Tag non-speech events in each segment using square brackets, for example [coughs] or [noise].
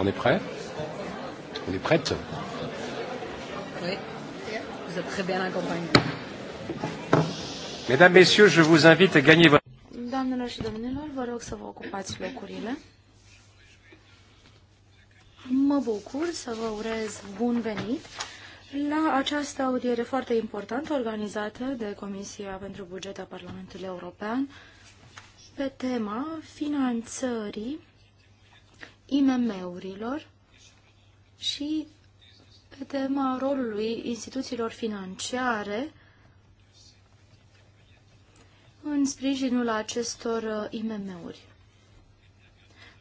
On est prêt On est prête Oui, vous êtes très bien accompagnés. Mesdames, Messieurs, je vous invite à gagner votre... Doamnelor și domnilor, vă rog să vă ocupați locurile. Mă bucur să vă urez bun venit la această audiere foarte importantă organizată de Comisia pentru Buget a Parlamentului European pe tema finanțării IMM-urilor și pe tema rolului instituțiilor financiare în sprijinul acestor uh, IMM-uri.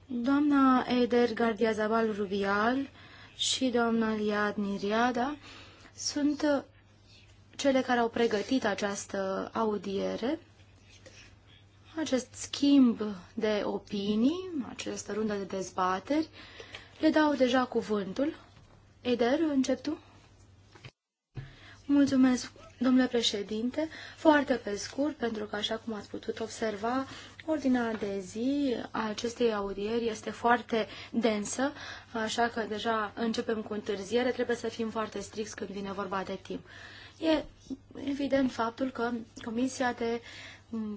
Doamna Eder Gardiazabal Rubial și doamna Liad Niriada sunt uh, cele care au pregătit această audiere acest schimb de opinii, această rundă de dezbateri. Le dau deja cuvântul. Eder, încep tu? Mulțumesc, domnule președinte. Foarte pe scurt, pentru că, așa cum ați putut observa, ordinea de zi a acestei audieri este foarte densă, așa că deja începem cu întârziere, trebuie să fim foarte stricți când vine vorba de timp. E evident faptul că Comisia de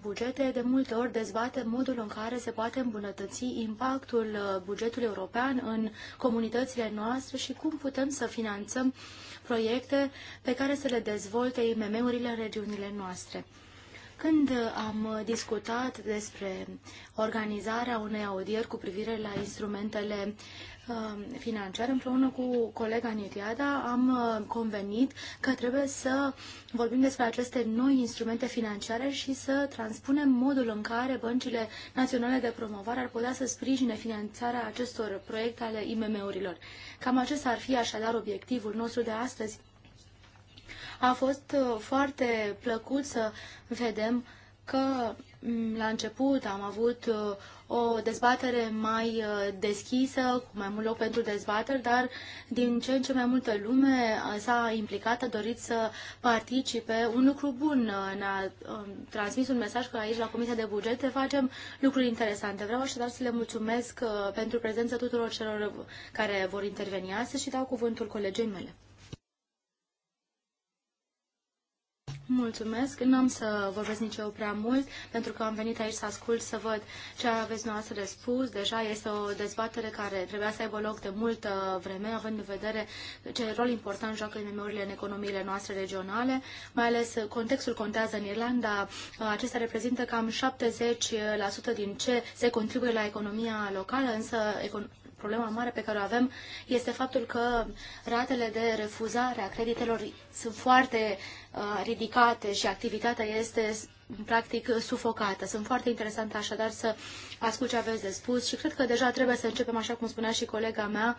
bugete, de multe ori dezbatem modul în care se poate îmbunătăți impactul uh, bugetului european în comunitățile noastre și cum putem să finanțăm proiecte pe care să le dezvolte IMM-urile în regiunile noastre. Când uh, am uh, discutat despre organizarea unei audieri cu privire la instrumentele Um, financiar, împreună cu colega Nitiada, am uh, convenit că trebuie să vorbim despre aceste noi instrumente financiare și să transpunem modul în care băncile naționale de promovare ar putea să sprijine finanțarea acestor proiecte ale IMM-urilor. Cam acesta ar fi așadar obiectivul nostru de astăzi. A fost uh, foarte plăcut să vedem că Mm, la început am avut uh, o dezbatere mai uh, deschisă, cu mai mult loc pentru dezbateri, dar din ce în ce mai multă lume uh, s-a implicat, a dorit să participe. Un lucru bun ne-a um, transmis un mesaj că aici la Comisia de Bugete facem lucruri interesante. Vreau așadar să le mulțumesc pentru prezența tuturor celor care vor interveni astăzi și dau cuvântul colegii mele. Mulțumesc. Nu am să vorbesc nici eu prea mult, pentru că am venit aici să ascult, să văd ce aveți noastră de spus. Deja este o dezbatere care trebuia să aibă loc de multă vreme, având în vedere ce rol important joacă IMM-urile în economiile noastre regionale. Mai ales contextul contează în Irlanda. Acesta reprezintă cam 70% din ce se contribuie la economia locală, însă problema mare pe care o avem este faptul că ratele de refuzare a creditelor sunt foarte uh, ridicate și activitatea este practic sufocată. Sunt foarte interesantă așadar să ascult ce aveți de spus și cred că deja trebuie să începem, așa cum spunea și colega mea,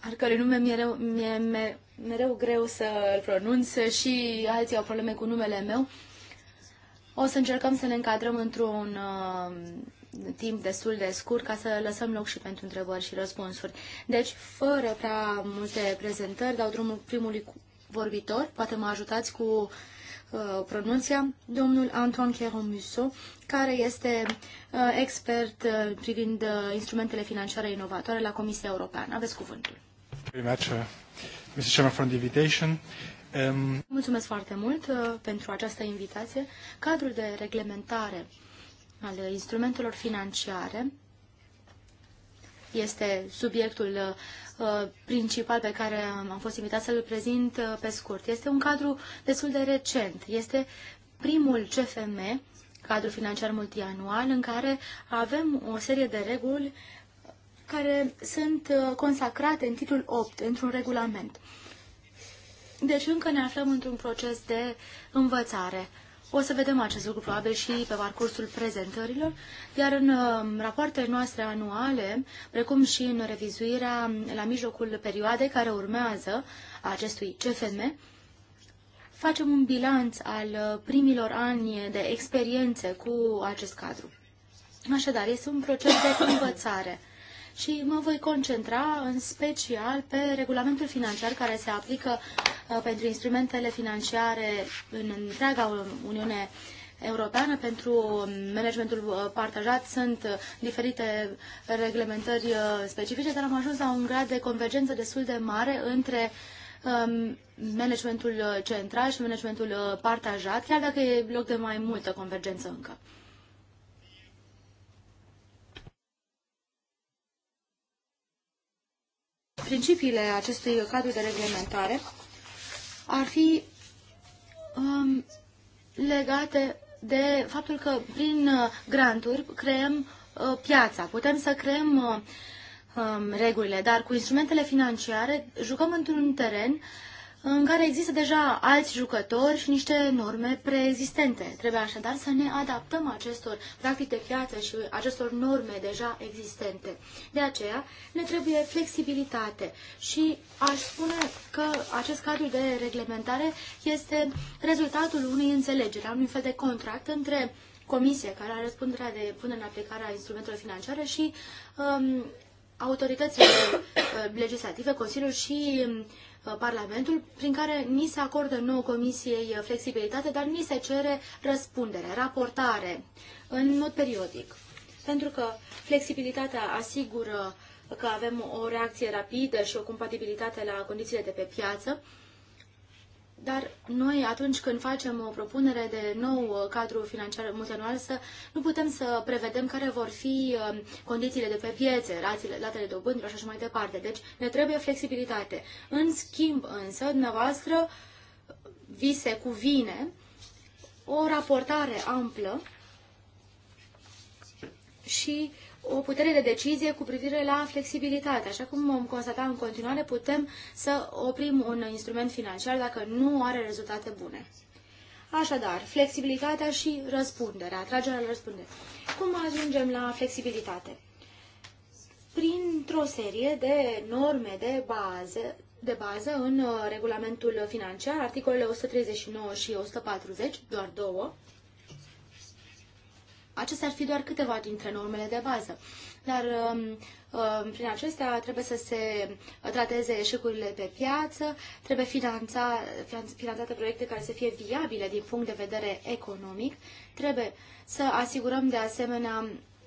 al cărui nume mi-e mi mi mereu greu să îl pronunț și alții au probleme cu numele meu. O să încercăm să ne încadrăm într-un uh, timp destul de scurt ca să lăsăm loc și pentru întrebări și răspunsuri. Deci, fără prea multe prezentări, dau drumul primului vorbitor. Poate mă ajutați cu uh, pronunția, domnul Antoine Cheromuso, care este uh, expert uh, privind uh, instrumentele financiare inovatoare la Comisia Europeană. Aveți cuvântul. Uh, um, Mulțumesc foarte mult uh, pentru această invitație. Cadrul de reglementare al instrumentelor financiare este subiectul uh, principal pe care am fost invitat să-l prezint uh, pe scurt. Este un cadru destul de recent. Este primul CFM, cadru financiar multianual, în care avem o serie de reguli care sunt uh, consacrate în titlul 8, într-un regulament. Deci încă ne aflăm într-un proces de învățare. O să vedem acest lucru probabil și pe parcursul prezentărilor, iar în uh, rapoartele noastre anuale, precum și în revizuirea la mijlocul perioadei care urmează acestui CFM, facem un bilanț al uh, primilor ani de experiențe cu acest cadru. Așadar, este un proces de învățare și mă voi concentra în special pe regulamentul financiar care se aplică Uh, pentru instrumentele financiare în întreaga Uniune Europeană, pentru um, managementul uh, partajat sunt uh, diferite reglementări specifice, dar am ajuns la un grad de convergență destul de mare între um, managementul central și managementul partajat, chiar dacă e loc de mai multă convergență încă. Principiile acestui cadru de reglementare ar fi um, legate de faptul că prin uh, granturi creăm uh, piața, putem să creăm uh, um, regulile, dar cu instrumentele financiare jucăm într-un teren uh, în care există deja alți jucători și niște norme preexistente. Trebuie așadar să ne adaptăm acestor practici de piață și acestor norme deja existente. De aceea ne trebuie flexibilitate și aș spune că acest cadru de reglementare este rezultatul unei înțelegeri, a unui fel de contract între comisie care are răspunderea de punere în aplicare a instrumentelor financiare și um, autoritățile uh, legislative, Consiliul și um, Uh, Parlamentul, prin care ni se acordă nouă comisiei uh, flexibilitate, dar ni se cere răspundere, raportare în mod periodic. Pentru că flexibilitatea asigură că avem o reacție rapidă și o compatibilitate la condițiile de pe piață, dar noi, atunci când facem o propunere de nou uh, cadru financiar multianual, să nu putem să prevedem care vor fi um, condițiile de pe piețe, rațiile, ratele dobândilor și așa mai departe. Deci ne trebuie flexibilitate. În schimb, însă, dumneavoastră, vi se cuvine o raportare amplă și uh, o putere de decizie cu privire la flexibilitate. Așa cum vom constata în continuare, putem să oprim un instrument financiar dacă nu are rezultate bune. Așadar, flexibilitatea și răspunderea, atragerea la răspundere. Cum ajungem la flexibilitate? Printr-o serie de norme de bază, de bază în uh, regulamentul financiar, articolele 139 și 140, doar două, Acestea ar fi doar câteva dintre normele de bază. Dar um, um, prin acestea trebuie să se trateze eșecurile pe piață, trebuie finanța, finanțate proiecte care să fie viabile din punct de vedere economic, trebuie să asigurăm de asemenea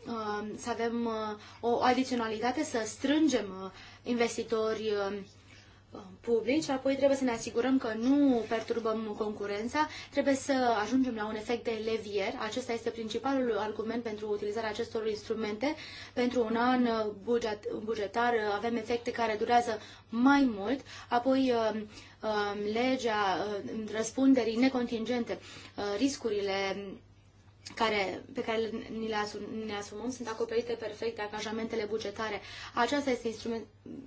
um, să avem uh, o adiționalitate, să strângem uh, investitori public, și apoi trebuie să ne asigurăm că nu perturbăm concurența, trebuie să ajungem la un efect de levier. Acesta este principalul argument pentru utilizarea acestor instrumente. Pentru un an uh, bugetar uh, avem efecte care durează mai mult, apoi uh, legea răspunderii necontingente, riscurile care, pe care ni le, asum, ne asumăm sunt acoperite perfect de angajamentele bugetare. Aceasta este, instrument,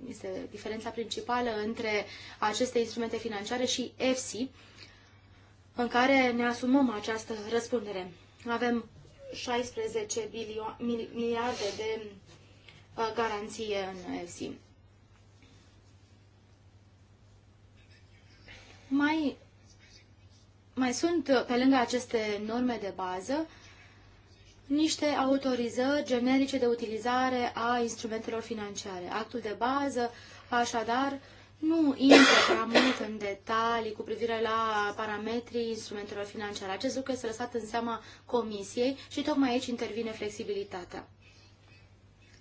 este diferența principală între aceste instrumente financiare și EFSI, în care ne asumăm această răspundere. Avem 16 bilio- miliarde de uh, garanție în EFSI. Mai mai sunt, uh, pe lângă aceste norme de bază, niște autorizări generice de utilizare a instrumentelor financiare. Actul de bază, așadar, nu intră prea mult în detalii cu privire la parametrii instrumentelor financiare. Acest lucru este lăsat în seama comisiei și tocmai aici intervine flexibilitatea.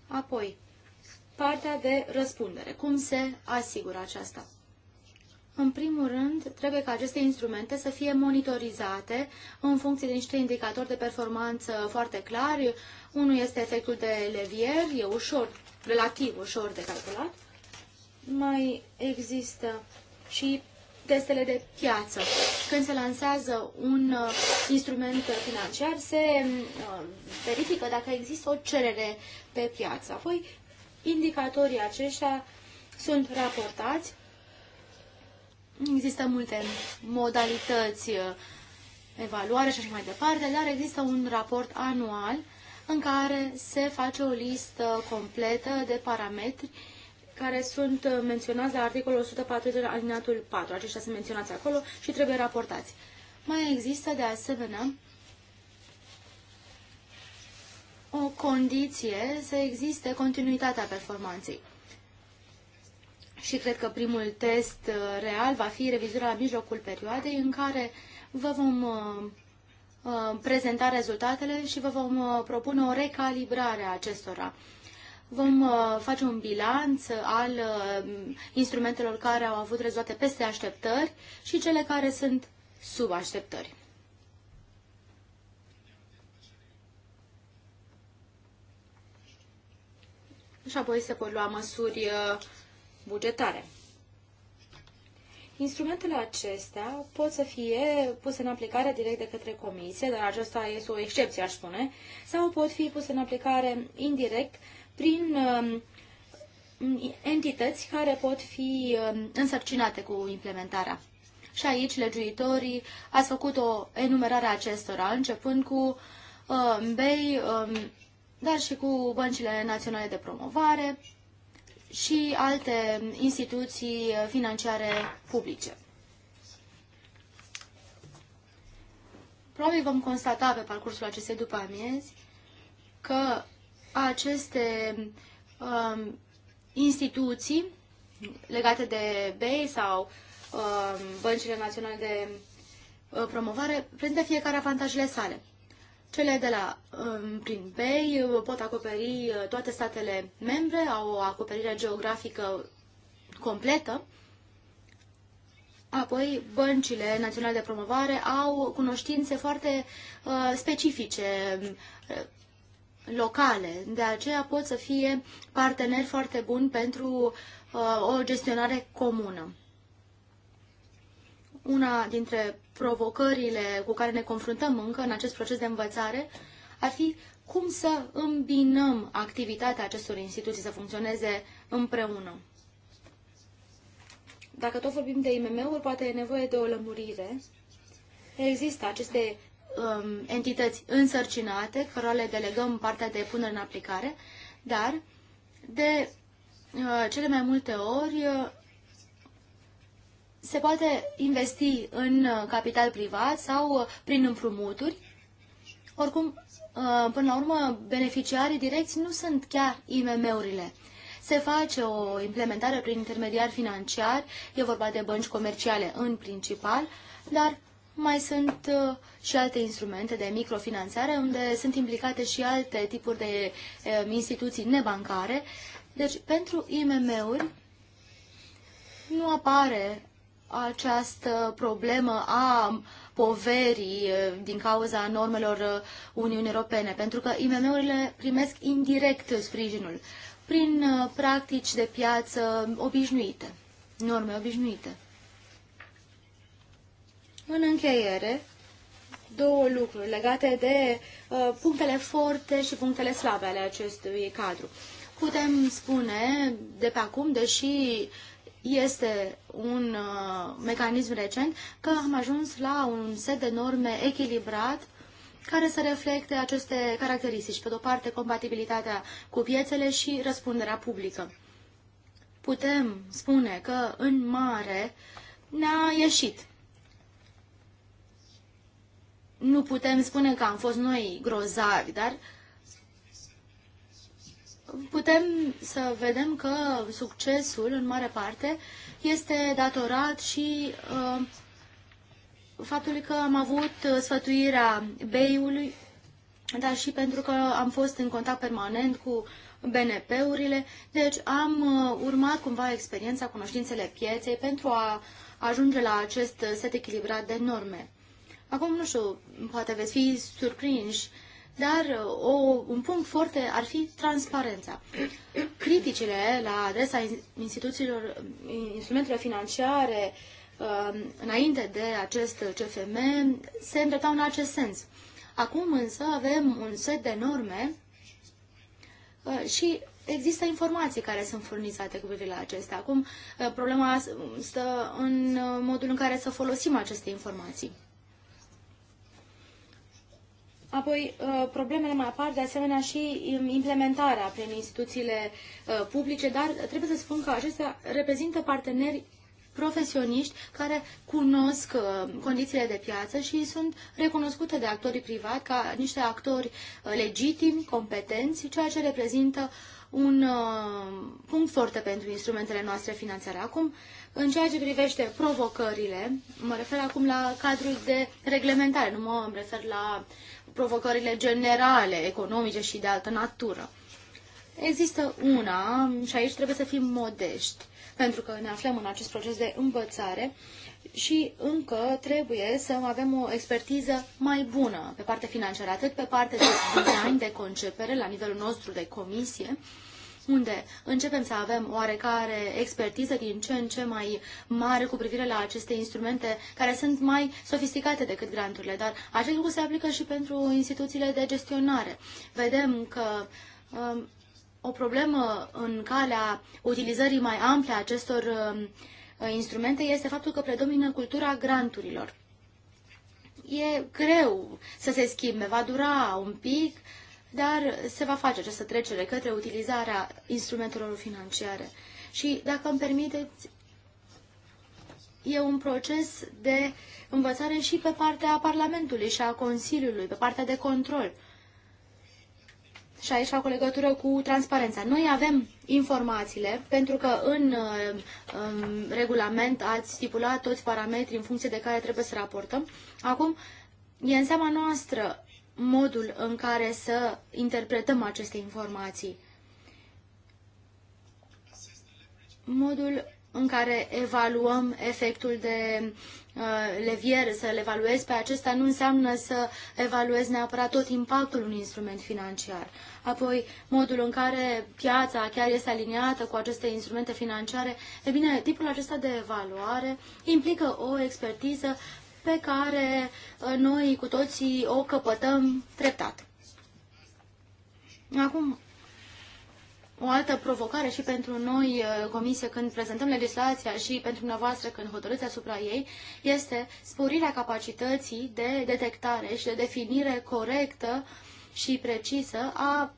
Apoi, partea de răspundere. Cum se asigură aceasta? În primul rând, trebuie ca aceste instrumente să fie monitorizate în funcție de niște indicatori de performanță foarte clari. Unul este efectul de levier, e ușor, relativ ușor de calculat. Mai există și testele de piață. Când se lansează un uh, instrument financiar, se um, verifică dacă există o cerere pe piață. Apoi, indicatorii aceștia sunt raportați Există multe modalități, uh, evaluare și așa mai departe, dar există un raport anual în care se face o listă completă de parametri care sunt uh, menționați la articolul 140 alineatul 4. Aceștia sunt menționați acolo și trebuie raportați. Mai există, de asemenea, o condiție să existe continuitatea performanței și cred că primul test uh, real va fi revizuirea la mijlocul perioadei în care vă vom uh, uh, prezenta rezultatele și vă vom propune o recalibrare a acestora. Vom face un bilanț al instrumentelor care au avut rezultate peste așteptări și cele care sunt sub așteptări. Și apoi se pot lua măsuri bugetare. Instrumentele acestea pot să fie puse în aplicare direct de către comisie, dar aceasta este o excepție, aș spune, sau pot fi puse în aplicare indirect prin um, entități care pot fi um, însărcinate cu implementarea. Și aici legiuitorii ați făcut o enumerare a acestora, începând cu um, BEI, dar și cu băncile naționale de promovare, și alte instituții financiare publice. Probabil vom constata pe parcursul acestei după amiezi că aceste um, instituții legate de BEI sau um, băncile naționale de uh, promovare prezintă fiecare avantajele sale. Cele de la Green Bay uh, pot acoperi uh, toate statele membre, au o acoperire geografică completă. Apoi, băncile naționale de promovare au cunoștințe foarte uh, specifice, uh, locale. De aceea pot să fie parteneri foarte buni pentru uh, o gestionare comună. Una dintre provocările cu care ne confruntăm încă în acest proces de învățare ar fi cum să îmbinăm activitatea acestor instituții să funcționeze împreună. Dacă tot vorbim de IMM-uri, poate e nevoie de o lămurire. Există aceste um, entități însărcinate, cărora le delegăm partea de punere în aplicare, dar de uh, cele mai multe ori uh, se poate investi în uh, capital privat sau uh, prin împrumuturi. Oricum, uh, până la urmă, beneficiarii direcți nu sunt chiar IMM-urile. Se face o implementare prin intermediar financiar, e vorba de bănci comerciale în principal, dar mai sunt și alte instrumente de microfinanțare unde sunt implicate și alte tipuri de instituții nebancare. Deci, pentru IMM-uri nu apare această problemă a poverii din cauza normelor Uniunii Europene, pentru că IMM-urile primesc indirect sprijinul prin practici de piață obișnuite, norme obișnuite. În încheiere, două lucruri legate de uh, punctele forte și punctele slabe ale acestui cadru. Putem spune de pe acum, deși este un uh, mecanism recent, că am ajuns la un set de norme echilibrat care să reflecte aceste caracteristici, pe de-o parte compatibilitatea cu piețele și răspunderea publică. Putem spune că, în mare, ne-a ieșit. Nu putem spune că am fost noi grozavi, dar uh, putem să vedem că succesul, în mare parte, este datorat și uh, faptului că am avut sfătuirea beiului, dar și pentru că am fost în contact permanent cu BNP-urile. Deci am uh, urmat cumva experiența, cunoștințele pieței pentru a ajunge la acest set echilibrat de norme. Acum, nu știu, poate veți fi surprinși dar uh, o, un punct foarte ar fi transparența. Criticile la adresa instituțiilor, uh, instrumentelor financiare uh, înainte de acest CFM se îndreptau în acest sens. Acum însă avem un set de norme și există informații care sunt furnizate cu privire la acestea. Acum problema stă în modul în care să folosim aceste informații. Apoi, uh, problemele mai apar de asemenea și um, implementarea prin instituțiile uh, publice, dar trebuie să spun că acestea reprezintă parteneri profesioniști care cunosc uh, condițiile de piață și sunt recunoscute de actorii privați ca niște actori legitimi, competenți, ceea ce reprezintă un punct foarte pentru instrumentele noastre finanțare. Acum, în ceea ce privește provocările, mă refer acum la cadrul de reglementare, nu mă refer la provocările generale, economice și de altă natură. Există una, și aici trebuie să fim modești, pentru că ne aflăm în acest proces de învățare și încă trebuie să avem o expertiză mai bună pe parte financiară, atât pe parte de design, [coughs] de concepere, la nivelul nostru de comisie, unde începem să avem oarecare expertiză din ce în ce mai mare cu privire la aceste instrumente care sunt mai sofisticate decât granturile, dar acest lucru se aplică și pentru instituțiile de gestionare. Vedem că um, o problemă în calea utilizării mai ample a acestor um, instrumente este faptul că predomină cultura granturilor. E greu să se schimbe, va dura un pic, uh, dar se va face această trecere către utilizarea instrumentelor financiare. Și, dacă îmi permiteți, e un proces de învățare și pe partea Parlamentului și a Consiliului, pe partea de control. Și aici fac o legătură cu transparența. Noi avem informațiile, pentru că în în um, regulament ați stipulat toți parametrii în funcție de care trebuie să raportăm. Acum, e în seama noastră modul în care să interpretăm aceste informații. Modul în care evaluăm efectul de uh, levier, să-l evaluez pe acesta, nu înseamnă să evaluez neapărat tot impactul unui instrument financiar. Apoi, modul în care piața chiar este aliniată cu aceste instrumente financiare, e bine, tipul acesta de evaluare implică o expertiză pe care uh, noi cu toții o căpătăm treptat. Acum, o altă provocare și pentru noi, uh, Comisie, când prezentăm legislația și pentru dumneavoastră când hotărâți asupra ei, este sporirea capacității de detectare și de definire corectă și precisă a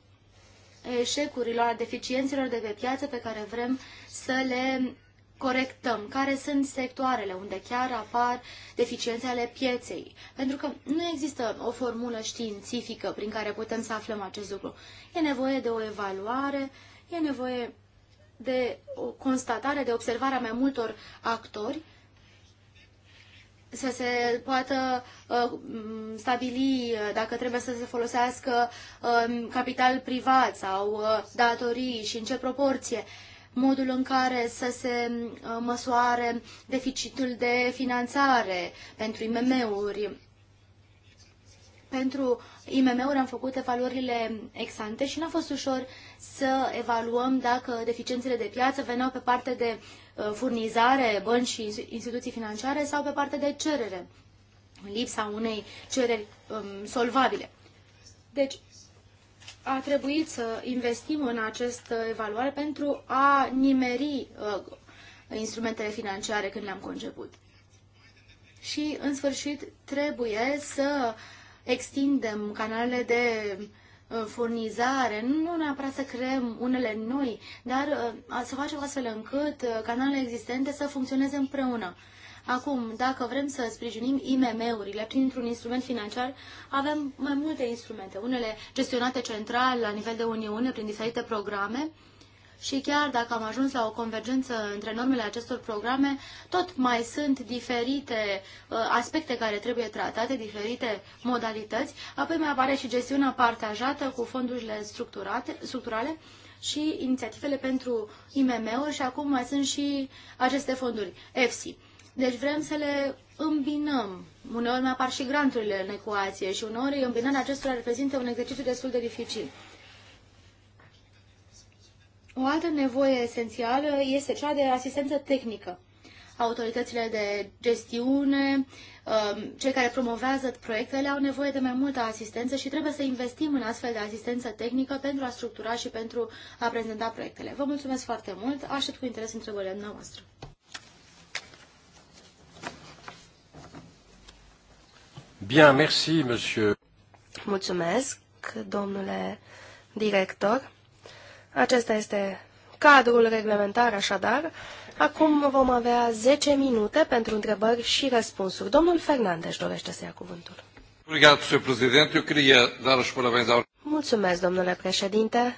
eșecurilor, a deficiențelor de pe piață pe care vrem să le corectăm, care sunt sectoarele unde chiar apar deficiențe ale pieței. Pentru că nu există o formulă științifică prin care putem să aflăm acest lucru. E nevoie de o evaluare, e nevoie de o constatare, de observarea mai multor actori, să se poată uh, stabili uh, dacă trebuie să se folosească uh, capital privat sau uh, datorii și în ce proporție. Uh, modul în care să se uh, măsoare deficitul de finanțare pentru IMM-uri. Pentru IMM-uri am făcut evaluările exante și n-a fost ușor să evaluăm dacă deficiențele de piață veneau pe parte de uh, furnizare, bănci și instituții financiare sau pe parte de cerere, lipsa unei cereri um, solvabile. Deci, a trebuit să investim în această evaluare pentru a nimeri uh, instrumentele financiare când le-am conceput. Și, în sfârșit, trebuie să extindem canalele de uh, furnizare, nu neapărat să creăm unele noi, dar uh, să facem astfel încât uh, canalele existente să funcționeze împreună. Acum, dacă vrem să sprijinim IMM-urile printr-un instrument financiar, avem mai multe instrumente, unele gestionate central la nivel de Uniune prin diferite programe, și chiar dacă am ajuns la o convergență între normele acestor programe, tot mai sunt diferite uh, aspecte care trebuie tratate, diferite modalități. Apoi mai apare și gestiunea partajată cu fondurile structurate, structurale și inițiativele pentru IMM-uri și acum mai sunt și aceste fonduri, EFSI. Deci vrem să le îmbinăm. Uneori mai apar și granturile în ecuație și uneori îmbinarea acestora reprezintă un exercițiu destul de dificil. O altă nevoie esențială este cea de asistență tehnică. Autoritățile de gestiune, um, cei care promovează proiectele au nevoie de mai multă asistență și trebuie să investim în astfel de asistență tehnică pentru a structura și pentru a prezenta proiectele. Vă mulțumesc foarte mult, aștept cu interes întrebările noastre. Bien, merci, monsieur. Mulțumesc, domnule director. Acesta este cadrul reglementar, așadar. Acum vom avea 10 minute pentru întrebări și răspunsuri. Domnul Fernandez dorește să ia cuvântul. Mulțumesc, domnule președinte.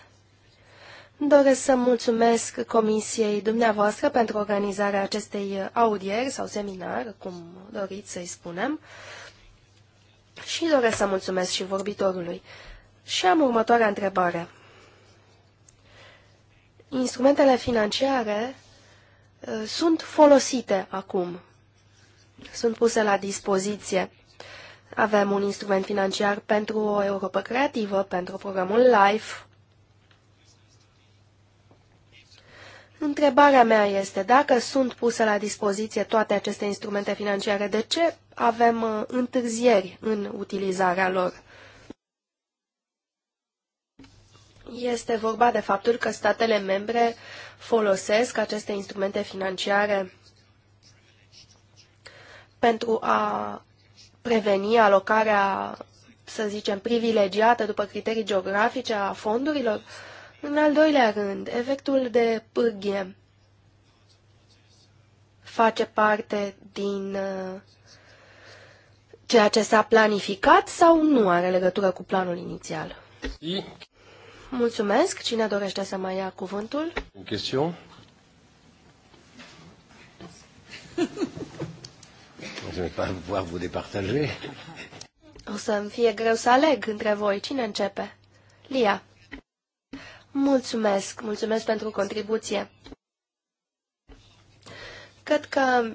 Doresc să mulțumesc Comisiei dumneavoastră pentru organizarea acestei audieri sau seminar, cum doriți să-i spunem. Și doresc să mulțumesc și vorbitorului. Și am următoarea întrebare. Instrumentele financiare uh, sunt folosite acum, sunt puse la dispoziție. Avem un instrument financiar pentru o Europa creativă, pentru programul LIFE, Întrebarea mea este, dacă sunt puse la dispoziție toate aceste instrumente financiare, de ce avem uh, întârzieri în utilizarea lor? Este vorba de faptul că statele membre folosesc aceste instrumente financiare pentru a preveni alocarea, să zicem, privilegiată după criterii geografice a fondurilor? Uh, în al doilea rând, efectul de pârghie face parte din uh, ceea ce s-a planificat sau nu are legătură cu planul inițial? Si. Mulțumesc. Cine dorește să mai ia cuvântul? În chestiune. [laughs] O să-mi fie greu să aleg între voi. Cine începe? Lia. Mulțumesc, mulțumesc pentru contribuție. Cred că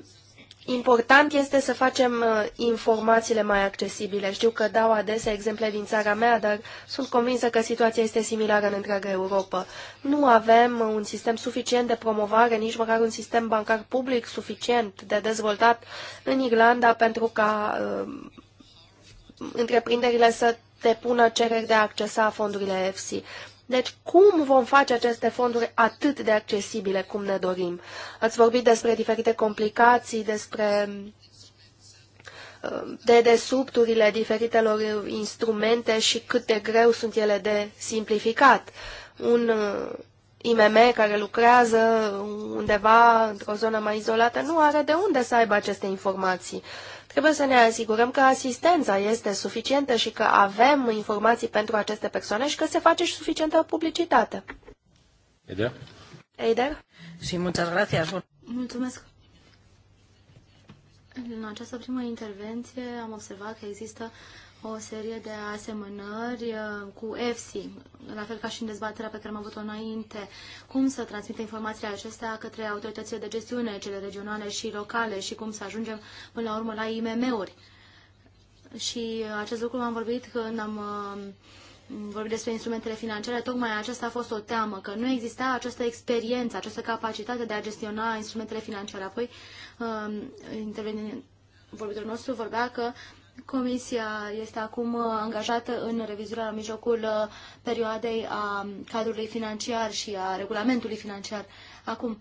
important este să facem uh, informațiile mai accesibile. Știu că dau adesea exemple din țara mea, dar sunt convinsă că situația este similară în întreaga Europa. Nu avem uh, un sistem suficient de promovare, nici măcar un sistem bancar public suficient de dezvoltat în Irlanda pentru ca uh, întreprinderile să depună cereri de a accesa fondurile EFSI. Deci cum vom face aceste fonduri atât de accesibile cum ne dorim? Ați vorbit despre diferite complicații, despre uh, de desubturile diferitelor instrumente și cât de greu sunt ele de simplificat. Un uh, IMM care lucrează undeva într-o zonă mai izolată nu are de unde să aibă aceste informații. Trebuie să ne asigurăm că asistența este suficientă și că avem informații pentru aceste persoane și că se face și suficientă publicitate. Eider? Eider? Și muchas gracias. Mulțumesc. În această primă intervenție am observat că există o serie de asemănări uh, cu EFSI, la fel ca și în dezbaterea pe care am avut-o înainte, cum să transmită informațiile acestea către autoritățile de gestiune, cele regionale și locale și cum să ajungem până la urmă la IMM-uri. Și acest lucru am vorbit când am uh, vorbit despre instrumentele financiare, tocmai aceasta a fost o teamă, că nu exista această experiență, această capacitate de a gestiona instrumentele financiare. Apoi, uh, intervenind vorbitorul nostru vorbea că Comisia este acum uh, angajată în revizuirea la mijlocul uh, perioadei a cadrului financiar și a regulamentului financiar. Acum,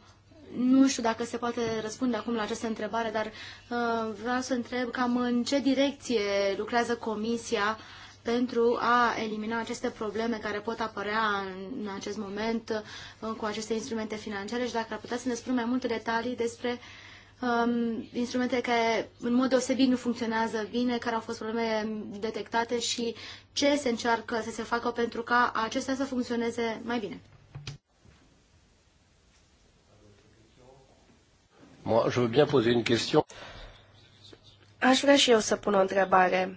nu știu dacă se poate răspunde acum la această întrebare, dar uh, vreau să întreb cam în ce direcție lucrează Comisia pentru a elimina aceste probleme care pot apărea în, acest moment cu aceste instrumente financiare și dacă ar putea să ne spun mai multe detalii despre uh, um, instrumente care în mod deosebit nu funcționează bine, care au fost probleme detectate și ce se încearcă să se facă pentru ca acestea să funcționeze mai bine. Aș vrea și eu să pun o întrebare.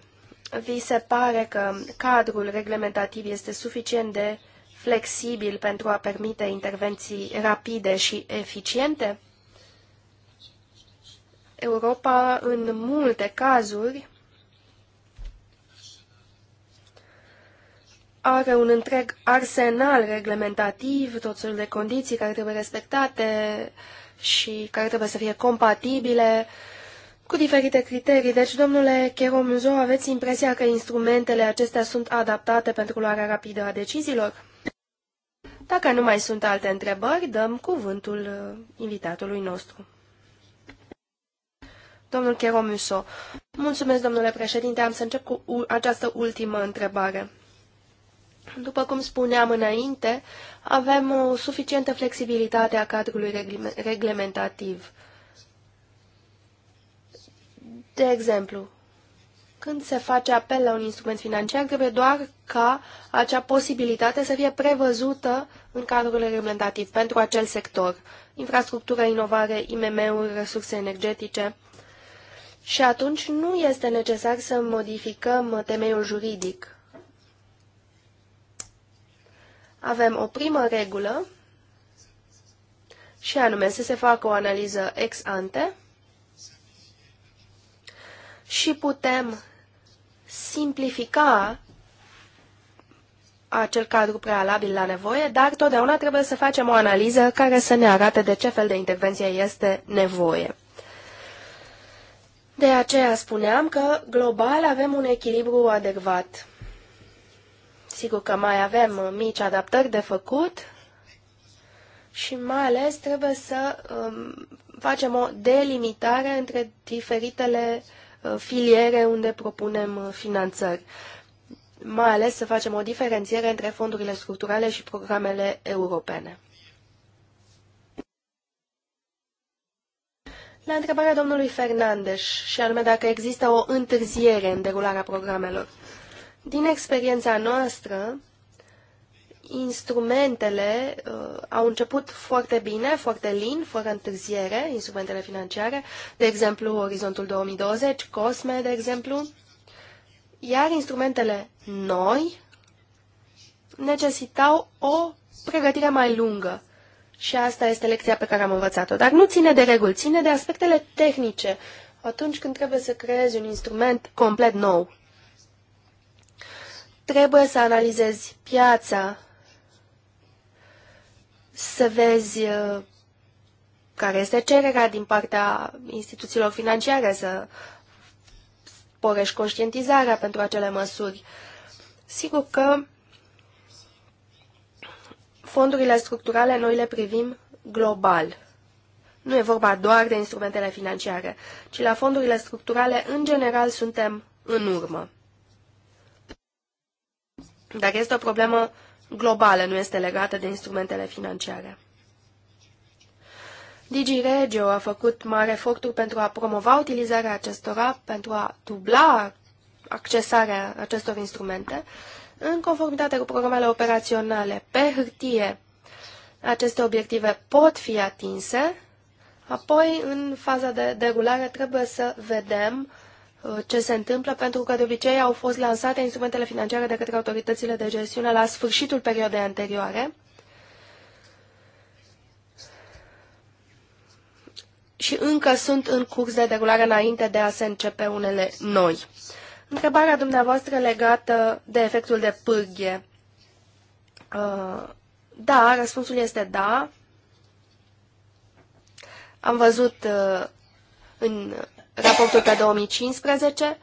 Vi se pare că cadrul reglementativ este suficient de flexibil pentru a permite intervenții rapide și eficiente? Europa, în multe cazuri, are un întreg arsenal reglementativ, tot felul de condiții care trebuie respectate și care trebuie să fie compatibile cu diferite criterii. Deci, domnule Cheromuzo, aveți impresia că instrumentele acestea sunt adaptate pentru luarea rapidă a deciziilor? Dacă nu mai sunt alte întrebări, dăm cuvântul uh, invitatului nostru. Domnul Cheromuso. Mulțumesc, domnule președinte. Am să încep cu această ultimă întrebare. După cum spuneam înainte, avem o suficientă flexibilitate a cadrului reglementativ. De exemplu, când se face apel la un instrument financiar, trebuie doar ca acea posibilitate să fie prevăzută în cadrul reglementativ pentru acel sector. Infrastructură, inovare, IMM-uri, resurse energetice. Și atunci nu este necesar să modificăm temeiul juridic. Avem o primă regulă, și anume să se facă o analiză ex ante și putem simplifica acel cadru prealabil la nevoie, dar totdeauna trebuie să facem o analiză care să ne arate de ce fel de intervenție este nevoie. De aceea spuneam că global avem un echilibru adecvat. Sigur că mai avem mici adaptări de făcut și mai ales trebuie să um, facem o delimitare între diferitele uh, filiere unde propunem uh, finanțări. Mai ales să facem o diferențiere între fondurile structurale și programele europene. la întrebarea domnului Fernandes, și anume dacă există o întârziere în derularea programelor. Din experiența noastră, instrumentele uh, au început foarte bine, foarte lin, fără întârziere, instrumentele financiare, de exemplu Orizontul 2020, COSME, de exemplu, iar instrumentele noi necesitau o pregătire mai lungă. Și asta este lecția pe care am învățat-o. Dar nu ține de reguli, ține de aspectele tehnice. Atunci când trebuie să creezi un instrument complet nou, trebuie să analizezi piața, să vezi uh, care este cererea din partea instituțiilor financiare, să porești conștientizarea pentru acele măsuri. Sigur că fondurile structurale noi le privim global. Nu e vorba doar de instrumentele financiare, ci la fondurile structurale în general suntem în urmă. Dar este o problemă globală, nu este legată de instrumentele financiare. DigiRegio a făcut mare eforturi pentru a promova utilizarea acestora, pentru a dubla accesarea acestor instrumente în conformitate cu programele operaționale pe hârtie. Aceste obiective pot fi atinse, apoi în faza de derulare trebuie să vedem uh, ce se întâmplă, pentru că de obicei au fost lansate instrumentele financiare de către autoritățile de gestiune la sfârșitul perioadei anterioare. Și încă sunt în curs de derulare înainte de a se începe unele noi. Întrebarea dumneavoastră legată de efectul de pârghie. Uh, da, răspunsul este da. Am văzut uh, în raportul pe 2015,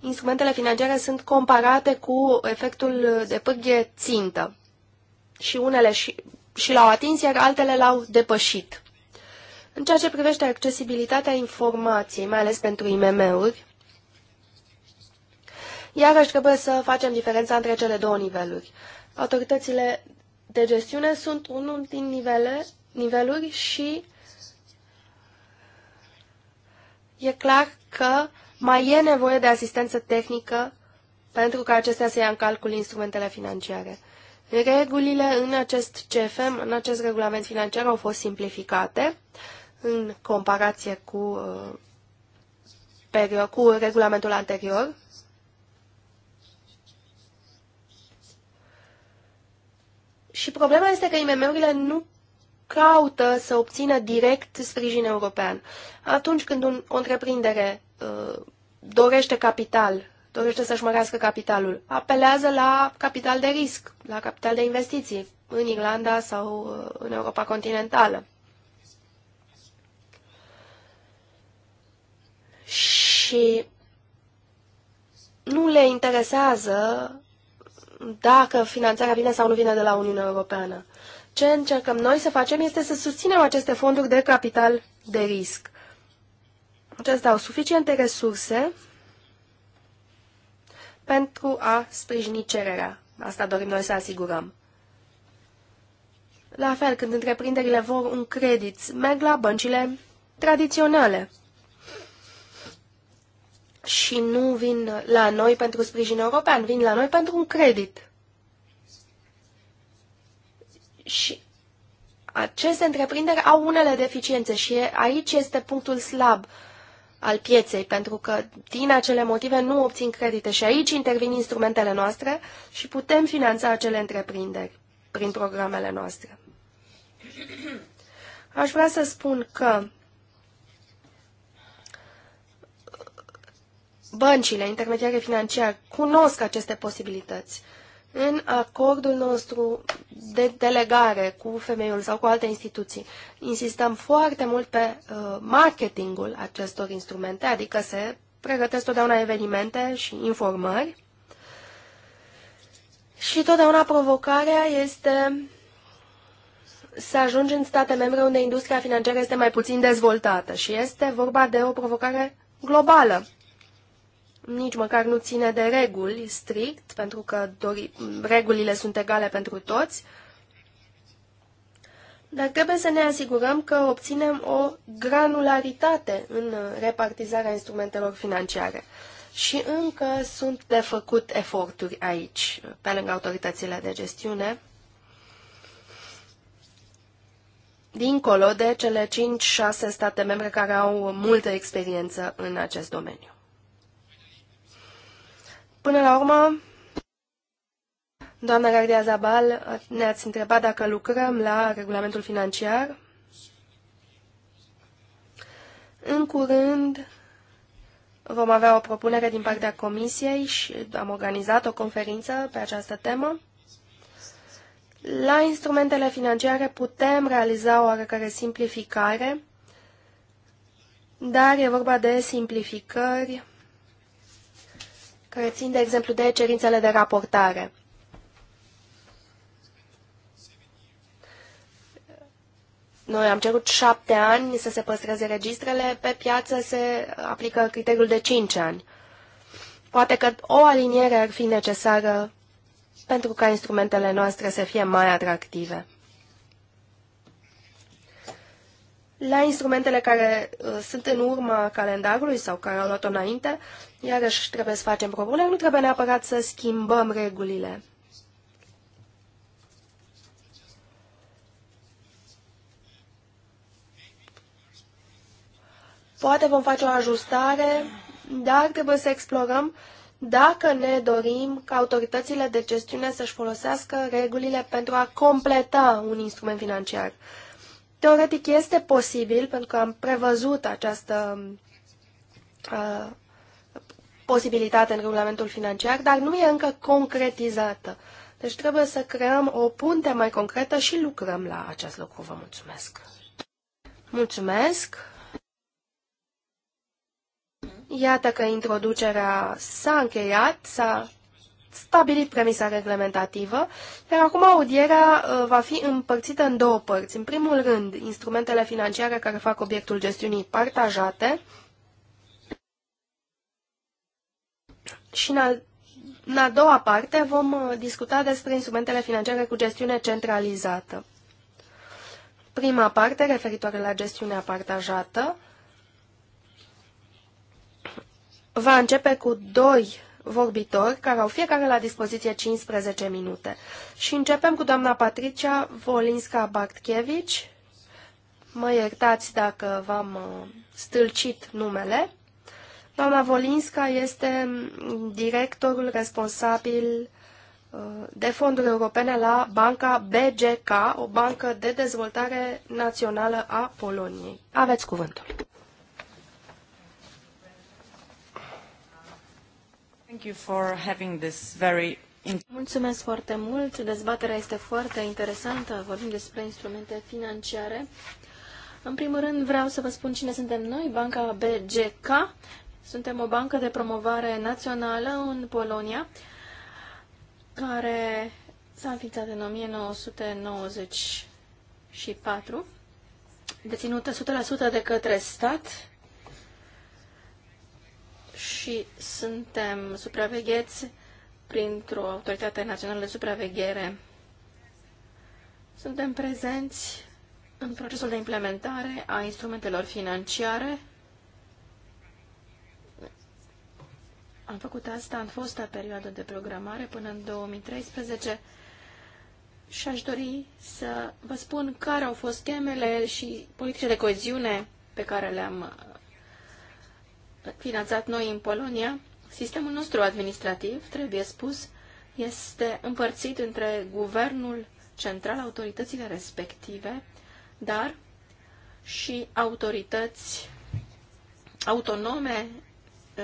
instrumentele financiare sunt comparate cu efectul de pârghie țintă. Și unele și, și l-au atins, iar altele l-au depășit. În ceea ce privește accesibilitatea informației, mai ales pentru IMM-uri, Iarăși trebuie să facem diferența între cele două niveluri. Autoritățile de gestiune sunt unul din nivele, niveluri și e clar că mai e nevoie de asistență tehnică pentru ca acestea să ia în calcul instrumentele financiare. Regulile în acest CFM, în acest regulament financiar, au fost simplificate în comparație cu, uh, cu regulamentul anterior Și problema este că IMM-urile nu caută să obțină direct sprijin european. Atunci când un, o întreprindere uh, dorește capital, dorește să-și mărească capitalul, apelează la capital de risc, la capital de investiții, în Irlanda sau uh, în Europa continentală. Și nu le interesează dacă finanțarea vine sau nu vine de la Uniunea Europeană. Ce încercăm noi să facem este să susținem aceste fonduri de capital de risc. Acestea au suficiente resurse pentru a sprijini cererea. Asta dorim noi să asigurăm. La fel, când întreprinderile vor un credit, merg la băncile tradiționale și nu vin la noi pentru sprijin european, vin la noi pentru un credit. Și aceste întreprinderi au unele deficiențe și aici este punctul slab al pieței, pentru că din acele motive nu obțin credite și aici intervin instrumentele noastre și putem finanța acele întreprinderi prin programele noastre. Aș vrea să spun că Băncile, intermediare financiare cunosc aceste posibilități. În acordul nostru de delegare cu femeiul sau cu alte instituții, insistăm foarte mult pe uh, marketingul acestor instrumente, adică se pregătesc totdeauna evenimente și informări. Și totdeauna provocarea este să ajungi în state membre unde industria financiară este mai puțin dezvoltată și este vorba de o provocare globală nici măcar nu ține de reguli strict, pentru că dori, regulile sunt egale pentru toți, dar trebuie să ne asigurăm că obținem o granularitate în repartizarea instrumentelor financiare. Și încă sunt de făcut eforturi aici, pe lângă autoritățile de gestiune, dincolo de cele 5-6 state membre care au multă experiență în acest domeniu. Până la urmă, doamna Gardia Zabal, ne-ați întrebat dacă lucrăm la regulamentul financiar. În curând vom avea o propunere din partea Comisiei și am organizat o conferință pe această temă. La instrumentele financiare putem realiza o oarecare simplificare, dar e vorba de simplificări care țin, de exemplu, de cerințele de raportare. Noi am cerut șapte ani să se păstreze registrele, pe piață se aplică criteriul de cinci ani. Poate că o aliniere ar fi necesară pentru ca instrumentele noastre să fie mai atractive. la instrumentele care uh, sunt în urma calendarului sau care au luat-o înainte, iarăși trebuie să facem propuneri, nu trebuie neapărat să schimbăm regulile. Poate vom face o ajustare, dar trebuie să explorăm dacă ne dorim ca autoritățile de gestiune să-și folosească regulile pentru a completa un instrument financiar. Teoretic este posibil, pentru că am prevăzut această uh, posibilitate în regulamentul financiar, dar nu e încă concretizată. Deci trebuie să creăm o punte mai concretă și lucrăm la acest lucru. Vă mulțumesc! Mulțumesc! Iată că introducerea s-a încheiat, s-a stabilit premisa reglementativă, iar acum audierea uh, va fi împărțită în două părți. În primul rând, instrumentele financiare care fac obiectul gestiunii partajate și în, al, în a doua parte vom uh, discuta despre instrumentele financiare cu gestiune centralizată. Prima parte, referitoare la gestiunea partajată, va începe cu doi vorbitori, care au fiecare la dispoziție 15 minute. Și începem cu doamna Patricia Volinska-Bartkevici. Mă iertați dacă v-am uh, stâlcit numele. Doamna Volinska este mm, directorul responsabil uh, de fonduri europene la banca BGK, o bancă de dezvoltare națională a Poloniei. Aveți cuvântul. Thank you for having this very Mulțumesc foarte mult. Dezbaterea este foarte interesantă. Vorbim despre instrumente financiare. În primul rând vreau să vă spun cine suntem noi, banca BGK. Suntem o bancă de promovare națională în Polonia, care s-a înființat în 1994, deținută 100% de către stat, și suntem supravegheți printr-o autoritate națională de supraveghere. Suntem prezenți în procesul de implementare a instrumentelor financiare. Am făcut asta în fosta perioadă de programare până în 2013 și aș dori să vă spun care au fost temele și politicile de coeziune pe care le-am finanțat noi în Polonia, sistemul nostru administrativ, trebuie spus, este împărțit între guvernul central, autoritățile respective, dar și autorități autonome ă,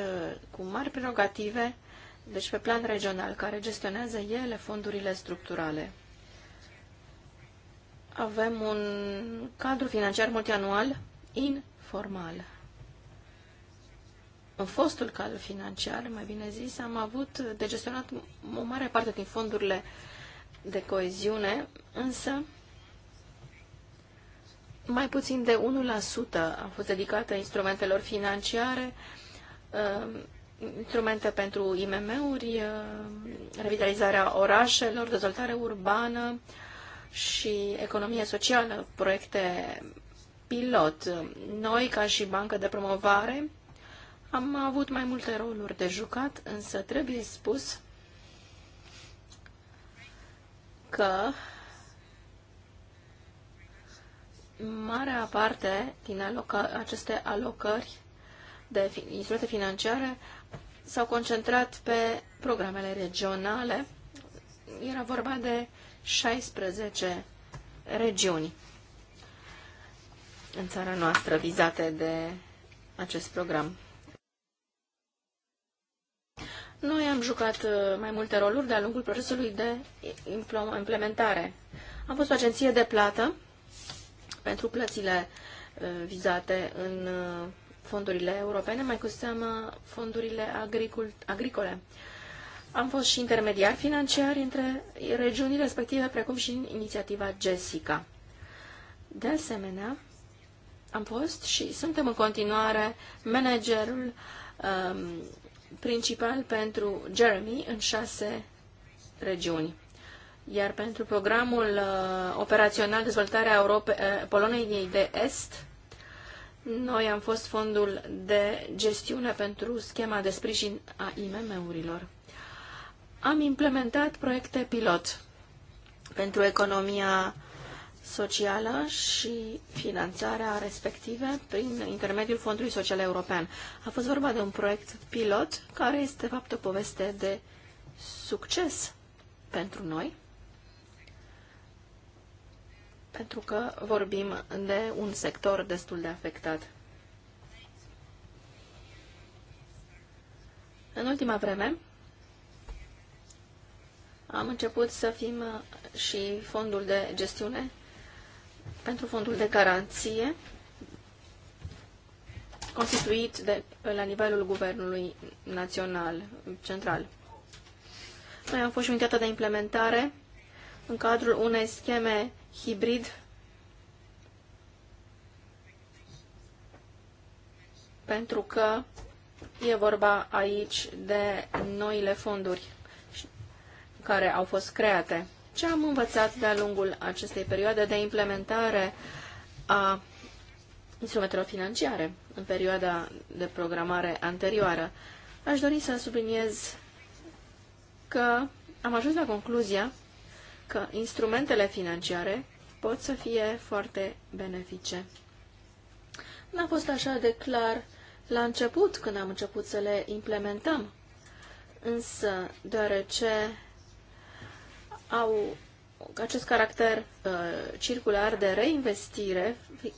cu mari prerogative, deci pe plan regional, care gestionează ele fondurile structurale. Avem un cadru financiar multianual informal fostul cadru financiar, mai bine zis, am avut de gestionat o mare parte din fondurile de coeziune, însă mai puțin de 1% a fost dedicată instrumentelor financiare, um, instrumente pentru IMM-uri, um, revitalizarea orașelor, dezvoltare urbană și economie socială, proiecte pilot. Noi, ca și bancă de promovare, am avut mai multe roluri de jucat, însă trebuie spus că marea parte din aloca aceste alocări de instrumente financiare s-au concentrat pe programele regionale. Era vorba de 16 regiuni în țara noastră vizate de acest program. Noi am jucat uh, mai multe roluri de-a lungul procesului de implementare. Am fost o agenție de plată pentru plățile uh, vizate în uh, fondurile europene, mai cu seamă fondurile agricul, agricole. Am fost și intermediar financiar între regiunii respective, precum și în inițiativa Jessica. De asemenea, am fost și suntem în continuare managerul um, principal pentru Jeremy în șase regiuni. Iar pentru programul uh, operațional Dezvoltarea Europe, uh, Poloniei de Est, noi am fost fondul de gestiune pentru schema de sprijin a IMM-urilor. Am implementat proiecte pilot pentru economia socială și finanțarea respective prin intermediul Fondului Social European. A fost vorba de un proiect pilot care este, de fapt, o poveste de succes pentru noi, pentru că vorbim de un sector destul de afectat. În ultima vreme, am început să fim și fondul de gestiune pentru fondul de garanție constituit de, la nivelul Guvernului Național Central. Noi am fost jumătate de implementare în cadrul unei scheme hibrid pentru că e vorba aici de noile fonduri care au fost create ce am învățat de-a lungul acestei perioade de implementare a instrumentelor financiare în perioada de programare anterioară? Aș dori să subliniez că am ajuns la concluzia că instrumentele financiare pot să fie foarte benefice. N-a fost așa de clar la început, când am început să le implementăm. Însă, deoarece au acest caracter uh, circular de reinvestire,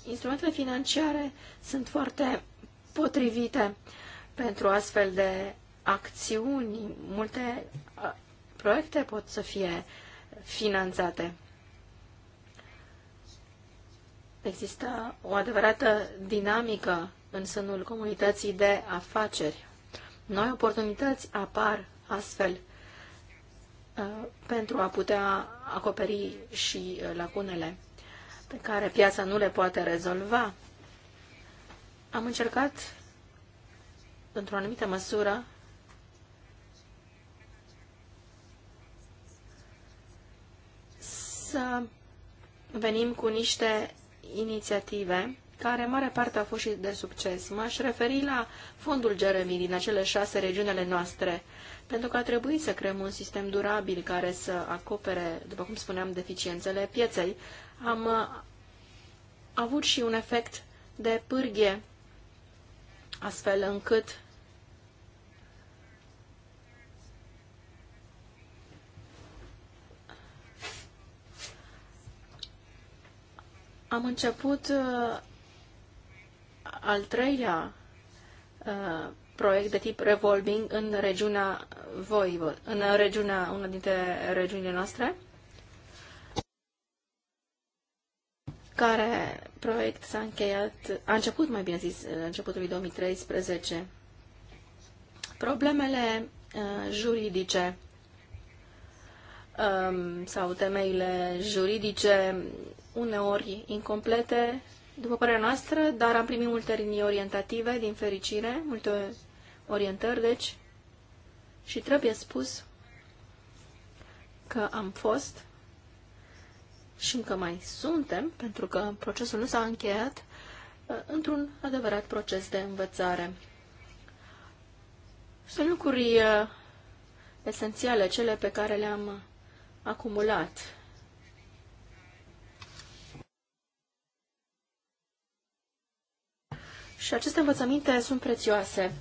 instrumentele financiare sunt foarte potrivite pentru astfel de acțiuni. Multe uh, proiecte pot să fie finanțate. Există o adevărată dinamică în sânul comunității de afaceri. Noi oportunități apar astfel Uh, pentru a putea acoperi și uh, lacunele pe care piața nu le poate rezolva. Am încercat, într-o anumită măsură, să venim cu niște inițiative care mare parte a fost și de succes. M-aș referi la fondul Jeremy din acele șase regiuni ale noastre, pentru că a trebuit să creăm un sistem durabil care să acopere, după cum spuneam, deficiențele pieței. Am uh, avut și un efect de pârghie, astfel încât am început uh, al treilea uh, proiect de tip revolving în regiunea Voivod, în regiunea, una dintre regiunile noastre, care proiect s-a încheiat, a început, mai bine zis, în începutul 2013. Problemele uh, juridice um, sau temeile juridice uneori incomplete după părerea noastră, dar am primit multe linii orientative, din fericire, multe orientări, deci, și trebuie spus că am fost și încă mai suntem, pentru că procesul nu s-a încheiat, uh, într-un adevărat proces de învățare. Sunt lucruri uh, esențiale, cele pe care le-am uh, acumulat Și aceste învățăminte sunt prețioase.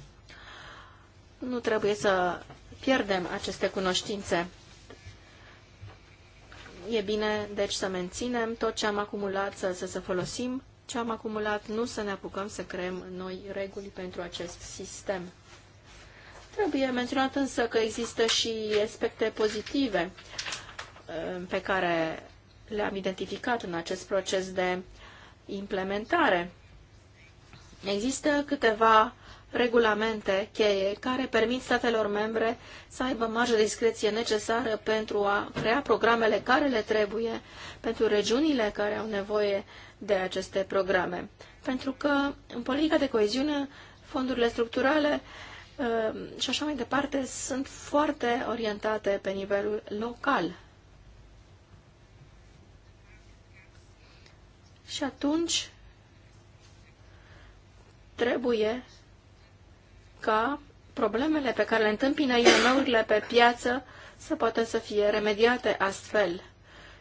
Nu trebuie să pierdem aceste cunoștințe. E bine, deci, să menținem tot ce am acumulat, să, să, să folosim ce am acumulat, nu să ne apucăm să creăm noi reguli pentru acest sistem. Trebuie menționat însă că există și aspecte pozitive uh, pe care le-am identificat în acest proces de implementare. Există câteva regulamente cheie care permit statelor membre să aibă marjă de discreție necesară pentru a crea programele care le trebuie pentru regiunile care au nevoie de aceste programe. Pentru că în politica de coeziune, fondurile structurale uh, și așa mai departe sunt foarte orientate pe nivelul local. Și atunci trebuie ca problemele pe care le întâmpină IMM-urile pe piață să poată să fie remediate astfel.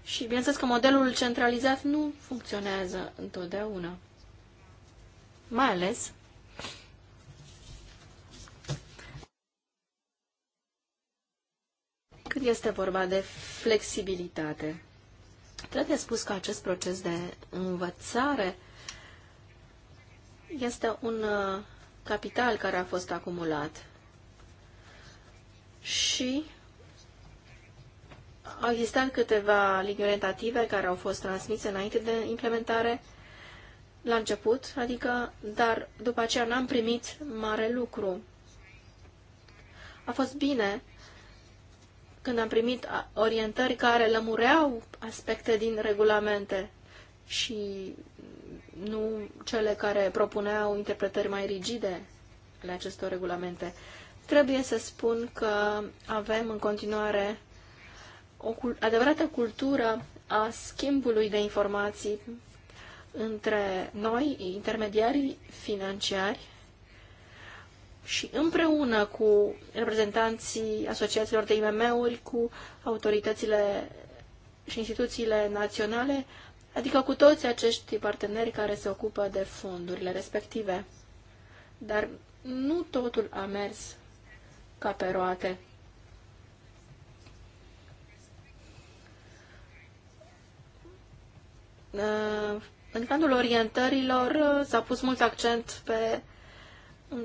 Și bineînțeles că modelul centralizat nu funcționează întotdeauna. Mai ales când este vorba de flexibilitate. Trebuie spus că acest proces de învățare este un uh, capital care a fost acumulat și au existat câteva linii orientative care au fost transmise înainte de implementare la început, adică, dar după aceea n-am primit mare lucru. A fost bine când am primit orientări care lămureau aspecte din regulamente și nu cele care propuneau interpretări mai rigide ale acestor regulamente. Trebuie să spun că avem în continuare o adevărată cultură a schimbului de informații între noi, intermediarii financiari, și împreună cu reprezentanții asociațiilor de IMM-uri, cu autoritățile și instituțiile naționale, adică cu toți acești parteneri care se ocupă de fondurile respective. Dar nu totul a mers ca pe roate. Uh, în cadrul orientărilor uh, s-a pus mult accent pe um,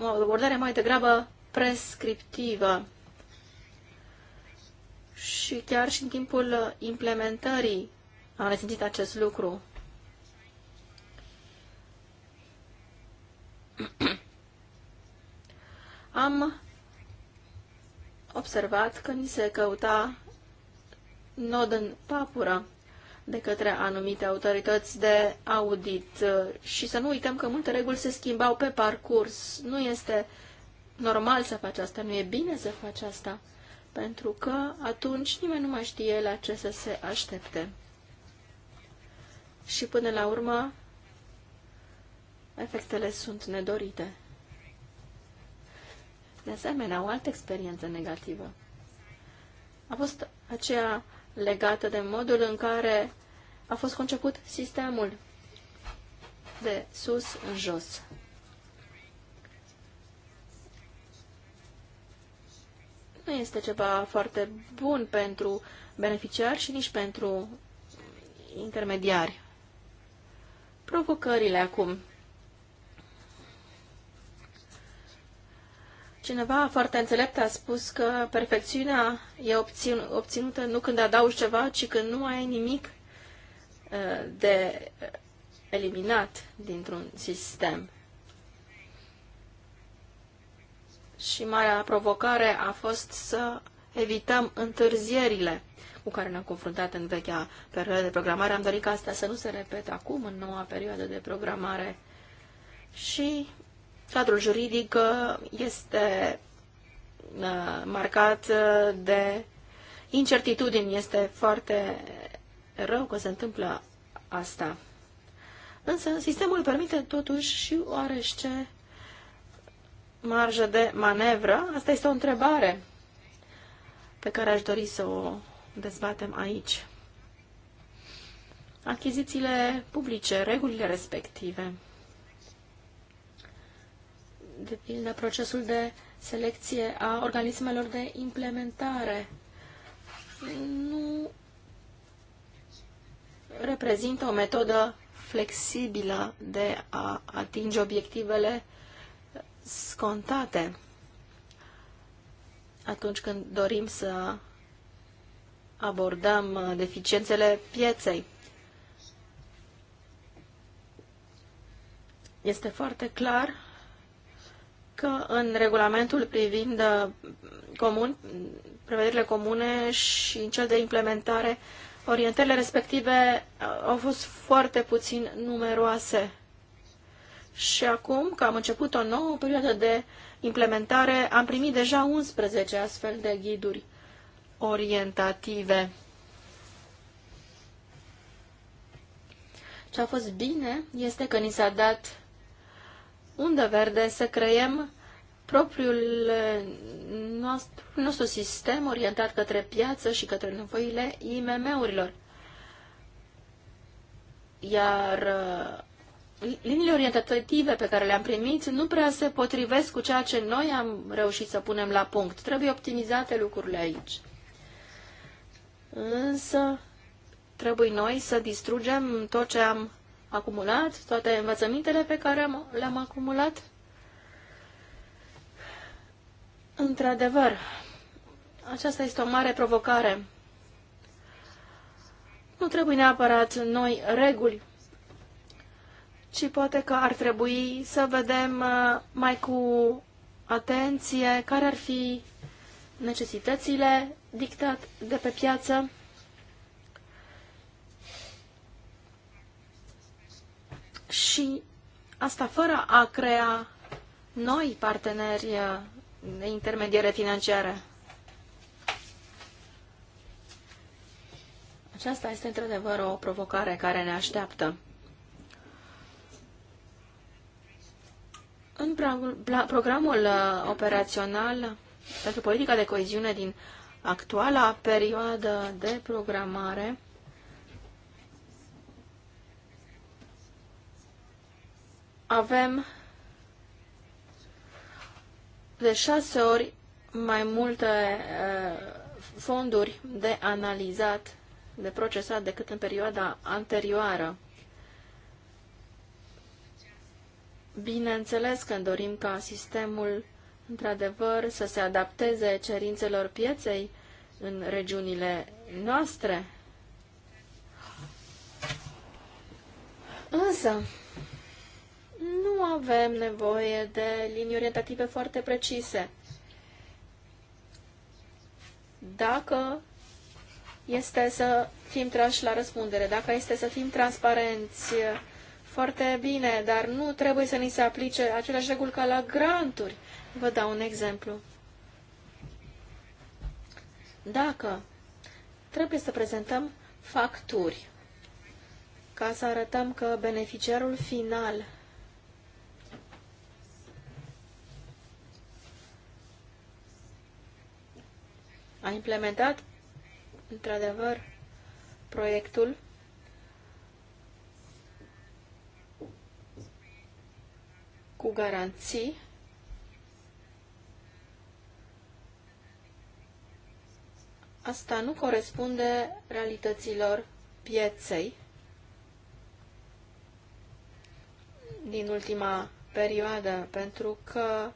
o abordare mai degrabă prescriptivă și chiar și în timpul implementării am resimțit acest lucru. [clears throat] Am observat că ni se căuta nod în papură de către anumite autorități de audit. Și să nu uităm că multe reguli se schimbau pe parcurs. Nu este normal să faci asta, nu e bine să faci asta, pentru că atunci nimeni nu mai știe la ce să se aștepte și până la urmă efectele sunt nedorite. De asemenea, o altă experiență negativă a fost aceea legată de modul în care a fost conceput sistemul de sus în jos. Nu este ceva foarte bun pentru beneficiari și nici pentru intermediari. Provocările acum. Cineva foarte înțelept a spus că perfecțiunea e obțin, obținută nu când adaugi ceva, ci când nu ai nimic uh, de eliminat dintr-un sistem. Și marea provocare a fost să evităm întârzierile cu care ne-am confruntat în vechea perioadă de programare. Am dorit ca asta să nu se repete acum, în noua perioadă de programare. Și cadrul juridic uh, este uh, marcat uh, de incertitudini. Este foarte rău că se întâmplă asta. Însă sistemul permite totuși și oarește marjă de manevră? Asta este o întrebare pe care aș dori să o dezbatem aici. Achizițiile publice, regulile respective. De pildă, procesul de selecție a organismelor de implementare nu reprezintă o metodă flexibilă de a atinge obiectivele scontate atunci când dorim să abordăm uh, deficiențele pieței. Este foarte clar că în regulamentul privind uh, comun, prevederile comune și în cel de implementare, orientările respective uh, au fost foarte puțin numeroase. Și acum că am început o nouă perioadă de implementare, am primit deja 11 astfel de ghiduri orientative. Ce a fost bine este că ni s-a dat undă verde să creăm propriul nostru, nostru sistem orientat către piață și către nevoile IMM-urilor. Iar uh, liniile orientative pe care le-am primit nu prea se potrivesc cu ceea ce noi am reușit să punem la punct. Trebuie optimizate lucrurile aici însă trebuie noi să distrugem tot ce am acumulat, toate învățămintele pe care le-am acumulat? Într-adevăr, aceasta este o mare provocare. Nu trebuie neapărat noi reguli, ci poate că ar trebui să vedem uh, mai cu atenție care ar fi necesitățile dictat de pe piață și asta fără a crea noi parteneri uh, de intermediere financiare. Aceasta este într-adevăr o provocare care ne așteaptă. În programul uh, operațional pentru politica de coeziune din actuala perioadă de programare avem de șase ori mai multe uh, fonduri de analizat, de procesat decât în perioada anterioară. Bineînțeles că dorim ca sistemul într-adevăr, să se adapteze cerințelor pieței în regiunile noastre. Însă, nu avem nevoie de linii orientative foarte precise. Dacă este să fim trași la răspundere, dacă este să fim transparenți, foarte bine, dar nu trebuie să ni se aplice aceleași reguli ca la granturi. Vă dau un exemplu. Dacă trebuie să prezentăm facturi ca să arătăm că beneficiarul final a implementat într-adevăr proiectul cu garanții asta nu corespunde realităților pieței din ultima perioadă, pentru că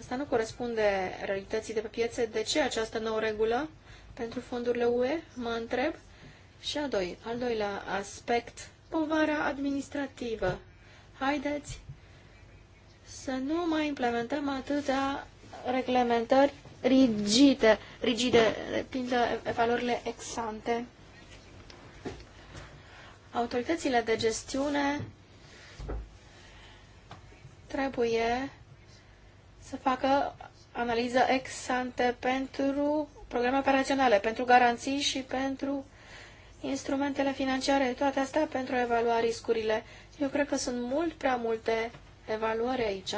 asta nu corespunde realității de pe piețe. De ce această nouă regulă pentru fondurile UE, mă întreb? Și a doi, al doilea aspect, povara administrativă. Haideți să nu mai implementăm atâtea reglementări rigide, rigide pildă valorile exante. Autoritățile de gestiune trebuie să facă analiză exante pentru programe operaționale, pentru garanții și pentru instrumentele financiare, toate astea pentru a evalua riscurile. Eu cred că sunt mult prea multe evaluări aici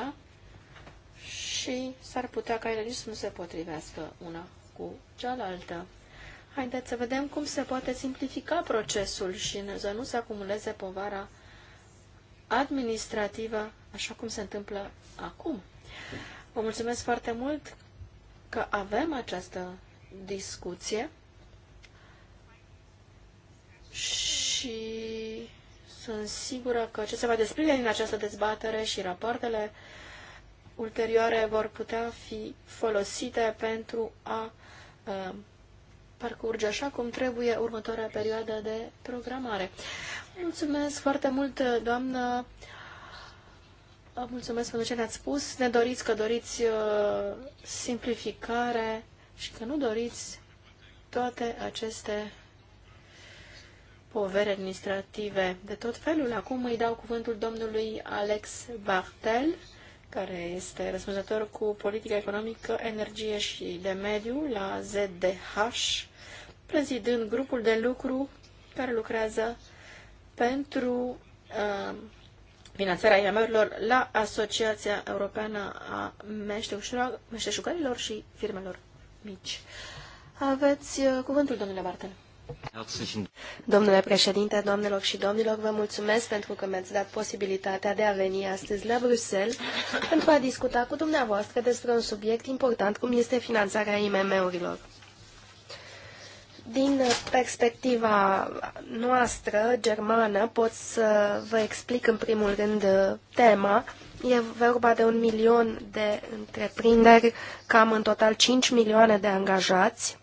și s-ar putea ca ele nici să nu se potrivească una cu cealaltă. Haideți să vedem cum se poate simplifica procesul și să nu se acumuleze povara administrativă, așa cum se întâmplă acum. Vă mulțumesc foarte mult că avem această discuție și sunt sigură că ce se va desprinde din această dezbatere și rapoartele ulterioare vor putea fi folosite pentru a parcurge așa cum trebuie următoarea perioadă de programare. Mulțumesc foarte mult, doamnă. Mulțumesc pentru ce ne-ați spus. Ne doriți că doriți simplificare și că nu doriți toate aceste povere administrative de tot felul. Acum îi dau cuvântul domnului Alex Bartel care este răspunzător cu politica economică, energie și de mediu la ZDH, prezidând grupul de lucru care lucrează pentru uh, finanțarea imr urilor la Asociația Europeană a Meșteșugarilor și Firmelor Mici. Aveți uh, cuvântul, domnule Bartel. Domnule președinte, doamnelor și domnilor, vă mulțumesc pentru că mi-ați dat posibilitatea de a veni astăzi la Bruxelles pentru a discuta cu dumneavoastră despre un subiect important cum este finanțarea IMM-urilor. Din perspectiva noastră, germană, pot să vă explic în primul rând tema. E vorba de un milion de întreprinderi, cam în total 5 milioane de angajați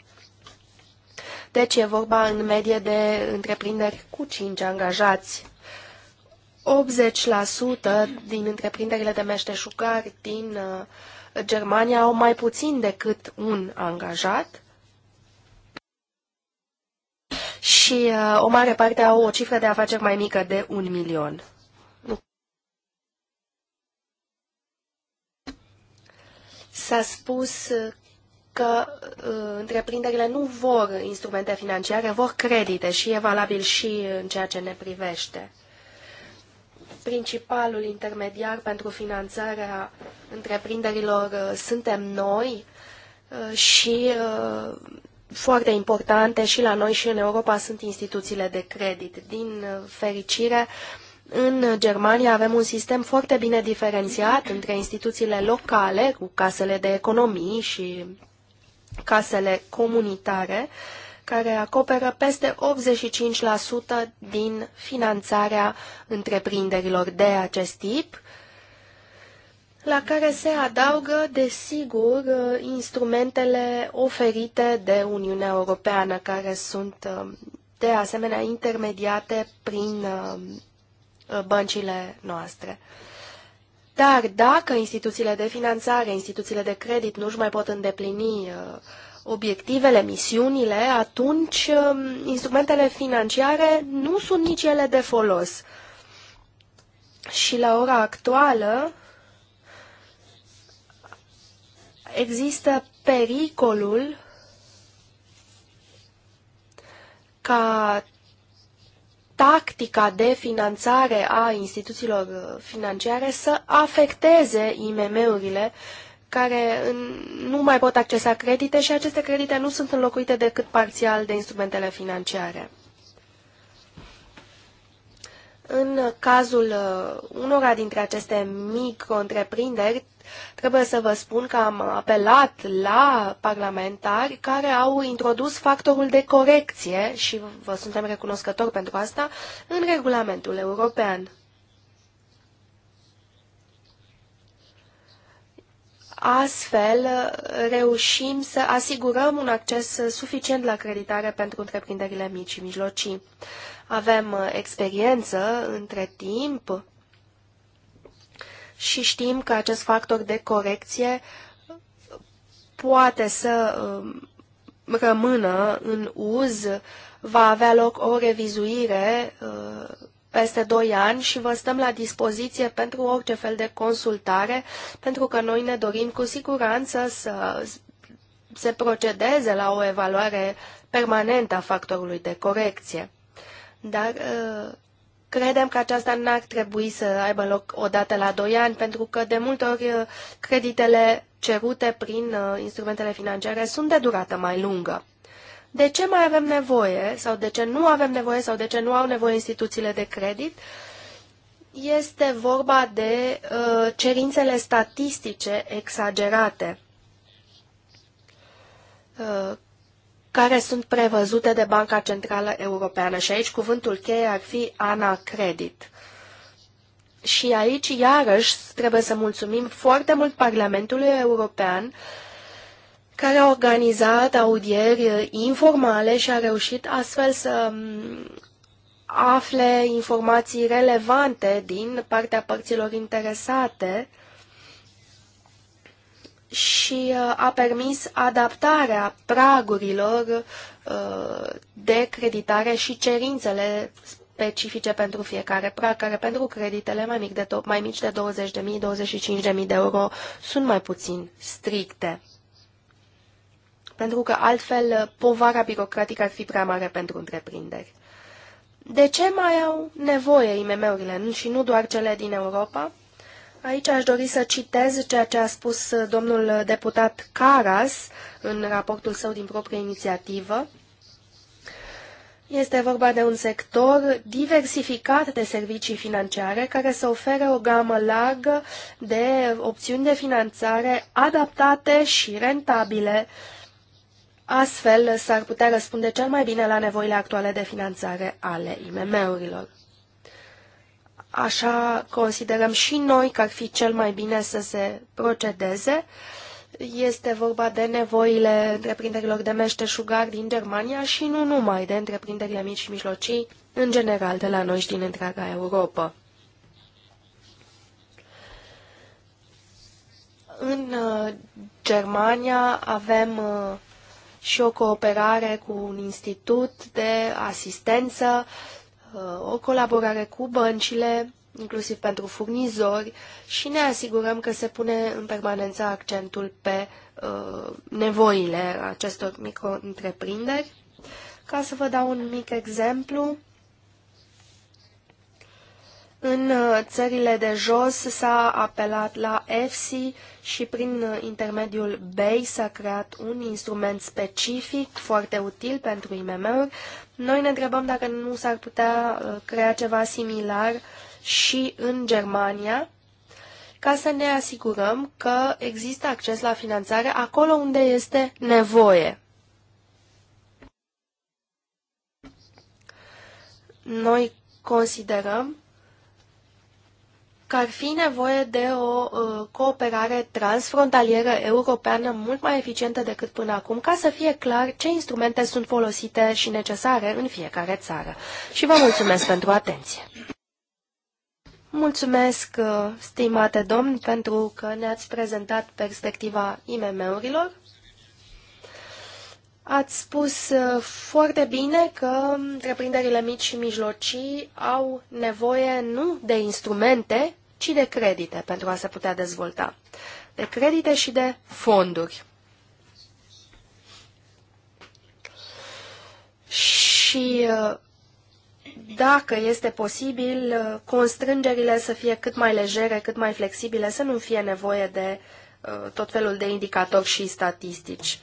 deci e vorba în medie de întreprinderi cu 5 angajați. 80% din întreprinderile de meșteșugari din uh, Germania au mai puțin decât un angajat și uh, o mare parte au o cifră de afaceri mai mică de un milion. S-a spus că uh, întreprinderile nu vor instrumente financiare, vor credite și e valabil și în ceea ce ne privește. Principalul intermediar pentru finanțarea întreprinderilor uh, suntem noi uh, și uh, foarte importante și la noi și în Europa sunt instituțiile de credit. Din uh, fericire, în Germania avem un sistem foarte bine diferențiat între instituțiile locale, cu casele de economii și casele comunitare, care acoperă peste 85% din finanțarea întreprinderilor de acest tip, la care se adaugă, desigur, instrumentele oferite de Uniunea Europeană, care sunt um, de asemenea intermediate prin um, băncile noastre. Dar dacă instituțiile de finanțare, instituțiile de credit nu-și mai pot îndeplini uh, obiectivele, misiunile, atunci um, instrumentele financiare nu sunt nici ele de folos. Și la ora actuală există pericolul ca tactica de finanțare a instituțiilor financiare să afecteze IMM-urile care nu mai pot accesa credite și aceste credite nu sunt înlocuite decât parțial de instrumentele financiare. În cazul uh, unora dintre aceste micro-întreprinderi, trebuie să vă spun că am apelat la parlamentari care au introdus factorul de corecție și vă suntem recunoscători pentru asta în regulamentul european. Astfel, reușim să asigurăm un acces suficient la creditare pentru întreprinderile mici și mijlocii avem uh, experiență între timp și știm că acest factor de corecție poate să uh, rămână în uz, va avea loc o revizuire uh, peste 2 ani și vă stăm la dispoziție pentru orice fel de consultare, pentru că noi ne dorim cu siguranță să se procedeze la o evaluare permanentă a factorului de corecție dar uh, credem că aceasta n-ar trebui să aibă loc odată la 2 ani, pentru că de multe ori uh, creditele cerute prin uh, instrumentele financiare sunt de durată mai lungă. De ce mai avem nevoie sau de ce nu avem nevoie sau de ce nu au nevoie instituțiile de credit? Este vorba de uh, cerințele statistice exagerate uh, care sunt prevăzute de Banca Centrală Europeană și aici cuvântul cheie ar fi credit Și aici, iarăși, trebuie să mulțumim foarte mult Parlamentului European care a organizat audieri informale și a reușit astfel să afle informații relevante din partea părților interesate și uh, a permis adaptarea pragurilor uh, de creditare și cerințele specifice pentru fiecare prag, care pentru creditele mai, mic de mai mici de 20.000-25.000 de euro sunt mai puțin stricte. Pentru că altfel uh, povara birocratică ar fi prea mare pentru întreprinderi. De ce mai au nevoie IMM-urile și nu doar cele din Europa? Aici aș dori să citez ceea ce a spus uh, domnul uh, deputat Caras în raportul său din proprie inițiativă. Este vorba de un sector diversificat de servicii financiare care să ofere o gamă largă de opțiuni de finanțare adaptate și rentabile. Astfel s-ar putea răspunde cel mai bine la nevoile actuale de finanțare ale IMM-urilor. Așa considerăm și noi că ar fi cel mai bine să se procedeze. Este vorba de nevoile întreprinderilor de meșteșugar din Germania și nu numai de întreprinderile mici și mijlocii, în general de la noi și din întreaga Europa. În uh, Germania avem uh, și o cooperare cu un institut de asistență uh, Uh, o colaborare cu băncile, inclusiv pentru furnizori, și ne asigurăm că se pune în permanență accentul pe uh, nevoile acestor micro-întreprinderi. Ca să vă dau un mic exemplu, în uh, țările de jos s-a apelat la EFSI și prin uh, intermediul BEI s-a creat un instrument specific foarte util pentru IMM-uri. Noi ne întrebăm dacă nu s-ar putea uh, crea ceva similar și în Germania ca să ne asigurăm că există acces la finanțare acolo unde este nevoie. Noi considerăm că ar fi nevoie de o uh, cooperare transfrontalieră europeană mult mai eficientă decât până acum, ca să fie clar ce instrumente sunt folosite și necesare în fiecare țară. Și vă mulțumesc pentru atenție. Mulțumesc, uh, stimate domn, pentru că ne-ați prezentat perspectiva IMM-urilor. Ați spus uh, foarte bine că întreprinderile mici și mijlocii au nevoie nu de instrumente, ci de credite pentru a se putea dezvolta. De credite și de fonduri. Și uh, dacă este posibil, uh, constrângerile să fie cât mai legere, cât mai flexibile, să nu fie nevoie de uh, tot felul de indicatori și statistici.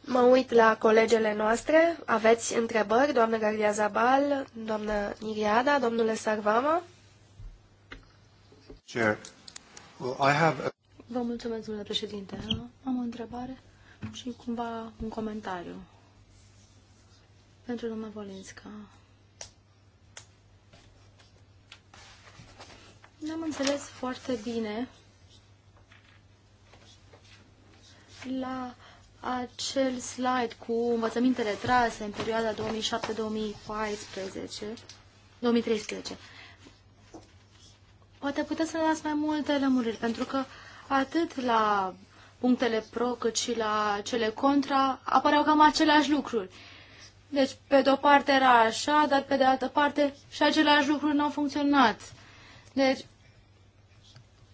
Mă uit la colegele noastre. Aveți întrebări, doamnă Gardia Zabal, doamnă Niriada, domnule Sarvama? Chair. Well, I have a... Vă mulțumesc, domnule președinte. Am o întrebare și cumva un comentariu pentru doamna Volinska. ne am înțeles foarte bine la acel slide cu învățămintele trase în perioada 2007-2014, 2013. Poate puteți să ne dați mai multe lămuriri, pentru că atât la punctele pro cât și la cele contra apăreau cam aceleași lucruri. Deci, pe de-o parte era așa, dar pe de altă parte și aceleași lucruri nu au funcționat. Deci,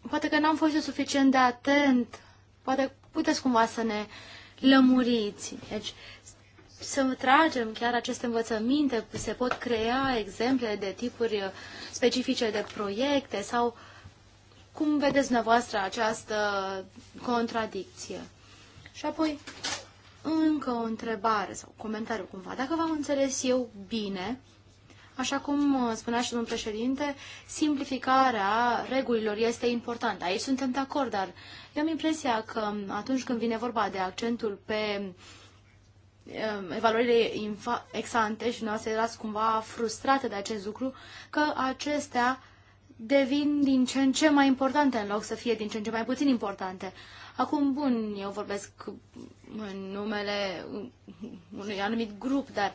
poate că n-am fost eu suficient de atent, poate puteți cumva să ne lămuriți. Deci, să tragem chiar aceste învățăminte, se pot crea exemple de tipuri specifice de proiecte sau cum vedeți dumneavoastră această contradicție? Și apoi, încă o întrebare sau comentariu cumva. Dacă v-am înțeles eu bine, așa cum uh, spunea și domnul președinte, simplificarea regulilor este importantă. Aici suntem de acord, dar eu am impresia că um, atunci când vine vorba de accentul pe uh, Um, evaluările exante și dumneavoastră erați cumva frustrate de acest lucru, că acestea devin din ce în ce mai importante în loc să fie din ce în ce mai puțin importante. Acum, bun, eu vorbesc în numele unui anumit grup, dar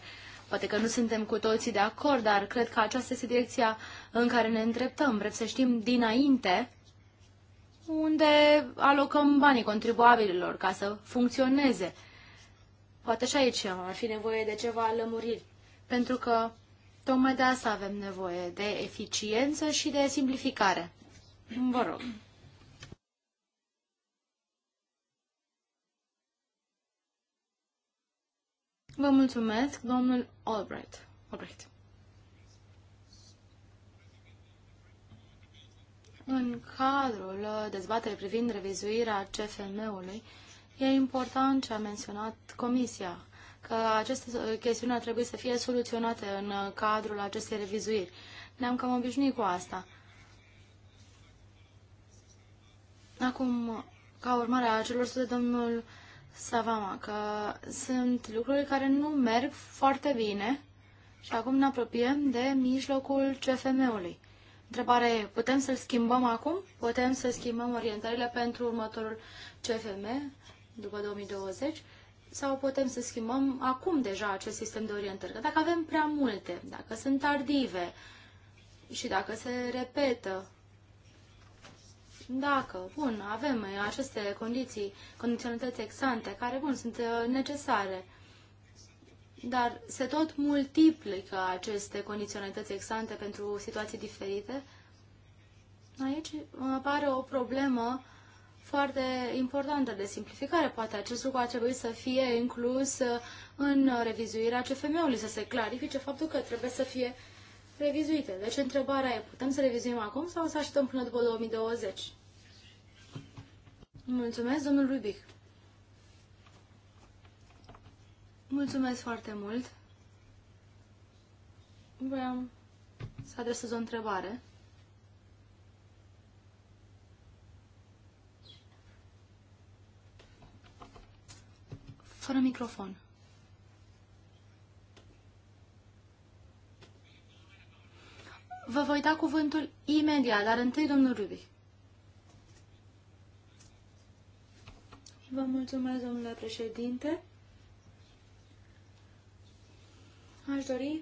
poate că nu suntem cu toții de acord, dar cred că aceasta este direcția în care ne îndreptăm. Vrem să știm dinainte unde alocăm banii contribuabililor ca să funcționeze Poate și aici ar fi nevoie de ceva lămuriri, pentru că tocmai de asta avem nevoie, de eficiență și de simplificare. Vă rog. Vă mulțumesc, domnul Albright. Albright. În cadrul dezbaterii privind revizuirea CFM-ului, E important ce a menționat Comisia, că aceste chestiuni ar trebui să fie soluționate în cadrul acestei revizuiri. Ne-am cam obișnuit cu asta. Acum, ca urmare a celor de domnul Savama, că sunt lucruri care nu merg foarte bine și acum ne apropiem de mijlocul CFM-ului. Întrebare, e, putem să-l schimbăm acum? Putem să schimbăm orientările pentru următorul CFM? după 2020 sau putem să schimbăm acum deja acest sistem de orientări. Că dacă avem prea multe, dacă sunt tardive și dacă se repetă, dacă, bun, avem aceste condiții, condiționalități exante, care, bun, sunt uh, necesare, dar se tot multiplică aceste condiționalități exante pentru situații diferite, aici uh, apare o problemă foarte importantă de simplificare. Poate acest lucru ar trebui să fie inclus uh, în revizuirea CFM-ului, să se clarifice faptul că trebuie să fie revizuite. Deci întrebarea e, putem să revizuim acum sau să așteptăm până după 2020? Mulțumesc, domnul Rubic. Mulțumesc foarte mult. Vreau să adresez o întrebare. fără microfon. Vă voi da cuvântul imediat, dar întâi domnul Rubi. Vă mulțumesc, domnule președinte. Aș dori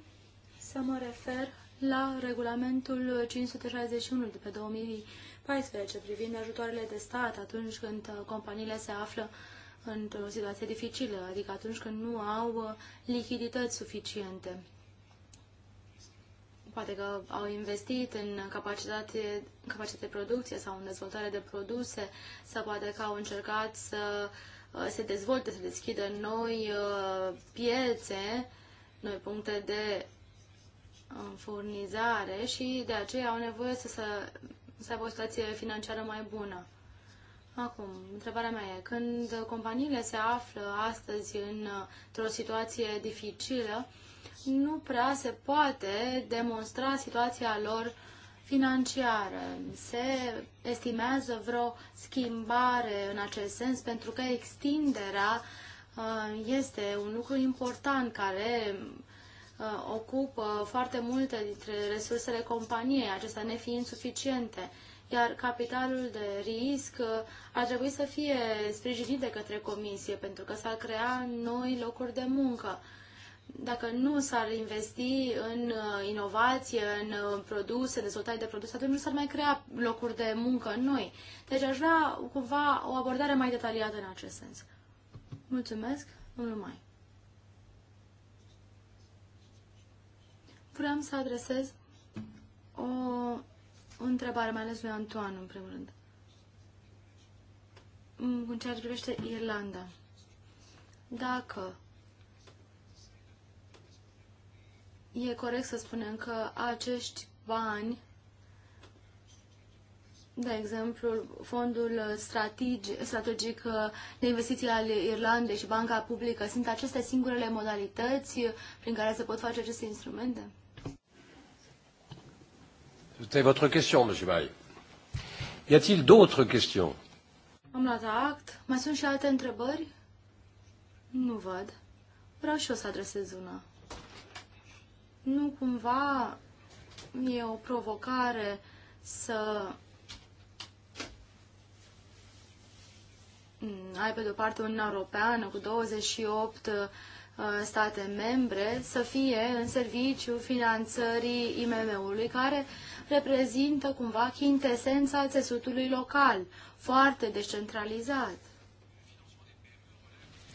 să mă refer la regulamentul 561 de pe 2014 privind ajutoarele de stat atunci când uh, companiile se află într-o situație dificilă, adică atunci când nu au uh, lichidități suficiente. Poate că au investit în capacitate, capacitate de producție sau în dezvoltare de produse, sau poate că au încercat să uh, se dezvolte, să deschidă noi uh, piețe, noi puncte de furnizare și de aceea au nevoie să, să, să aibă o situație financiară mai bună. Acum, întrebarea mea e, când companiile se află astăzi într-o situație dificilă, nu prea se poate demonstra situația lor financiară. Se estimează vreo schimbare în acest sens, pentru că extinderea uh, este un lucru important care uh, ocupă foarte multe dintre resursele companiei, acestea nefiind suficiente iar capitalul de risc uh, ar trebui să fie sprijinit de către comisie, pentru că s-ar crea noi locuri de muncă. Dacă nu s-ar investi în uh, inovație, în uh, produse, dezvoltare de produse, atunci nu s-ar mai crea locuri de muncă noi. Deci aș vrea cumva o abordare mai detaliată în acest sens. Mulțumesc, nu Mai. Vreau să adresez o o întrebare, mai ales lui Antoan, în primul rând. Mm, în ceea ce privește Irlanda. Dacă e corect să spunem că acești bani, de exemplu, fondul strategic, strategic uh, de investiții al Irlandei și banca publică, sunt aceste singurele modalități prin care se pot face aceste instrumente? C'était votre question, M. Bay. Y a-t-il d'autres questions Am luat act. Mai sunt și alte întrebări? Nu văd. Vreau și eu să adresez una. Nu cumva e o provocare să ai pe de-o parte Uniunea Europeană cu 28 Uh, state membre să fie în serviciu finanțării IMM-ului, care reprezintă cumva chintesența țesutului local, foarte descentralizat.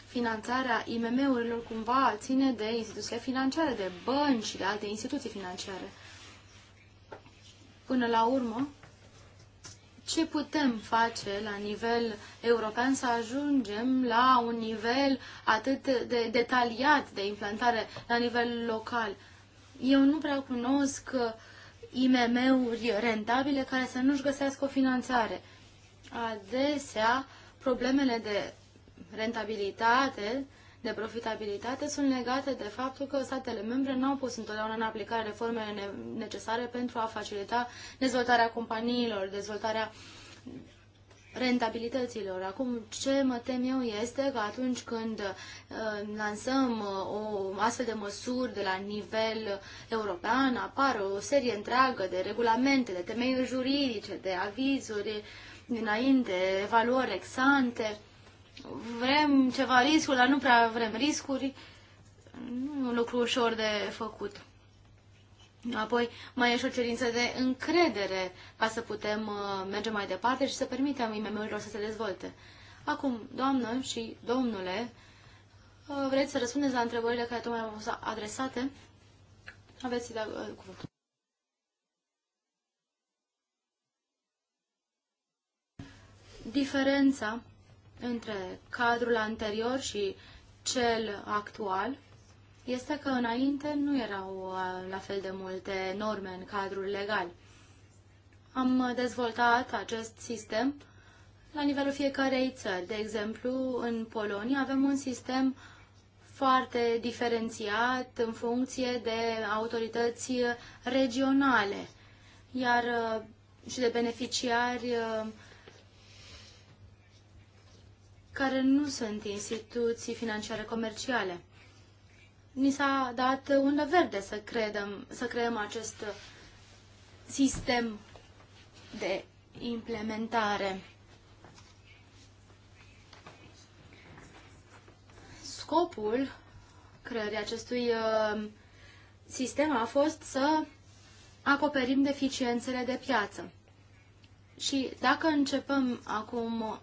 Finanțarea IMM-urilor cumva ține de instituții financiare, de bănci și de alte instituții financiare. Până la urmă, ce putem face la nivel european să ajungem la un nivel atât de detaliat de implantare la nivel local. Eu nu prea cunosc IMM-uri rentabile care să nu-și găsească o finanțare. Adesea, problemele de rentabilitate de profitabilitate sunt legate de faptul că statele membre nu au pus întotdeauna în aplicare reformele necesare pentru a facilita dezvoltarea companiilor, dezvoltarea rentabilităților. Acum, ce mă tem eu este că atunci când uh, lansăm uh, o astfel de măsuri de la nivel european, apar o serie întreagă de regulamente, de temeiuri juridice, de avizuri, dinainte, evaluări exante. ante vrem ceva riscuri, dar nu prea vrem riscuri. Nu e un lucru ușor de făcut. Apoi mai e și o cerință de încredere ca să putem uh, merge mai departe și să permitem IMM-urilor să se dezvolte. Acum, doamnă și domnule, uh, vreți să răspundeți la întrebările care tocmai au fost adresate? Aveți da, cuvântul. Diferența între cadrul anterior și cel actual este că înainte nu erau uh, la fel de multe norme în cadrul legal. Am dezvoltat acest sistem la nivelul fiecarei țări. De exemplu, în Polonia avem un sistem foarte diferențiat în funcție de autorități regionale, iar uh, și de beneficiari uh, care nu sunt instituții financiare comerciale. Ni s-a dat undă verde să, credem, să creăm acest sistem de implementare. Scopul creării acestui uh, sistem a fost să acoperim deficiențele de piață. Și dacă începem acum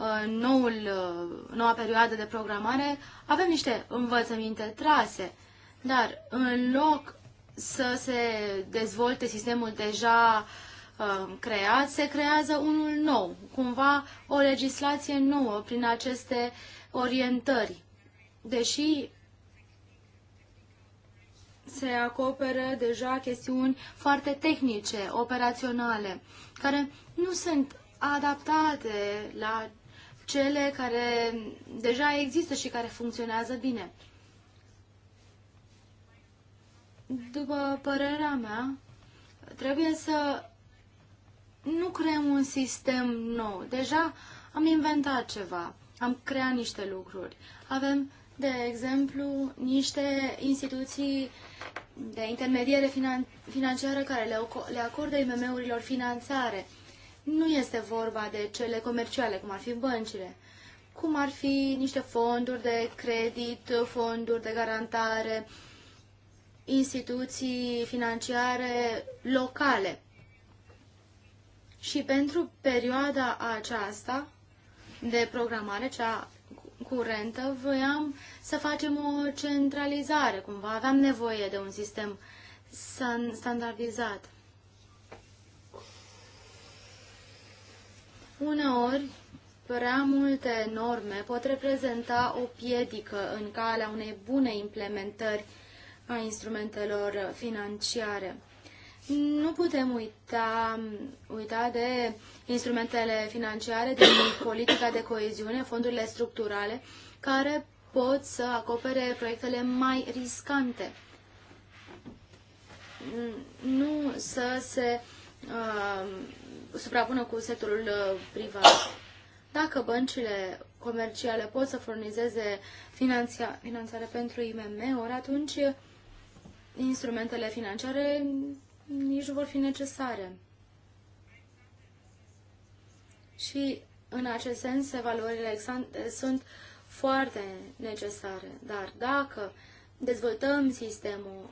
Uh, noul, uh, noua perioadă de programare, avem niște învățăminte trase, dar în loc să se dezvolte sistemul deja uh, creat, se creează unul nou, cumva o legislație nouă prin aceste orientări. Deși se acoperă deja chestiuni foarte tehnice, operaționale, care nu sunt adaptate la cele care deja există și care funcționează bine. După părerea mea, trebuie să nu creăm un sistem nou. Deja am inventat ceva, am creat niște lucruri. Avem, de exemplu, niște instituții de intermediere finan- financiară care le, le acordă IMM-urilor finanțare nu este vorba de cele comerciale, cum ar fi băncile, cum ar fi niște fonduri de credit, fonduri de garantare, instituții financiare locale. Și pentru perioada aceasta de programare, cea curentă, voiam să facem o centralizare, cumva aveam nevoie de un sistem standardizat. Uneori, prea multe norme pot reprezenta o piedică în calea unei bune implementări a instrumentelor financiare. Nu putem uita, uita de instrumentele financiare de politica de coeziune, fondurile structurale, care pot să acopere proiectele mai riscante. Nu să se Uh, suprapună cu sectorul uh, privat. Dacă băncile comerciale pot să furnizeze finanția, finanțare pentru IMM-uri, atunci instrumentele financiare nici nu vor fi necesare. Și în acest sens, evaluările sunt foarte necesare. Dar dacă dezvoltăm sistemul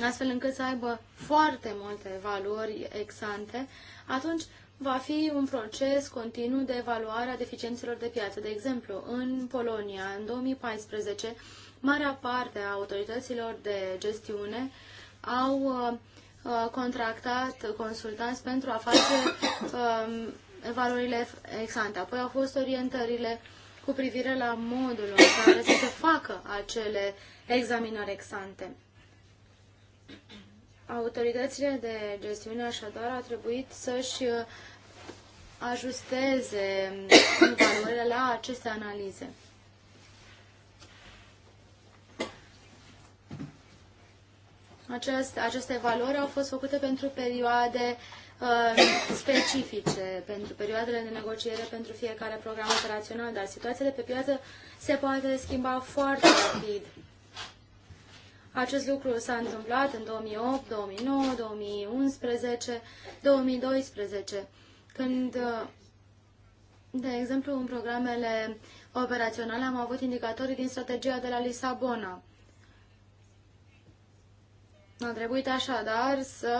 astfel încât să aibă foarte multe valori exante, atunci va fi un proces continuu de evaluare a deficiențelor de piață. De exemplu, în Polonia, în 2014, marea parte a autorităților de gestiune au uh, uh, contractat consultanți pentru a face [coughs] um, valorile exante. Apoi au fost orientările cu privire la modul în care să se facă acele examinări exante. Autoritățile de gestiune așadar a trebuit să-și uh, ajusteze um, [coughs] valorile la aceste analize. Aceste, aceste valori au fost făcute pentru perioade uh, specifice, pentru perioadele de negociere pentru fiecare program operațional, dar situația de pe piață se poate schimba foarte rapid. Acest lucru s-a întâmplat în 2008, 2009, 2011, 2012, când, de exemplu, în programele operaționale am avut indicatorii din strategia de la Lisabona. A trebuit așadar să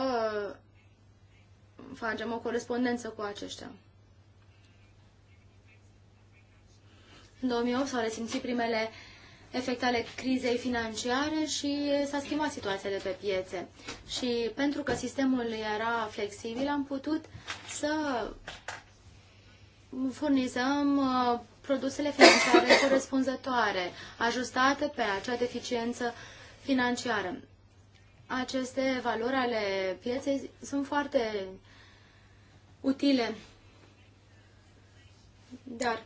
facem o corespondență cu aceștia. În 2008 s-au resimțit primele efecte ale crizei financiare și s-a schimbat situația de pe piețe. Și pentru că sistemul era flexibil, am putut să furnizăm uh, produsele financiare [coughs] corespunzătoare, ajustate pe acea deficiență financiară. Aceste valori ale pieței sunt foarte utile, dar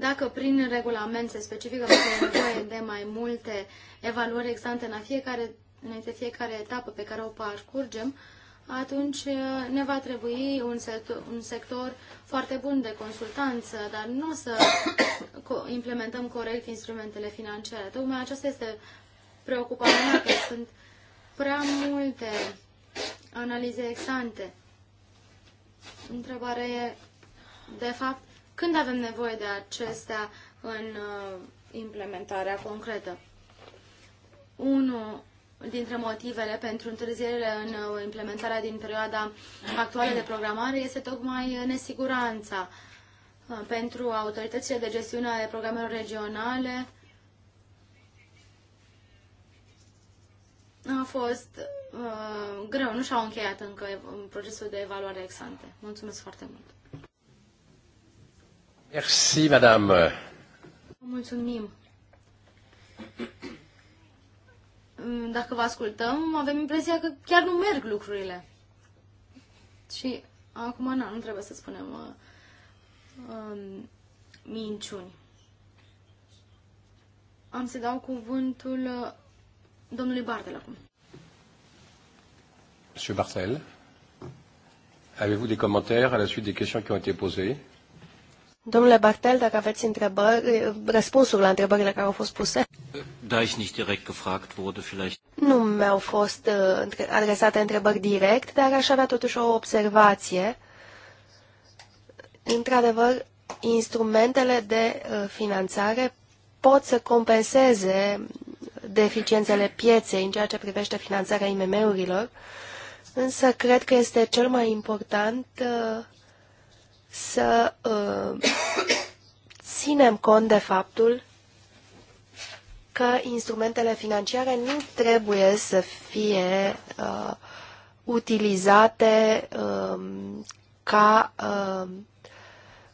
dacă prin regulament se specifică că e nevoie de mai multe evaluări exante în fiecare, înainte fiecare etapă pe care o parcurgem, atunci uh, ne va trebui un sector, un sector foarte bun de consultanță, dar nu o să [coughs] implementăm corect instrumentele financiare. Tocmai aceasta este preocuparea mea, că sunt prea multe analize exante. Întrebarea e, de fapt, când avem nevoie de acestea în uh, implementarea concretă. Unul dintre motivele pentru întârzierile în uh, implementarea din perioada actuală de programare este tocmai nesiguranța uh, pentru autoritățile de gestiune ale programelor regionale. A fost uh, greu, nu și-au încheiat încă procesul de evaluare ex ante. Mulțumesc foarte mult! Merci, madame. Mulțumim. Mm, dacă vă ascultăm, avem impresia că chiar nu merg lucrurile. Și acum, na, nu trebuie să spunem uh, uh, minciuni. Am să dau cuvântul uh, domnului Bartel acum. Monsieur Bartel, avez-vous des commentaires à la suite des questions qui ont été posées Domnule Bartel, dacă aveți întrebări, răspunsuri la întrebările care au fost puse? Da, ich nicht direkt gefragt wurde, vielleicht. Nu mi-au fost uh, adresate întrebări direct, dar aș avea totuși o observație. Într-adevăr, instrumentele de uh, finanțare pot să compenseze deficiențele pieței în ceea ce privește finanțarea IMM-urilor, însă cred că este cel mai important uh, să uh, ținem cont de faptul că instrumentele financiare nu trebuie să fie uh, utilizate uh, ca uh,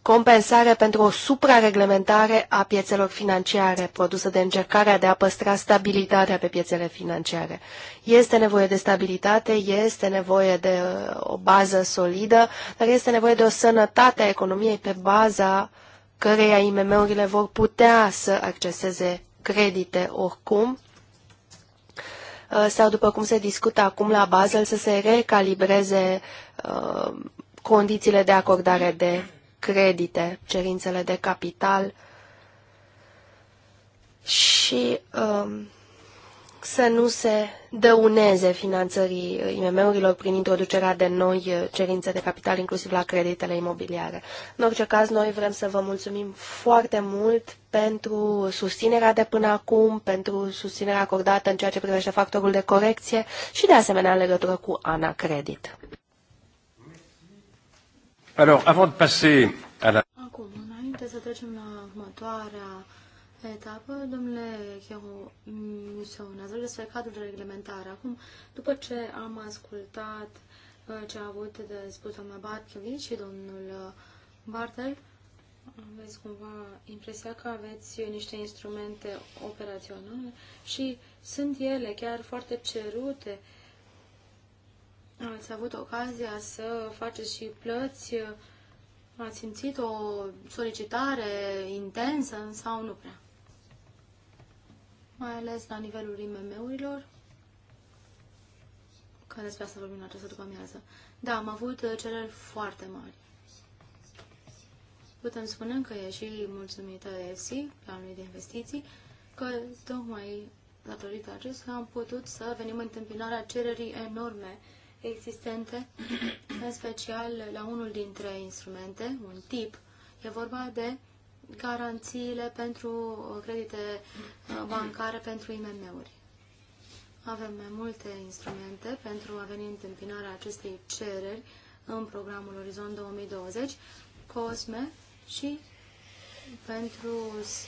compensare pentru o suprareglementare a piețelor financiare produsă de încercarea de a păstra stabilitatea pe piețele financiare. Este nevoie de stabilitate, este nevoie de uh, o bază solidă, dar este nevoie de o sănătate a economiei pe baza căreia IMM-urile vor putea să acceseze credite oricum uh, sau după cum se discută acum la Basel să se recalibreze uh, condițiile de acordare de credite, cerințele de capital și um, să nu se dăuneze finanțării IMM-urilor prin introducerea de noi uh, cerințe de capital, inclusiv la creditele imobiliare. În orice caz, noi vrem să vă mulțumim foarte mult pentru susținerea de până acum, pentru susținerea acordată în ceea ce privește factorul de corecție și, de asemenea, în legătură cu Ana Credit. Alors, avant de passer à la... Acum, înainte să trecem la următoarea etapă, domnule Chiahu, misionează despre cadrul de reglementare. Acum, după ce am ascultat uh, ce a avut de spus doamna Bartlevi și domnul uh, Bartel, aveți cumva impresia că aveți niște instrumente operaționale și sunt ele chiar foarte cerute uh, ați avut ocazia să faceți și plăți, ați simțit o solicitare intensă sau nu prea? Mai ales la nivelul IMM-urilor, că despre asta vorbim în această după-amiază. Da, am avut uh, cereri foarte mari. Putem spune că e și mulțumită ESI, planului de investiții, că tocmai datorită acestuia am putut să venim în întâmpinarea cererii enorme existente, [clears throat] în special la unul dintre instrumente, un tip. E vorba de garanțiile pentru credite uh, bancare pentru IMM-uri. Avem mai multe instrumente pentru a veni întâmpinarea acestei cereri în programul Orizont 2020, COSME și pentru,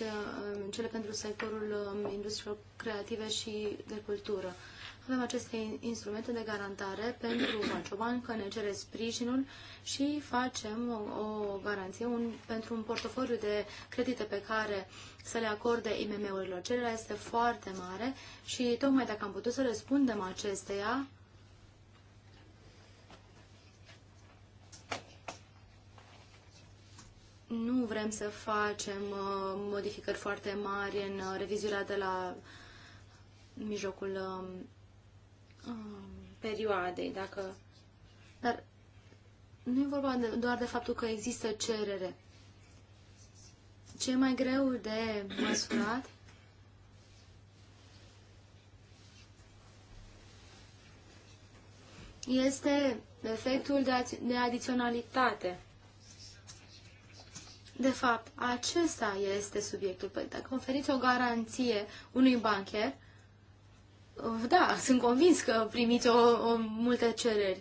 uh, cele pentru sectorul um, industriilor creative și de cultură. Avem aceste instrumente de garantare pentru Bacioban, [coughs] că ne cere sprijinul și facem o, o garanție un, pentru un portofoliu de credite pe care să le acorde IMM-urilor. Cererea este foarte mare și tocmai dacă am putut să răspundem acesteia, nu vrem să facem uh, modificări foarte mari în uh, revizuirea de la mijlocul um, Um, perioadei, dacă... Dar nu e vorba de, doar de faptul că există cerere. Ce e mai greu de măsurat este efectul de, de adiționalitate. De fapt, acesta este subiectul. Păi dacă oferiți o garanție unui bancher, da, sunt convins că primiți o, o multe cereri.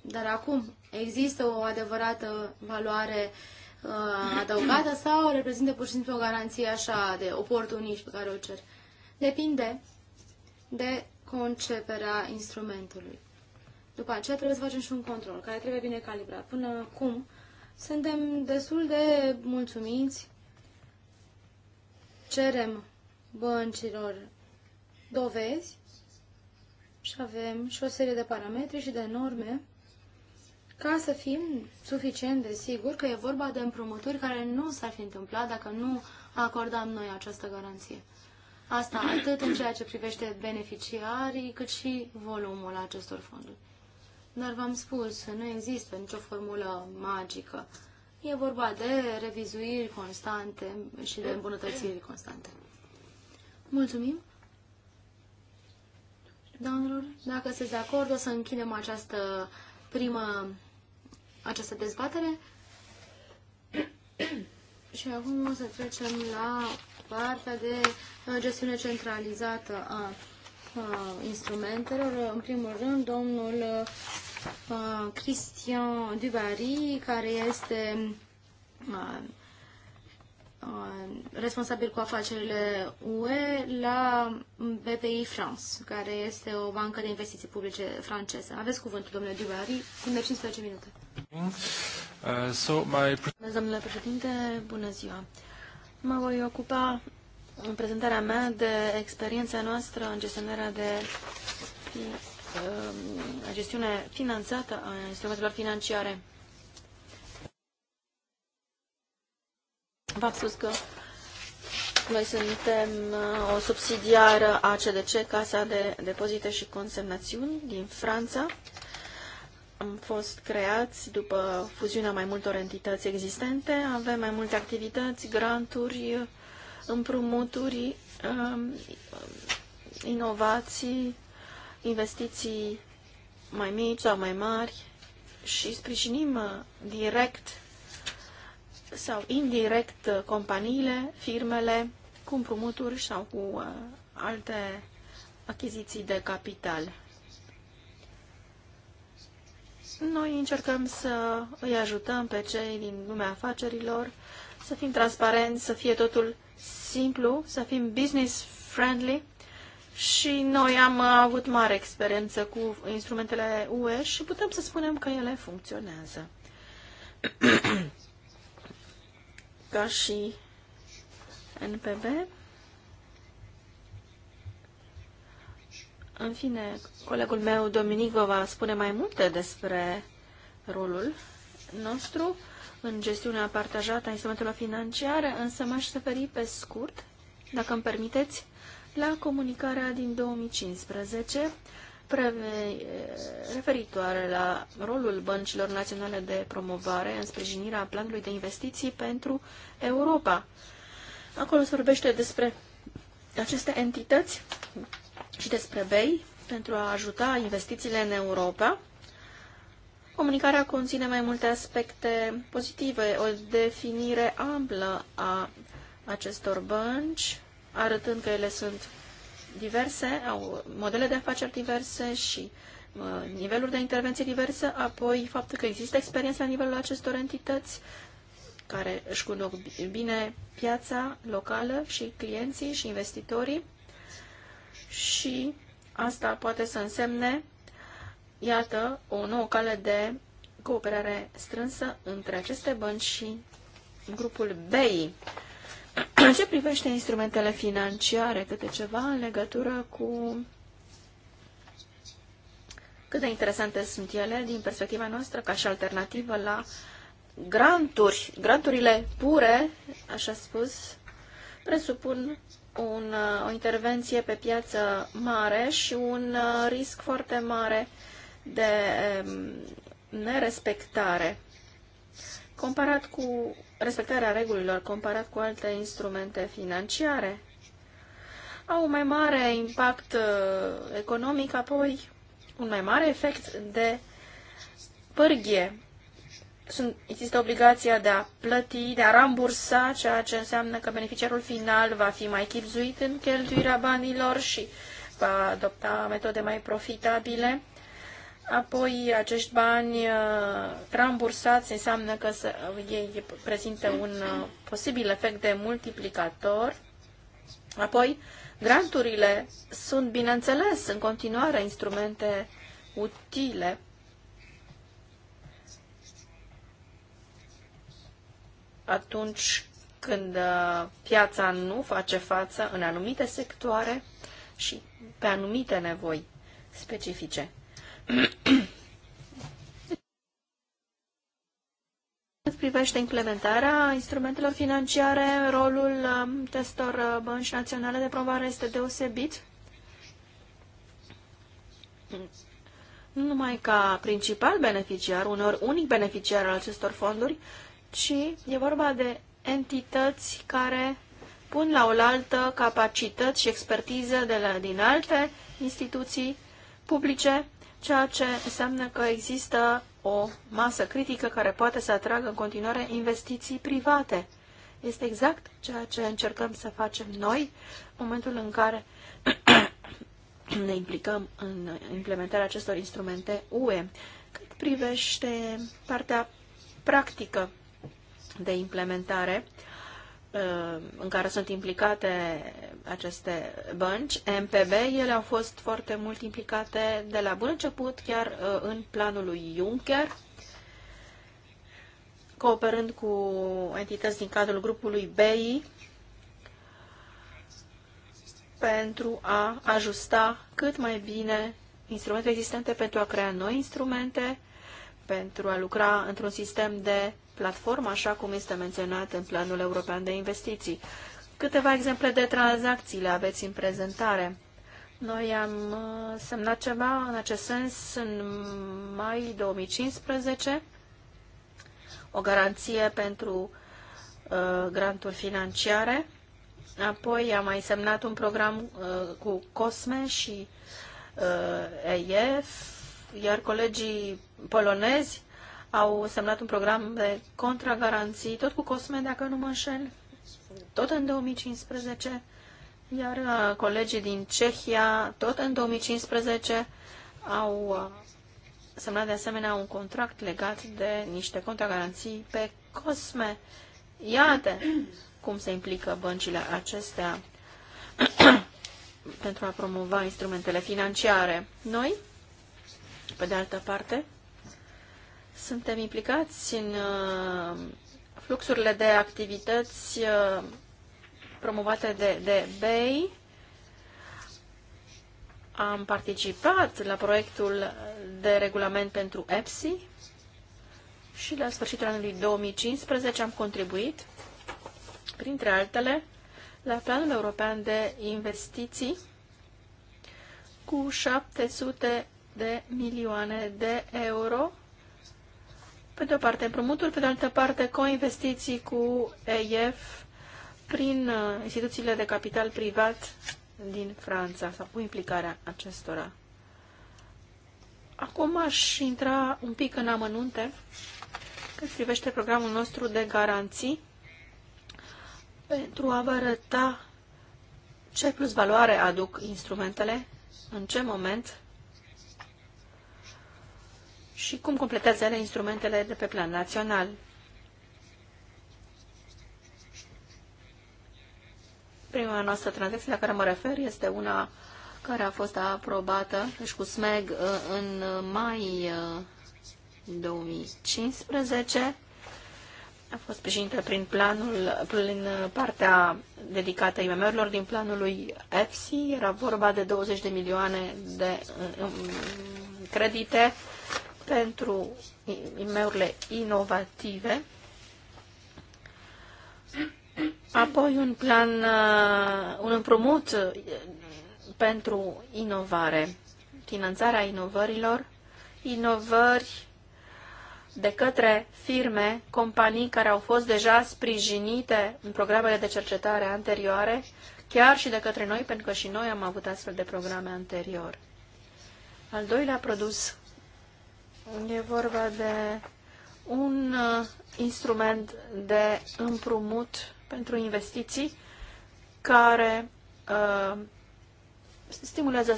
Dar acum, există o adevărată valoare uh, adăugată sau reprezintă pur și simplu o garanție așa de oportunism pe care o cer? Depinde de conceperea instrumentului. După aceea trebuie să facem și un control, care trebuie bine calibrat. Până acum suntem destul de mulțumiți, cerem băncilor dovezi și avem și o serie de parametri și de norme ca să fim suficient de siguri că e vorba de împrumuturi care nu s-ar fi întâmplat dacă nu acordam noi această garanție. Asta atât în ceea ce privește beneficiarii, cât și volumul acestor fonduri. Dar v-am spus, nu există nicio formulă magică. E vorba de revizuiri constante și de îmbunătățiri constante. Mulțumim! Domnilor, dacă sunteți de acord, o să închidem această primă, această dezbatere. [clears throat] Și acum o să trecem la partea de uh, gestiune centralizată a, a instrumentelor. În primul rând, domnul a, uh, Christian Dubary, care este a, uh, Uh, responsabil cu afacerile UE la BPI France, care este o bancă de investiții publice franceză. Aveți cuvântul, domnule Dubari, timp de 15 minute. Uh, domnule președinte, bună ziua. Mă voi ocupa în prezentarea mea de experiența noastră în gestionarea de uh, gestiune finanțată a instrumentelor financiare. V-am spus că noi suntem uh, o subsidiară a CDC, Casa de Depozite și Consemnațiuni din Franța. Am fost creați după fuziunea mai multor entități existente. Avem mai multe activități, granturi, împrumuturi, um, inovații, investiții mai mici sau mai mari și sprijinim uh, direct sau indirect uh, companiile, firmele, cu împrumuturi sau cu uh, alte achiziții de capital. Noi încercăm să îi ajutăm pe cei din lumea afacerilor să fim transparenți, să fie totul simplu, să fim business friendly și noi am avut mare experiență cu instrumentele UE și putem să spunem că ele funcționează. [clears throat] ca și NPB. În fine, colegul meu, vă va spune mai multe despre rolul nostru în gestiunea partajată a instrumentelor financiare, însă m-aș referi pe scurt, dacă îmi permiteți, la comunicarea din 2015 referitoare la rolul băncilor naționale de promovare în sprijinirea planului de investiții pentru Europa. Acolo se vorbește despre aceste entități și despre BEI pentru a ajuta investițiile în Europa. Comunicarea conține mai multe aspecte pozitive, o definire amplă a acestor bănci, arătând că ele sunt diverse, au modele de afaceri diverse și uh, niveluri de intervenție diverse, apoi faptul că există experiență la nivelul acestor entități care își cunosc bine piața locală și clienții și investitorii și asta poate să însemne, iată, o nouă cale de cooperare strânsă între aceste bănci și grupul BEI ce privește instrumentele financiare, câte ceva în legătură cu cât de interesante sunt ele din perspectiva noastră ca și alternativă la granturi. Granturile pure, așa spus, presupun un, o intervenție pe piață mare și un uh, risc foarte mare de um, nerespectare. Comparat cu respectarea regulilor comparat cu alte instrumente financiare. Au un mai mare impact uh, economic, apoi un mai mare efect de pârghie. Sunt, există obligația de a plăti, de a rambursa, ceea ce înseamnă că beneficiarul final va fi mai chipzuit în cheltuirea banilor și va adopta metode mai profitabile Apoi, acești bani uh, rambursați înseamnă că să, ei prezintă un uh, posibil efect de multiplicator. Apoi, granturile sunt, bineînțeles, în continuare instrumente utile atunci când uh, piața nu face față în anumite sectoare și pe anumite nevoi specifice. Cât privește implementarea instrumentelor financiare, rolul um, testor uh, bănci naționale de provare este deosebit. Nu numai ca principal beneficiar, unor unic beneficiar al acestor fonduri, ci e vorba de entități care pun la oaltă capacități și expertiză de la, din alte instituții publice ceea ce înseamnă că există o masă critică care poate să atragă în continuare investiții private. Este exact ceea ce încercăm să facem noi în momentul în care [coughs] ne implicăm în implementarea acestor instrumente UE. Cât privește partea practică de implementare, uh, Uh, în care sunt implicate aceste bănci, MPB, ele au fost foarte mult implicate de la bun început, chiar uh, în planul lui Juncker, cooperând cu entități din cadrul grupului BEI pentru a ajusta cât mai bine instrumente existente pentru a crea noi instrumente, pentru a lucra într-un sistem de platformă, așa cum este menționat în Planul European de Investiții. Câteva exemple de tranzacții le aveți în prezentare. Noi am uh, semnat ceva în acest sens în mai 2015, o garanție pentru uh, granturi financiare. Apoi am mai semnat un program uh, cu COSME și uh, EIF, iar colegii polonezi au semnat un program de contragaranții, tot cu Cosme, dacă nu mă înșel, tot în 2015, iar uh, colegii din Cehia, tot în 2015, au uh, semnat de asemenea un contract legat de niște contragaranții pe Cosme. Iată cum se implică băncile acestea [coughs] pentru a promova instrumentele financiare. Noi, pe de altă parte, suntem implicați în uh, fluxurile de activități uh, promovate de, de BEI. Am participat la proiectul de regulament pentru EPSI și la sfârșitul anului 2015 am contribuit, printre altele, la Planul European de Investiții cu 700 de milioane de euro pe de o parte împrumuturi, pe de altă parte coinvestiții cu EIF prin uh, instituțiile de capital privat din Franța sau cu implicarea acestora. Acum aș intra un pic în amănunte cât privește programul nostru de garanții pentru a vă arăta ce plus valoare aduc instrumentele, în ce moment și cum completează ele instrumentele de pe plan național. Prima noastră tranzacție la care mă refer este una care a fost aprobată, și deci cu SMEG, uh, în mai 2015. Uh, a fost sprijinită prin planul, prin partea dedicată IMM-urilor din planul lui EFSI. Era vorba de 20 de milioane de uh, credite pentru imeurile inovative, apoi un plan, uh, un împrumut uh, pentru inovare, finanțarea inovărilor, inovări de către firme, companii care au fost deja sprijinite în programele de cercetare anterioare, chiar și de către noi, pentru că și noi am avut astfel de programe anterior. Al doilea produs E vorba de un uh, instrument de împrumut pentru investiții care uh, stimulează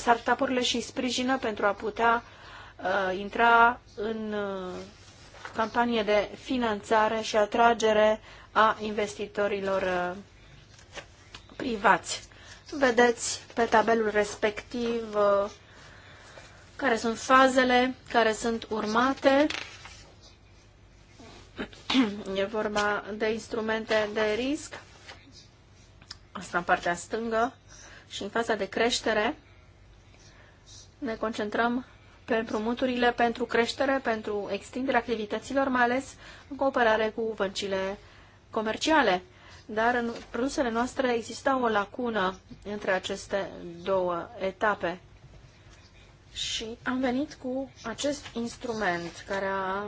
startup-urile și sprijină pentru a putea uh, intra în uh, campanie de finanțare și atragere a investitorilor uh, privați. Vedeți pe tabelul respectiv uh, care sunt fazele care sunt urmate. [clears throat] E vorba de instrumente de risc, asta în partea stângă, și în faza de creștere ne concentrăm pe împrumuturile pentru creștere, pentru extinderea activităților, mai ales în cooperare cu băncile comerciale. Dar în produsele noastre exista o lacună între aceste două etape. Și am venit cu acest instrument care a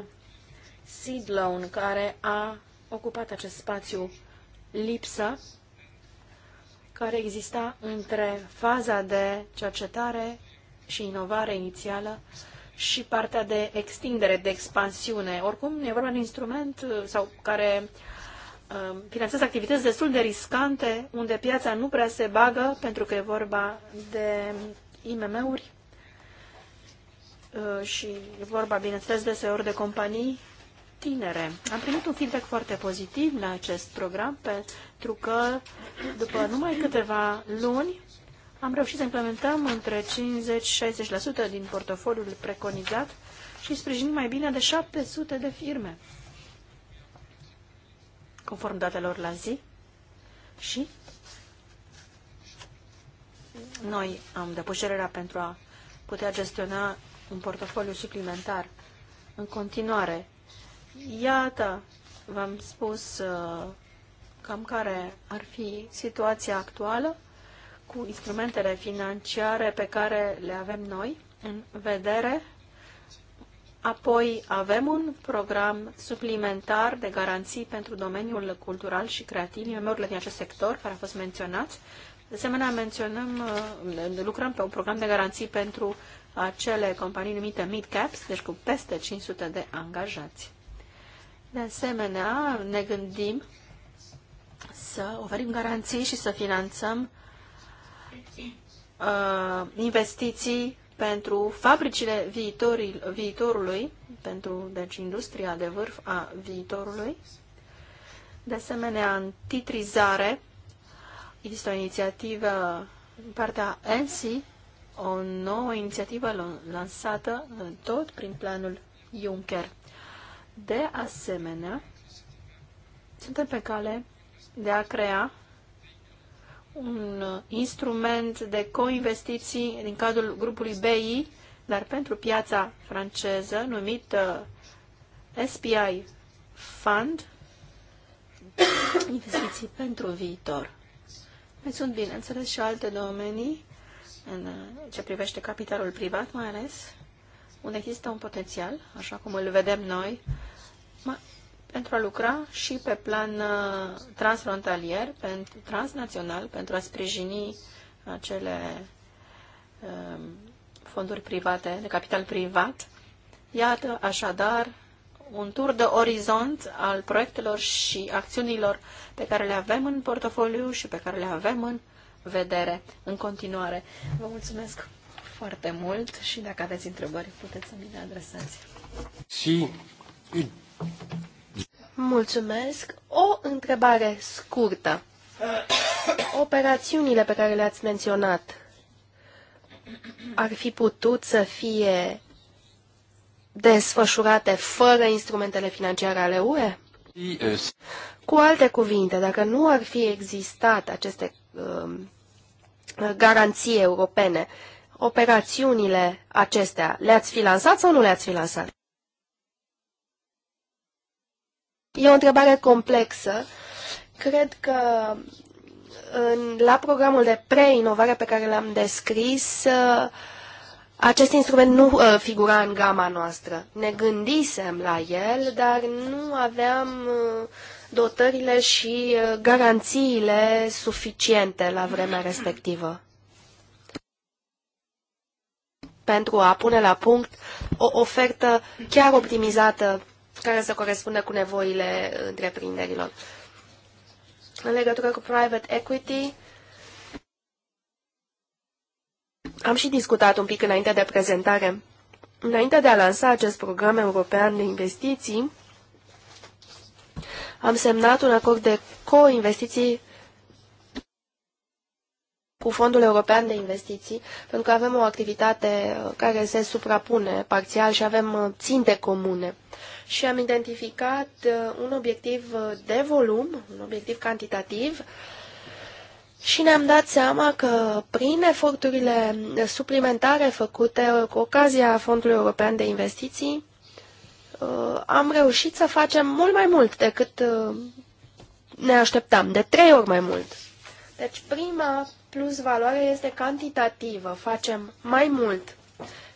seed loan, care a ocupat acest spațiu lipsă care exista între faza de cercetare și inovare inițială și partea de extindere, de expansiune. Oricum, e vorba de un instrument uh, sau care uh, finanțează activități destul de riscante, unde piața nu prea se bagă, pentru că e vorba de IMM-uri Uh, și e vorba, bineînțeles, deseori de companii tinere. Am primit un feedback foarte pozitiv la acest program pentru că după numai câteva luni am reușit să implementăm între 50-60% din portofoliul preconizat și sprijinim mai bine de 700 de firme, conform datelor la zi. Și noi am depus cererea pentru a putea gestiona un portofoliu suplimentar. În continuare, iată, v-am spus uh, cam care ar fi situația actuală cu instrumentele financiare pe care le avem noi în vedere. Apoi avem un program suplimentar de garanții pentru domeniul cultural și creativ, imm din acest sector care a fost menționat. De asemenea, menționăm, uh, lucrăm pe un program de garanții pentru acele companii numite mid-caps, deci cu peste 500 de angajați. De asemenea, ne gândim să oferim garanții și să finanțăm uh, investiții pentru fabricile viitorii, viitorului, pentru deci, industria de vârf a viitorului. De asemenea, în titrizare există o inițiativă în partea ENSI o nouă inițiativă lansată tot prin planul Juncker. De asemenea, suntem pe cale de a crea un instrument de coinvestiții din cadrul grupului BI, dar pentru piața franceză, numit uh, SPI Fund, investiții pentru viitor. Mai sunt, bineînțeles, și alte domenii în uh, ce privește capitalul privat, mai ales unde există un potențial, așa cum îl vedem noi, pentru a lucra și pe plan uh, transfrontalier, pentru, transnațional, pentru a sprijini acele um, fonduri private, de capital privat. Iată, așadar, un tur de orizont al proiectelor și acțiunilor pe care le avem în portofoliu și pe care le avem în vedere în continuare. Vă mulțumesc foarte mult și dacă aveți întrebări, puteți să mi le adresați. Și... Mulțumesc. O întrebare scurtă. Operațiunile pe care le-ați menționat ar fi putut să fie desfășurate fără instrumentele financiare ale UE? Cu alte cuvinte, dacă nu ar fi existat aceste uh, garanții europene. Operațiunile acestea le-ați fi lansat sau nu le-ați fi lansat? E o întrebare complexă. Cred că în, la programul de pre-inovare pe care l-am descris, acest instrument nu uh, figura în gama noastră. Ne gândisem la el, dar nu aveam uh, dotările și uh, garanțiile suficiente la vremea respectivă pentru a pune la punct o ofertă chiar optimizată care să corespundă cu nevoile întreprinderilor. În legătură cu private equity, am și discutat un pic înainte de prezentare. Înainte de a lansa acest program european de investiții, am semnat un acord de co-investiții cu Fondul European de Investiții, pentru că avem o activitate uh, care se suprapune parțial și avem uh, ținte comune. Și am identificat uh, un obiectiv de volum, un obiectiv cantitativ, și ne-am dat seama că prin eforturile suplimentare făcute cu ocazia Fondului European de Investiții, Uh, am reușit să facem mult mai mult decât uh, ne așteptam, de trei ori mai mult. Deci prima plus valoare este cantitativă, facem mai mult.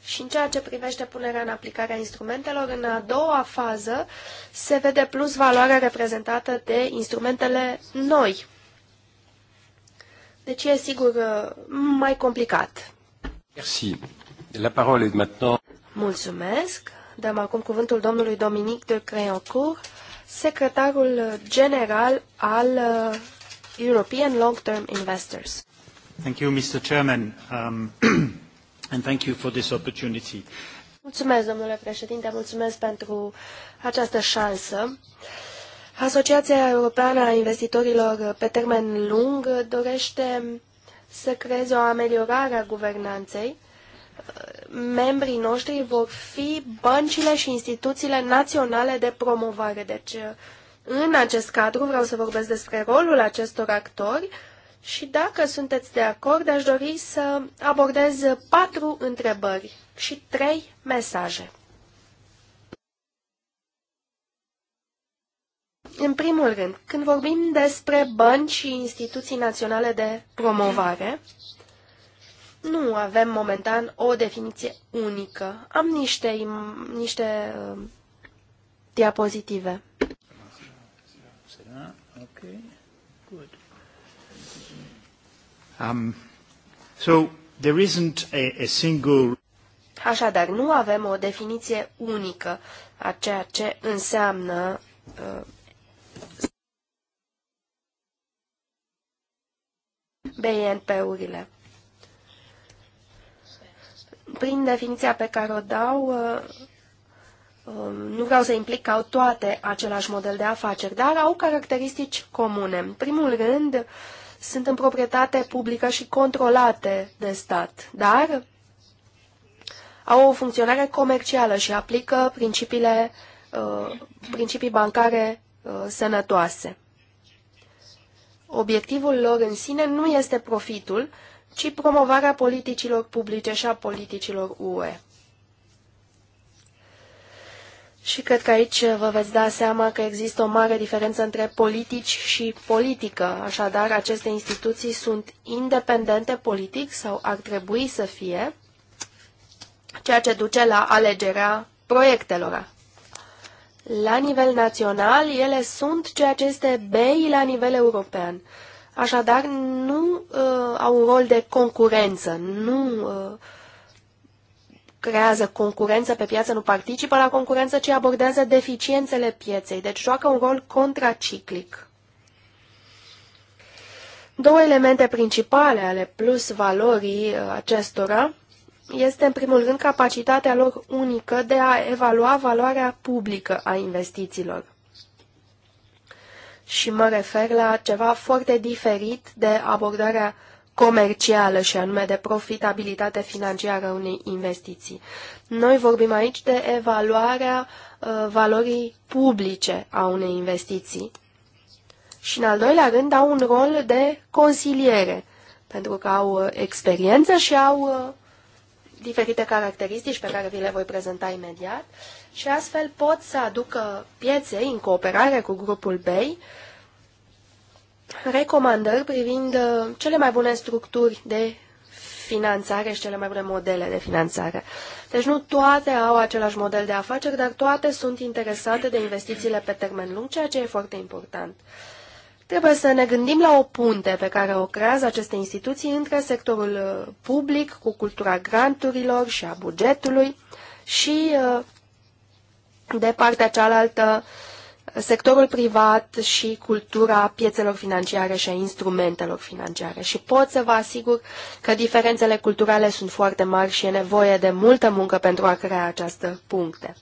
Și în ceea ce privește punerea în aplicare a instrumentelor, în a doua fază se vede plus valoarea reprezentată de instrumentele noi. Deci e sigur uh, mai complicat. Merci. La parole est maintenant. Mulțumesc. Dăm acum cuvântul domnului Dominic de Creancourt, secretarul general al uh, European Long-Term Investors. Thank you, Mr. Chairman, um, [clears throat] and thank you for this opportunity. Mulțumesc, domnule președinte, mulțumesc pentru această șansă. Asociația Europeană a Investitorilor pe termen lung dorește să creeze o ameliorare a guvernanței membrii noștri vor fi băncile și instituțiile naționale de promovare. Deci, în acest cadru vreau să vorbesc despre rolul acestor actori și dacă sunteți de acord, aș dori să abordez patru întrebări și trei mesaje. În primul rând, când vorbim despre bănci și instituții naționale de promovare, nu avem momentan o definiție unică. Am niște, niște uh, diapozitive. Okay. Good. Um, so there isn't a, a single... Așadar, nu avem o definiție unică a ceea ce înseamnă uh, BNP-urile prin definiția pe care o dau, uh, um, nu vreau să implic că au toate același model de afaceri, dar au caracteristici comune. În primul rând, sunt în proprietate publică și controlate de stat, dar au o funcționare comercială și aplică principiile, uh, principii bancare uh, sănătoase. Obiectivul lor în sine nu este profitul, ci promovarea politicilor publice și a politicilor UE. Și cred că aici vă veți da seama că există o mare diferență între politici și politică. Așadar, aceste instituții sunt independente politic sau ar trebui să fie, ceea ce duce la alegerea proiectelor. La nivel național, ele sunt ceea ce este BEI la nivel european. Așadar, nu uh, au un rol de concurență, nu uh, creează concurență pe piață, nu participă la concurență, ci abordează deficiențele pieței, deci joacă un rol contraciclic. Două elemente principale ale plus valorii uh, acestora este, în primul rând, capacitatea lor unică de a evalua valoarea publică a investițiilor și mă refer la ceva foarte diferit de abordarea comercială și anume de profitabilitate financiară a unei investiții. Noi vorbim aici de evaluarea uh, valorii publice a unei investiții. Și în al doilea rând au un rol de consiliere, pentru că au uh, experiență și au uh, diferite caracteristici pe care vi le voi prezenta imediat. Uh, și astfel pot să aducă pieței, în cooperare cu grupul BEI, recomandări privind uh, cele mai bune structuri de finanțare și cele mai bune modele de finanțare. Deci nu toate au același model de afaceri, dar toate sunt interesate de investițiile pe termen lung, ceea ce e foarte important. Trebuie să ne gândim la o punte pe care o creează aceste instituții între sectorul uh, public, cu cultura granturilor și a bugetului și uh, de partea cealaltă, sectorul privat și cultura piețelor financiare și a instrumentelor financiare. Și pot să vă asigur că diferențele culturale sunt foarte mari și e nevoie de multă muncă pentru a crea această puncte.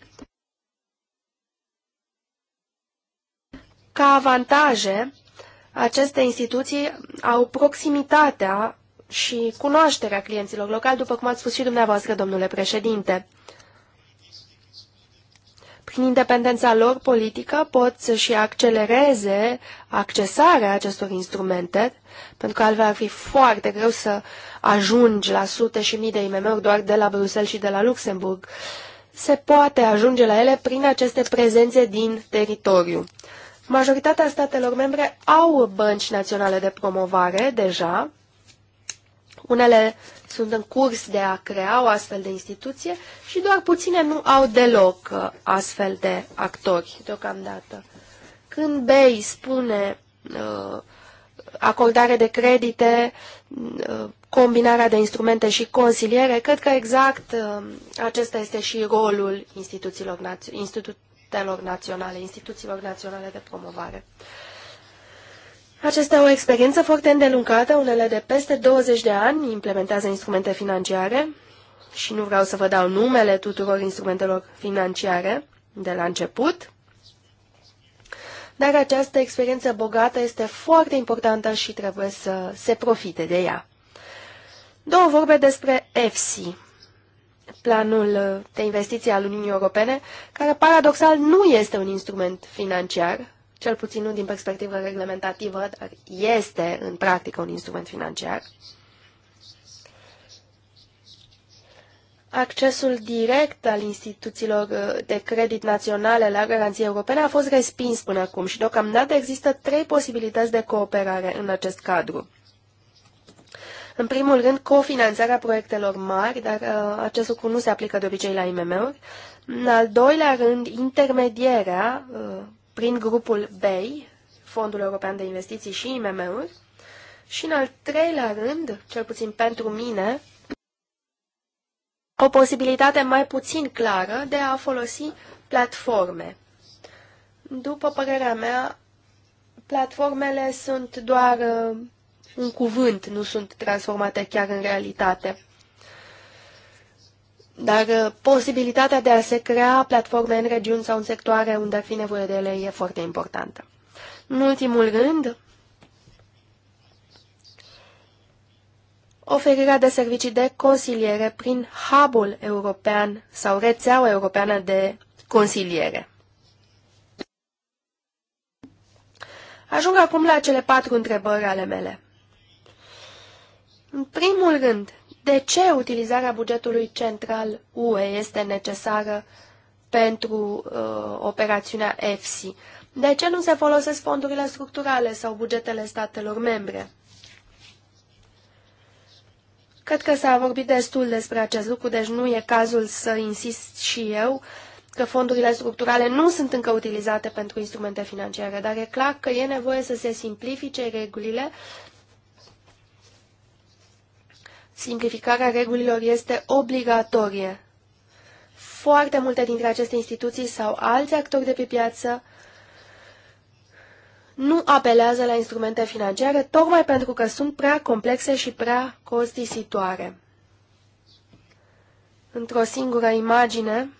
Ca avantaje, aceste instituții au proximitatea și cunoașterea clienților locali, după cum ați spus și dumneavoastră, domnule președinte. Prin independența lor politică pot să-și accelereze accesarea acestor instrumente, pentru că altfel ar fi foarte greu să ajungi la sute și mii de IMM-uri doar de la Bruxelles și de la Luxemburg. Se poate ajunge la ele prin aceste prezențe din teritoriu. Majoritatea statelor membre au bănci naționale de promovare deja, unele sunt în curs de a crea o astfel de instituție și doar puține nu au deloc uh, astfel de actori deocamdată. Când BEI spune uh, acordare de credite, uh, combinarea de instrumente și consiliere, cred că exact uh, acesta este și rolul instituțiilor, naț institutelor naționale, instituțiilor naționale de promovare. Uh, acesta o experiență foarte îndelungată, unele de peste 20 de ani, implementează instrumente financiare și nu vreau să vă dau numele tuturor instrumentelor financiare de la început, dar această experiență bogată este foarte importantă și trebuie să se profite de ea. Două vorbe despre EFSI, planul de investiții al Uniunii Europene, care paradoxal nu este un instrument financiar, cel puțin nu din perspectivă reglementativă, dar este în practică un instrument financiar. Accesul direct al instituțiilor uh, de credit naționale la garanții europene a fost respins până acum și deocamdată există trei posibilități de cooperare în acest cadru. În primul rând, cofinanțarea proiectelor mari, dar uh, acest lucru nu se aplică de obicei la IMM-uri. În al doilea rând, intermedierea uh, prin grupul BEI, Fondul European de Investiții și IMM-uri, și în al treilea rând, cel puțin pentru mine, o posibilitate mai puțin clară de a folosi platforme. După părerea mea, platformele sunt doar uh, un cuvânt, nu sunt transformate chiar în realitate. Dar uh, posibilitatea de a se crea platforme în regiuni sau în sectoare unde ar fi nevoie de ele e foarte importantă. În ultimul rând, oferirea de servicii de consiliere prin hub european sau rețeaua europeană de consiliere. Ajung acum la cele patru întrebări ale mele. În primul rând, de ce utilizarea bugetului central UE este necesară pentru uh, operațiunea EFSI? De ce nu se folosesc fondurile structurale sau bugetele statelor membre? Cred că s-a vorbit destul despre acest lucru, deci nu e cazul să insist și eu că fondurile structurale nu sunt încă utilizate pentru instrumente financiare, dar e clar că e nevoie să se simplifice regulile simplificarea regulilor este obligatorie. Foarte multe dintre aceste instituții sau alți actori de pe piață nu apelează la instrumente financiare tocmai pentru că sunt prea complexe și prea costisitoare. Într-o singură imagine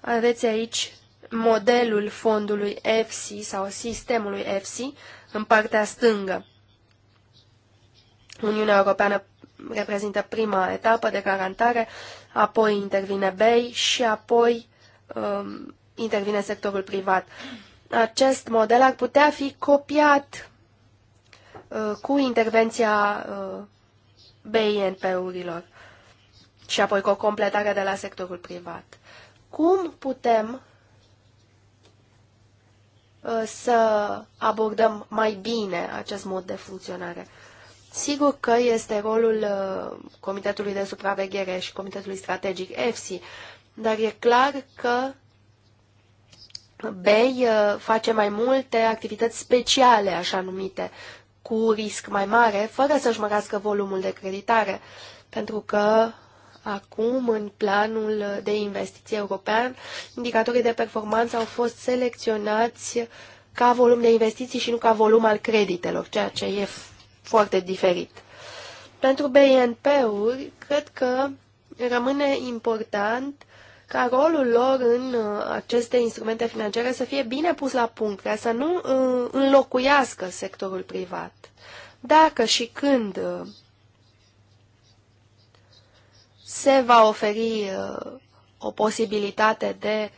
aveți aici modelul fondului EFSI sau sistemului EFSI în partea stângă. Uniunea Europeană reprezintă prima etapă de garantare, apoi intervine BEI și apoi um, intervine sectorul privat. Acest model ar putea fi copiat uh, cu intervenția uh, BINP-urilor și apoi cu o completare de la sectorul privat. Cum putem uh, să abordăm mai bine acest mod de funcționare? Uh, Sigur că este rolul uh, Comitetului de Supraveghere și Comitetului Strategic EFSI, dar e clar că BEI uh, face mai multe activități speciale, așa numite, cu risc mai mare, fără să-și mărească volumul de creditare, pentru că acum, în planul de investiție european, indicatorii de performanță au fost selecționați ca volum de investiții și nu ca volum al creditelor, ceea ce e foarte diferit. Pentru BNP-uri, cred că rămâne important ca rolul lor în uh, aceste instrumente financiare să fie bine pus la punct, ca să nu uh, înlocuiască sectorul privat. Dacă și când uh, se va oferi o posibilitate de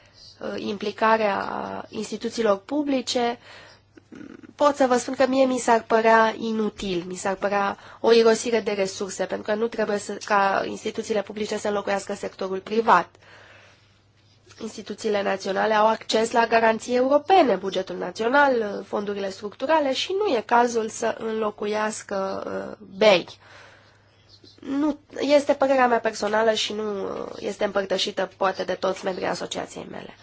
implicare a instituțiilor publice, pot să vă spun că mie mi s-ar părea inutil, mi s-ar părea o irosire de resurse, pentru că nu trebuie să, ca instituțiile publice să înlocuiască sectorul privat. Instituțiile naționale au acces la garanții europene, bugetul național, fondurile structurale și nu e cazul să înlocuiască uh, bei. Nu, este părerea mea personală și nu uh, este împărtășită poate de toți membrii asociației mele. Uh,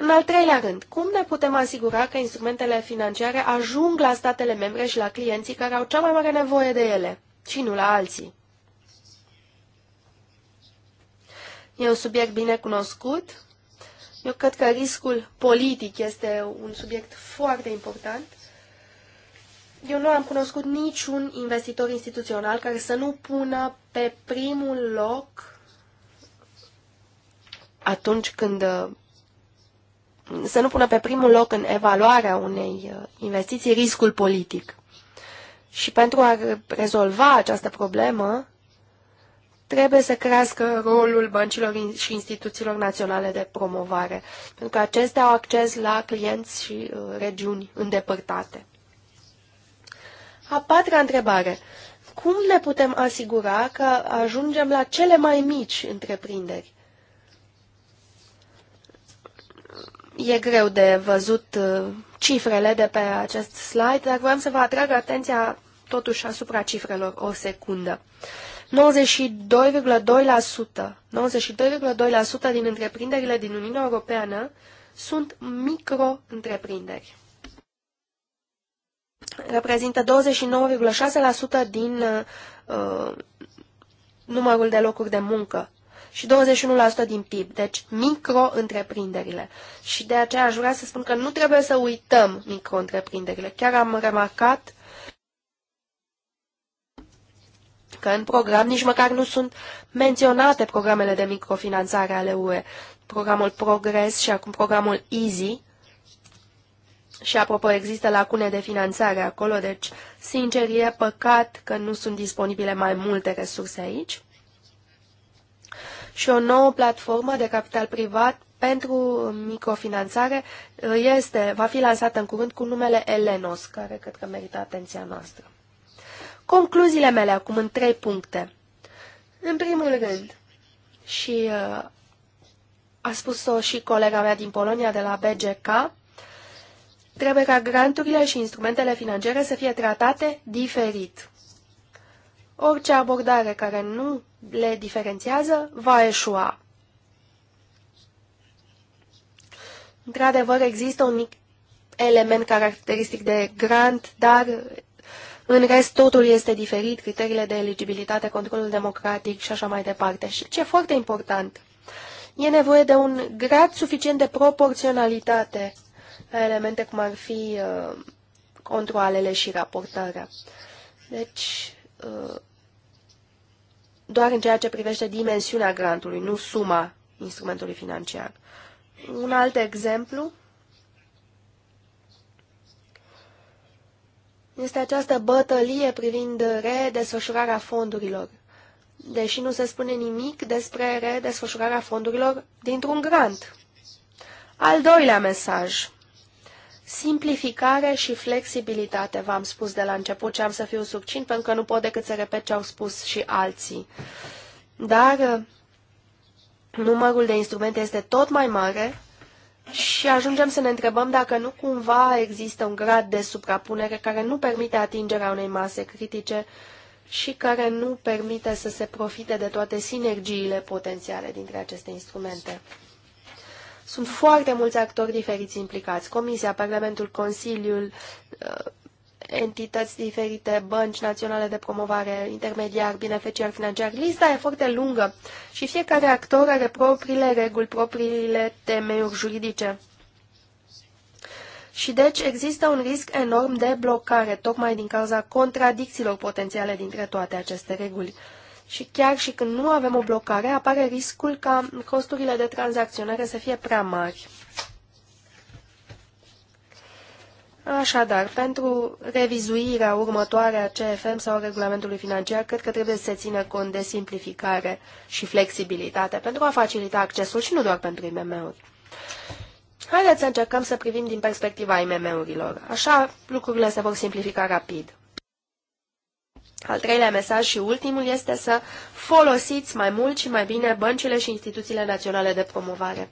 în al treilea rând, cum ne putem asigura că instrumentele financiare ajung la statele membre și la clienții care au cea mai mare nevoie de ele și nu la alții? E un subiect bine cunoscut. Eu cred că riscul politic este un subiect foarte important. Eu nu am cunoscut niciun investitor instituțional care să nu pună pe primul loc atunci când să nu pună pe primul loc în evaluarea unei uh, investiții riscul politic. Și pentru a rezolva această problemă, trebuie să crească rolul băncilor și instituțiilor naționale de promovare, pentru că acestea au acces la clienți și uh, regiuni îndepărtate. A patra întrebare. Cum ne putem asigura că ajungem la cele mai mici întreprinderi? E greu de văzut uh, cifrele de pe acest slide, dar vreau să vă atrag atenția totuși asupra cifrelor o secundă. 92,2% 92,2% din întreprinderile din Uniunea Europeană sunt micro-întreprinderi. Reprezintă 29,6% din uh, numărul de locuri de muncă și 21% din PIB, deci micro-întreprinderile. Și de aceea aș vrea să spun că nu trebuie să uităm micro-întreprinderile. Chiar am remarcat că în program nici măcar nu sunt menționate programele de microfinanțare ale UE. Programul Progress și acum programul Easy. Și apropo, există lacune de finanțare acolo, deci, sincer, e păcat că nu sunt disponibile mai multe resurse aici și o nouă platformă de capital privat pentru microfinanțare uh, este, va fi lansată în curând cu numele Elenos, care cred că merită atenția noastră. Concluziile mele acum în trei puncte. În primul rând, și uh, a spus-o și colega mea din Polonia de la BGK, trebuie ca granturile și instrumentele financiare să fie tratate diferit. Orice abordare care nu le diferențiază, va eșua. Într-adevăr, există un mic element caracteristic de grant, dar în rest totul este diferit, criteriile de eligibilitate, controlul democratic și așa mai departe. Și ce e foarte important, e nevoie de un grad suficient de proporționalitate la elemente cum ar fi uh, controalele și raportarea. Deci, uh, doar în ceea ce privește dimensiunea grantului, nu suma instrumentului financiar. Un alt exemplu este această bătălie privind redesfășurarea fondurilor. Deși nu se spune nimic despre redesfășurarea fondurilor dintr-un grant. Al doilea mesaj. Simplificare și flexibilitate. V-am spus de la început ce am să fiu succint, pentru că nu pot decât să repet ce au spus și alții. Dar uh, numărul de instrumente este tot mai mare și ajungem să ne întrebăm dacă nu cumva există un grad de suprapunere care nu permite atingerea unei mase critice și care nu permite să se profite de toate sinergiile potențiale dintre aceste instrumente. Sunt foarte mulți actori diferiți implicați, Comisia, Parlamentul, Consiliul, uh, entități diferite, bănci naționale de promovare, intermediar, beneficiar financiar. Lista e foarte lungă și fiecare actor are propriile reguli, propriile temeiuri juridice. Și deci există un risc enorm de blocare, tocmai din cauza contradicțiilor potențiale dintre toate aceste reguli și chiar și când nu avem o blocare, apare riscul ca costurile de tranzacționare să fie prea mari. Așadar, pentru revizuirea următoare a CFM sau a regulamentului financiar, cred că trebuie să se țină cont de simplificare și flexibilitate pentru a facilita accesul și nu doar pentru IMM-uri. Haideți să încercăm să privim din perspectiva IMM-urilor. Așa lucrurile se vor simplifica rapid. Al treilea mesaj și ultimul este să folosiți mai mult și mai bine băncile și instituțiile naționale de promovare,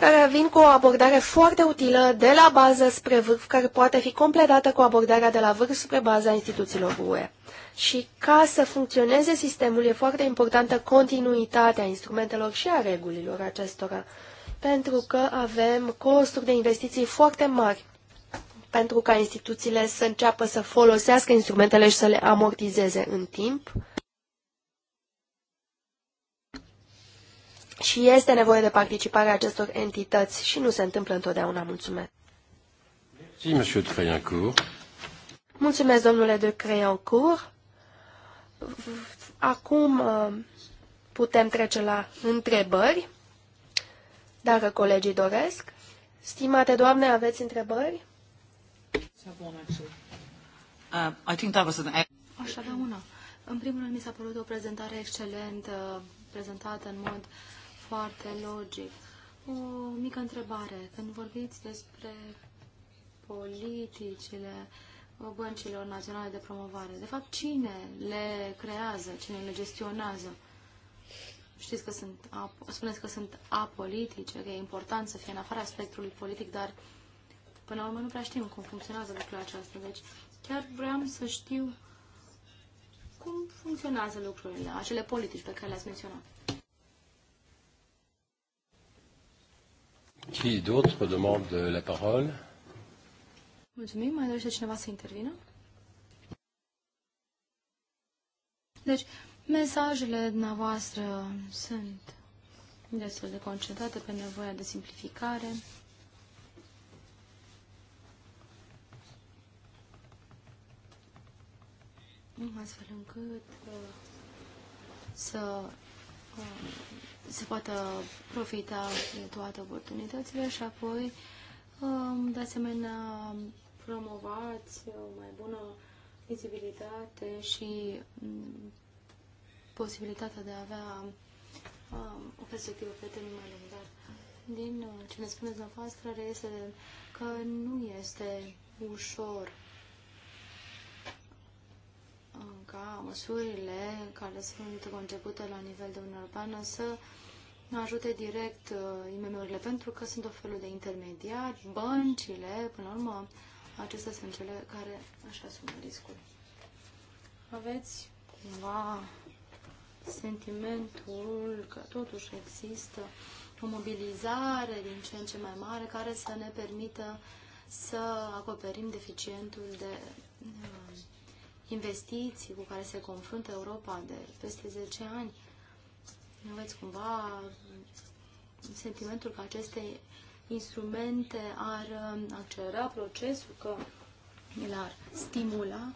care vin cu o abordare foarte utilă de la bază spre vârf, care poate fi completată cu abordarea de la vârf spre baza instituțiilor UE. Și ca să funcționeze sistemul, e foarte importantă continuitatea instrumentelor și a regulilor acestora, pentru că avem costuri de investiții foarte mari pentru ca instituțiile să înceapă să folosească instrumentele și să le amortizeze în timp. Și este nevoie de participarea acestor entități și nu se întâmplă întotdeauna. Mulțumesc. Mulțumesc, domnule de Creancourt. Acum uh, putem trece la întrebări, dacă colegii doresc. Stimate doamne, aveți întrebări? Uh, Aș avea una. În primul rând, mi s-a părut o prezentare excelentă, prezentată în mod foarte logic. O mică întrebare. Când vorbiți despre politicile băncilor naționale de promovare, de fapt, cine le creează, cine le gestionează? Știți că sunt, spuneți că sunt apolitice, că e important să fie în afara spectrului politic, dar uh, Până la urmă nu prea știm cum funcționează lucrul acesta, deci chiar vreau să știu cum funcționează lucrurile, acele politici pe care le-ați menționat. Qui d'autre demande la parole Mulțumim. Mai dorește cineva să intervină? Deci, mesajele dumneavoastră sunt destul de concentrate pe nevoia de simplificare. astfel încât uh, să uh, se poată profita de toate oportunitățile și apoi, um, de asemenea, promovați o mai bună vizibilitate și mm, posibilitatea de a avea um, o perspectivă pe termen mai lung. Dar din uh, ce ne spuneți dumneavoastră este că nu este ușor ca măsurile care sunt concepute la nivel de Uniunea Europeană să ajute direct uh, IMM-urile, pentru că sunt o felul de intermediari, băncile, până la urmă, acestea sunt cele care își asumă riscul. Aveți cumva sentimentul că totuși există o mobilizare din ce în ce mai mare care să ne permită să acoperim deficientul de uh, investiții cu care se confruntă Europa de peste 10 ani. Nu aveți cumva sentimentul că aceste instrumente ar um, accelera procesul, că el ar stimula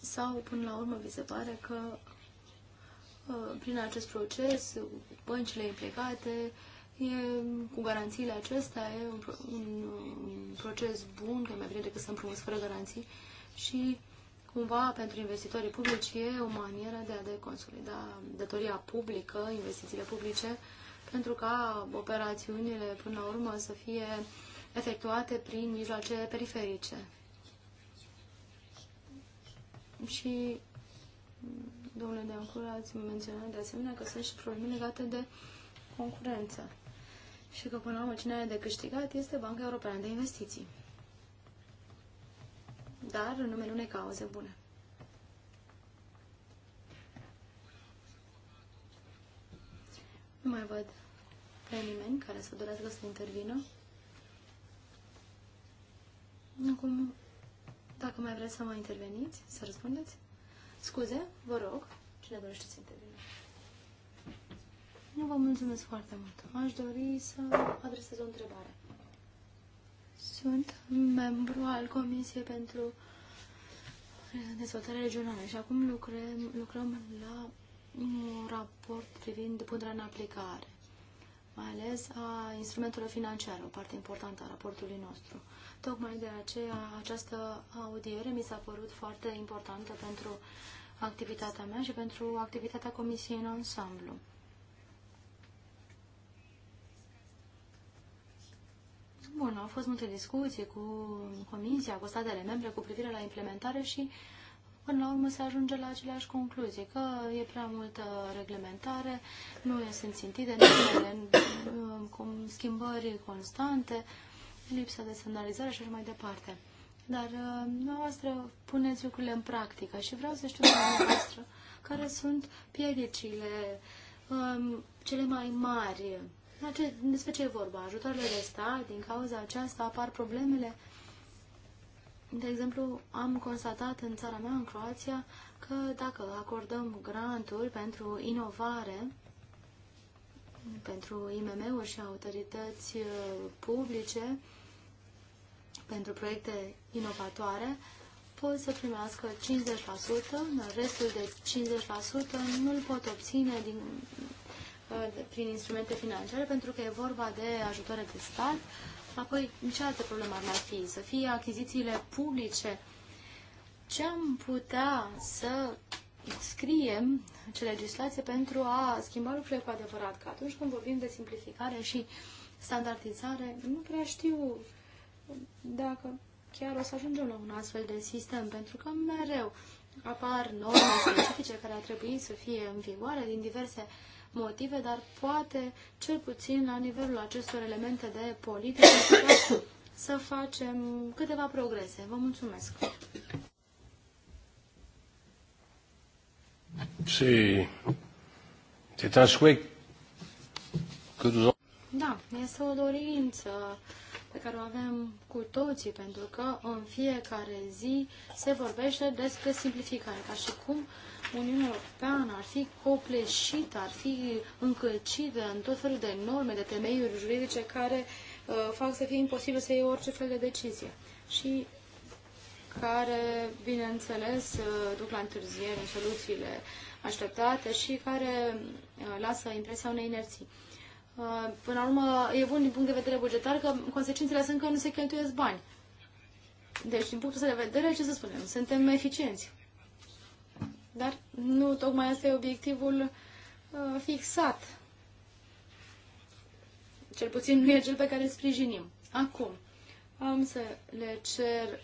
sau până la urmă vi se pare că uh, prin acest proces băncile implicate e, cu garanțiile acestea e un, un, un proces bun, că mai bine decât să împrumuți fără garanții și cumva pentru investitorii publici e o manieră de a deconsolida datoria publică, investițiile publice, pentru ca operațiunile până la urmă să fie efectuate prin mijloace periferice. Și, domnule Deancur, ați menționat de asemenea că sunt și probleme legate de concurență și că până la urmă cine are de câștigat este Banca Europeană de Investiții dar în numele unei cauze bune. Nu mai văd pe nimeni care să dorească să intervină. Acum, dacă mai vreți să mai interveniți, să răspundeți, scuze, vă rog, cine dorește să intervină. Nu vă mulțumesc foarte mult. Aș dori să adresez o întrebare. Sunt membru al Comisiei pentru dezvoltare regională și acum lucrăm, lucrăm la un raport privind punerea în aplicare, mai ales a instrumentelor financiare, o parte importantă a raportului nostru. Tocmai de aceea această audiere mi s-a părut foarte importantă pentru activitatea mea și pentru activitatea Comisiei în ansamblu. Bun, au fost multe discuții cu Comisia, cu statele membre cu privire la implementare și până la urmă se ajunge la aceleași concluzie, că e prea multă reglementare, nu sunt țintite normele, schimbări constante, lipsa de standardizare și așa mai departe. Dar dumneavoastră puneți lucrurile în practică și vreau să știu de dumneavoastră care sunt piedicile um, cele mai mari ce, despre ce e vorba? Ajutoarele de stat, din cauza aceasta apar problemele. De exemplu, am constatat în țara mea, în Croația, că dacă acordăm grantul pentru inovare, pentru IMM-uri și autorități uh, publice, pentru proiecte inovatoare, pot să primească 50%, restul de 50% nu îl pot obține din, Uh, prin instrumente financiare, pentru că e vorba de ajutoare de stat. Apoi, ce altă problemă ar mai fi? Să fie achizițiile publice. Ce am putea să scriem ce legislație pentru a schimba lucrurile cu adevărat? Că atunci când vorbim de simplificare și standardizare, nu prea știu dacă chiar o să ajungem la un astfel de sistem, pentru că mereu apar norme specifice care ar trebui să fie în vigoare din diverse uh, motive, dar poate, cel puțin la nivelul acestor elemente de politică, [coughs] să facem câteva progrese. Vă mulțumesc! Și C'est un souhait Da, este o dorință pe care o avem cu toții, pentru că în fiecare zi se vorbește despre simplificare, ca și cum uh, Uniunea Europeană ar fi copleșită, ar fi încălcită în tot felul de norme, de temeiuri juridice care uh, fac să fie imposibil să iei orice fel de decizie și care, bineînțeles, uh, duc la întârziere în soluțiile așteptate și care uh, lasă impresia unei inerții. Uh, până la urmă, e bun din punct de vedere bugetar că consecințele sunt că nu se cheltuiesc bani. Deci, din punctul ăsta de vedere, ce să spunem? Suntem eficienți. Dar nu tocmai asta e obiectivul uh, fixat. Cel puțin nu e cel pe care îl sprijinim. Acum, am să le cer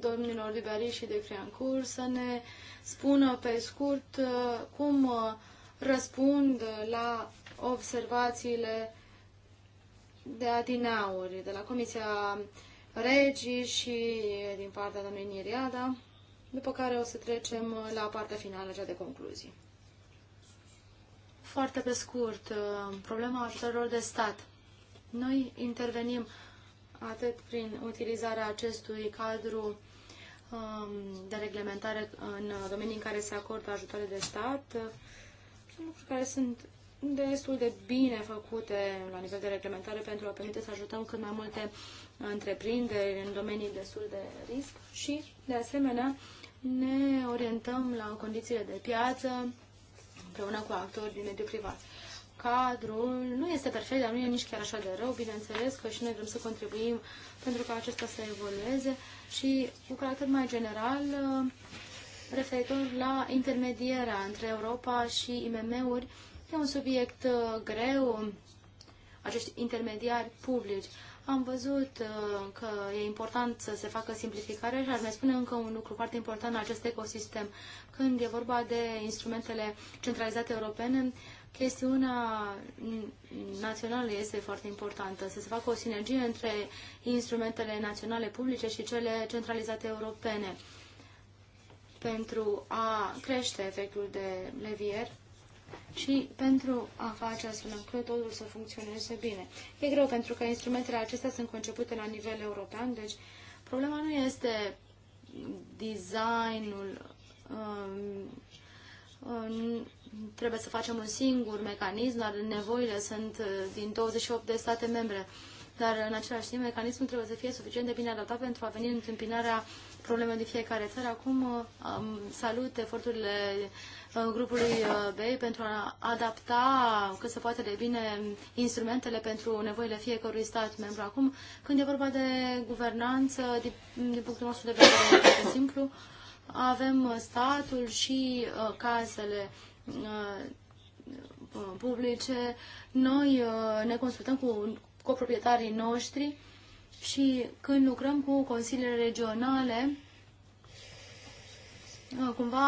domnilor Liberi și de Friancur să ne spună pe scurt uh, cum uh, răspund la observațiile de adinauri de la Comisia Regii și din partea domnului Niriada după care o să trecem uh, la partea finală, cea de concluzii. Foarte pe scurt, uh, problema ajutorilor de stat. Noi intervenim atât prin utilizarea acestui cadru um, de reglementare în uh, domenii în care se acordă ajutoare de stat, sunt lucruri care sunt destul de bine făcute la nivel de reglementare pentru a permite să ajutăm cât mai multe întreprinderi în domenii destul de risc și, de asemenea, ne orientăm la condițiile de piață împreună cu actori din mediul privat. Cadrul nu este perfect, dar nu e nici chiar așa de rău, bineînțeles că și noi vrem să contribuim pentru ca acesta să evolueze și cu caracter mai general referitor la intermedierea între Europa și IMM-uri E un subiect uh, greu, acești intermediari publici. Am văzut uh, că e important să se facă simplificare și aș mai spune încă un lucru foarte important în acest ecosistem. Când e vorba de instrumentele centralizate europene, chestiunea națională este foarte importantă, să se facă o sinergie între instrumentele naționale publice și cele centralizate europene pentru a crește efectul de levier și pentru a face astfel încât totul să funcționeze bine. E greu pentru că instrumentele acestea sunt concepute la nivel european, deci problema nu este designul. Um, um, trebuie să facem un singur mecanism, dar nevoile sunt uh, din 28 de state membre. Dar, în același timp, mecanismul trebuie să fie suficient de bine adaptat pentru a veni în întâmpinarea problemelor de fiecare țară. Acum um, salut eforturile uh, Uh, grupului uh, BEI pentru a adapta cât se poate de bine instrumentele pentru nevoile fiecărui stat membru. Acum, când e vorba de guvernanță, din, din punctul nostru de vedere, de simplu, avem statul și uh, casele uh, publice. Noi uh, ne consultăm cu coproprietarii noștri și când lucrăm cu consiliile regionale, Ah, cumva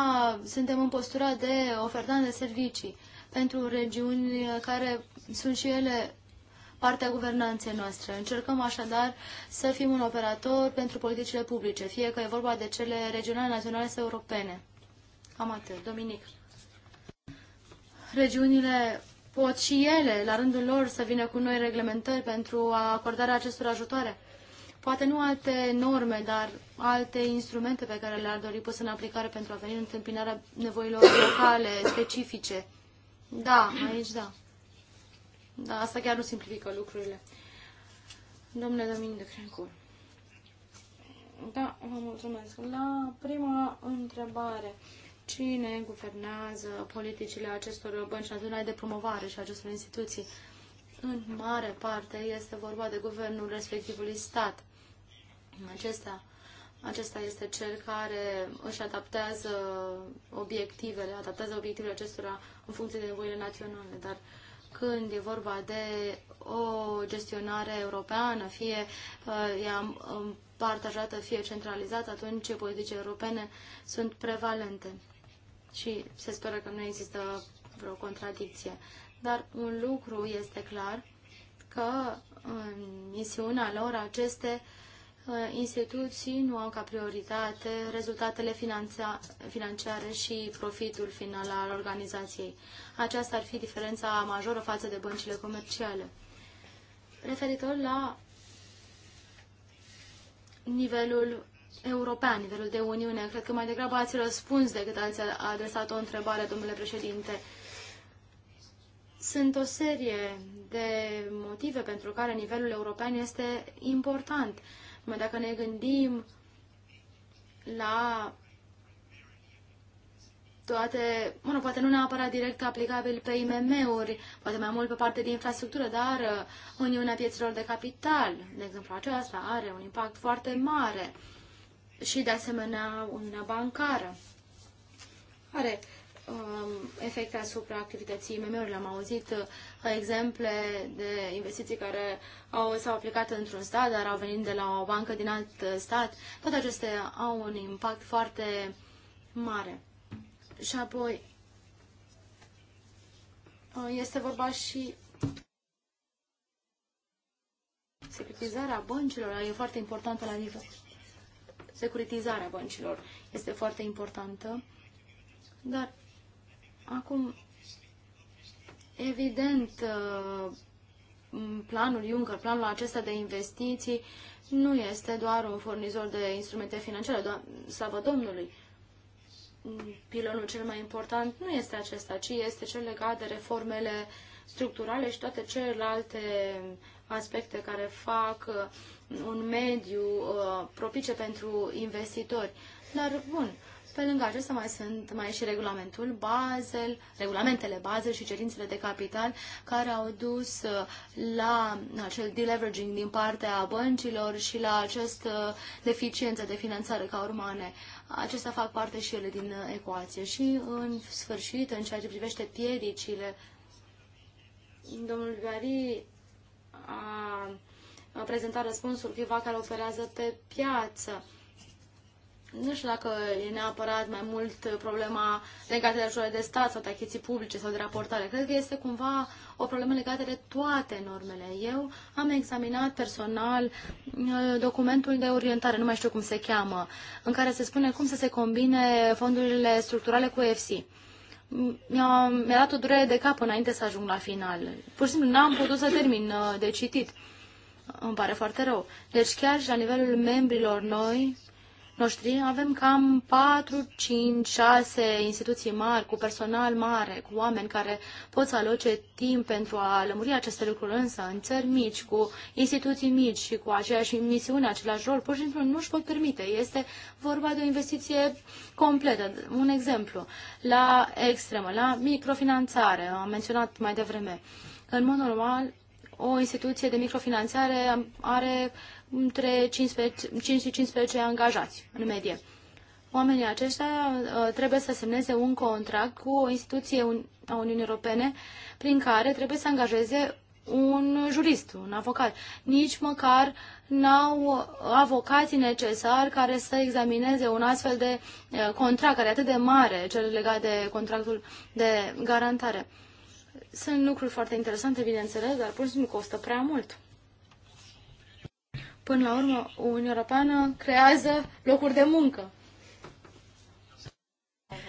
suntem în postura de ofertant de servicii pentru regiuni care sunt și ele partea guvernanței noastre. Încercăm așadar să fim un operator pentru politicile publice, fie că e vorba de cele regionale, naționale sau europene. Cam atât. Dominic. Regiunile pot și ele, la rândul lor, să vină cu noi reglementări pentru acordarea acestor ajutoare. Poate nu alte norme, dar alte instrumente pe care le-ar dori pus în aplicare pentru a veni în întâmpinarea nevoilor locale, specifice. Da, aici da. Da, asta chiar nu simplifică lucrurile. Domnule Domin de Crencur. Da, vă mulțumesc. La prima întrebare, cine guvernează politicile acestor bănci naționale de promovare și acestor instituții? În mare parte este vorba de guvernul respectivului stat. Acesta acesta este cel care își adaptează obiectivele, adaptează obiectivele acestora în funcție de nevoile naționale, dar când e vorba de o gestionare europeană, fie uh, ea partajată, fie centralizată, atunci politicile europene sunt prevalente. Și se speră că nu există vreo contradicție. Dar un lucru este clar, că în misiunea lor aceste uh, Uh, instituții nu au ca prioritate rezultatele financiare și profitul final al organizației. Aceasta ar fi diferența majoră față de băncile comerciale. Referitor la nivelul european, nivelul de Uniune, cred că mai degrabă ați răspuns decât ați adresat o întrebare, domnule președinte. Sunt o serie de motive pentru care nivelul european este important Mă, dacă ne gândim la toate, mă rog, poate nu neapărat direct aplicabil pe IMM-uri, poate mai mult pe parte de infrastructură, dar uh, Uniunea Pieților de Capital, de exemplu, aceasta are un impact foarte mare și, de asemenea, Uniunea Bancară are Um, efecte asupra activității IMM-urilor. Am auzit uh, exemple de investiții care au, s-au aplicat într-un stat, dar au venit de la o bancă din alt uh, stat. Toate acestea au un impact foarte mare. Și apoi uh, este vorba și securitizarea băncilor e foarte importantă la nivel. Securitizarea băncilor este foarte importantă, dar Acum, evident, uh, planul Juncker, planul acesta de investiții, nu este doar un furnizor de instrumente financiare, doar slavă Domnului. Pilonul cel mai important nu este acesta, ci este cel legat de reformele structurale și toate celelalte aspecte care fac uh, un mediu uh, propice pentru investitori. Dar, bun, pe lângă acesta mai sunt mai și regulamentul Basel, regulamentele Basel și cerințele de capital care au dus uh, la acel deleveraging din partea băncilor și la această deficiență de finanțare ca urmane. Acestea fac parte și ele din uh, ecuație. Și în sfârșit, în ceea ce privește piedicile, domnul Gari a prezentat răspunsul cuiva care operează pe piață nu știu dacă e neapărat mai mult problema legată de ajutoare de stat sau de achiziții publice sau de raportare. Cred că este cumva o problemă legată de toate normele. Eu am examinat personal uh, documentul de orientare, nu mai știu cum se cheamă, în care se spune cum să se combine fondurile structurale cu EFSI mi-a, mi-a dat o durere de cap înainte să ajung la final. Pur și simplu n-am putut să termin uh, de citit. Îmi pare foarte rău. Deci chiar și la nivelul membrilor noi, noștri avem cam 4, 5, 6 instituții mari, cu personal mare, cu oameni care pot să aloce timp pentru a lămuri aceste lucruri, însă în țări mici, cu instituții mici și cu aceeași misiune, același rol, pur și simplu nu își pot permite. Este vorba de o investiție completă. Un exemplu, la extremă, la microfinanțare, am menționat mai devreme. În mod normal, o instituție de microfinanțare are între 5 și 15 angajați în medie. Oamenii aceștia uh, trebuie să semneze un contract cu o instituție a Uniunii Europene prin care trebuie să angajeze un jurist, un avocat. Nici măcar n-au avocații necesari care să examineze un astfel de uh, contract, care e atât de mare, cel legat de contractul de garantare. Sunt lucruri foarte interesante, bineînțeles, dar pur și simplu costă prea mult. Până la urmă, Uniunea Europeană creează locuri de muncă.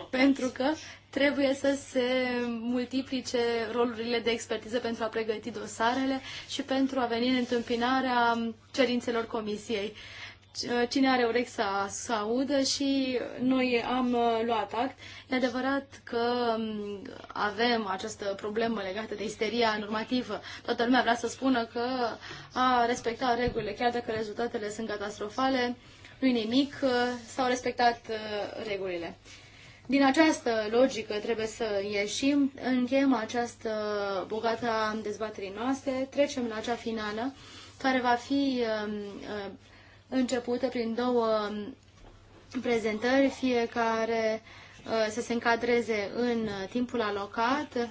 Pentru că trebuie să se multiplice rolurile de expertiză pentru a pregăti dosarele și pentru a veni în întâmpinarea cerințelor comisiei cine are urechi să, să audă și noi am uh, luat act. E adevărat că um, avem această problemă legată de isteria normativă. Toată lumea vrea să spună că a respectat regulile, chiar dacă rezultatele sunt catastrofale, nu nimic, uh, s-au respectat uh, regulile. Din această logică trebuie să ieșim, încheiem această bogată dezbaterii noastre, trecem la cea finală, care va fi um, uh, uh, începută prin două um, prezentări, fiecare uh, să se încadreze în uh, timpul alocat.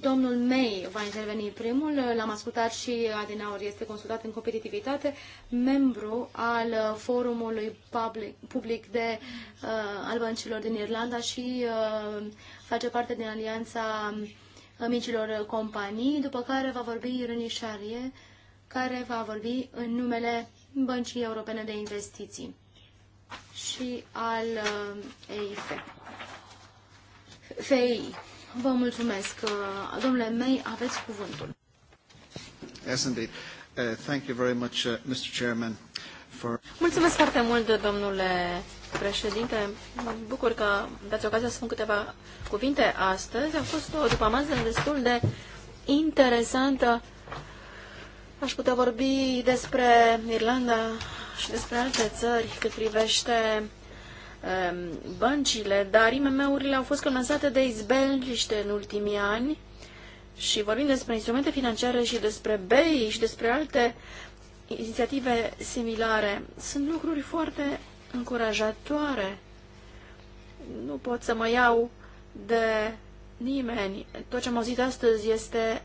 Domnul May va interveni primul, uh, l-am ascultat și Adinaur este consultat în competitivitate, membru al forumului public, public de uh, al băncilor din Irlanda și uh, face parte din alianța micilor companii, după care va vorbi Irene Șarie, care va vorbi în numele Băncii Europene de Investiții și al uh, EIF. FEI. Vă mulțumesc. Uh, domnule May, aveți cuvântul. Yes, indeed. Uh, thank you very much, uh, Mr. Chairman, for... Mulțumesc foarte mult, domnule președinte. Mă bucur că dați ocazia să spun câteva cuvinte astăzi. A fost o după amază destul de interesantă Aș putea vorbi despre Irlanda și despre alte țări cât privește um, băncile, dar IMM-urile au fost comensate de izbeliște în ultimii ani și vorbim despre instrumente financiare și despre BEI și despre alte inițiative similare. Sunt lucruri foarte încurajatoare. Nu pot să mă iau de nimeni. Tot ce am auzit astăzi este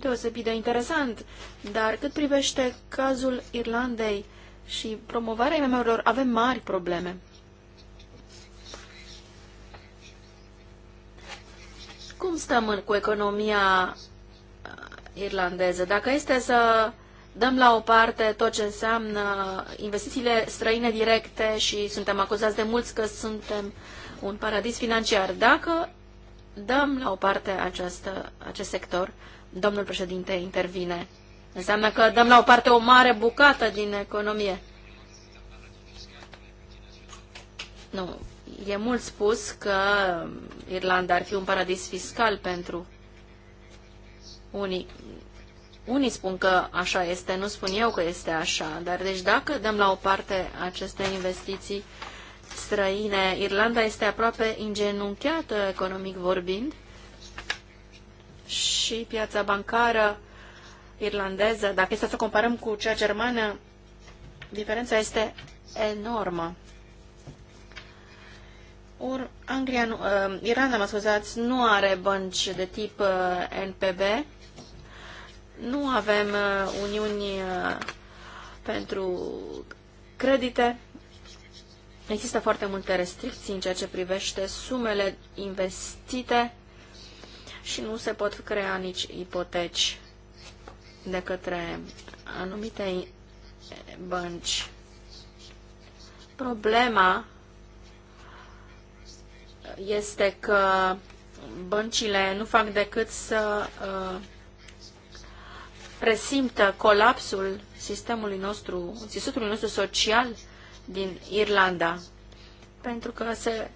deosebit de interesant, dar cât privește cazul Irlandei și promovarea imm avem mari probleme. Cum stăm cu economia uh, irlandeză? Dacă este să dăm la o parte tot ce înseamnă investițiile străine directe și suntem acuzați de mulți că suntem un paradis financiar, dacă dăm la o parte această, acest sector, Domnul președinte intervine. Înseamnă că dăm la o parte o mare bucată din economie. Nu, e mult spus că Irlanda ar fi un paradis fiscal pentru unii. Unii spun că așa este, nu spun eu că este așa, dar deci dacă dăm la o parte aceste investiții străine, Irlanda este aproape ingenunchiată economic vorbind și piața bancară irlandeză, dacă este să comparăm cu cea germană, diferența este enormă. Or, Anglia, nu, uh, Irlanda, mă scuzați, nu are bănci de tip uh, NPB. Nu avem uh, uniuni uh, pentru credite. Există foarte multe restricții în ceea ce privește sumele investite și nu se pot crea nici ipoteci de către anumite bănci. Problema este că băncile nu fac decât să uh, presimtă colapsul sistemului nostru, sistemului nostru social din Irlanda, pentru că se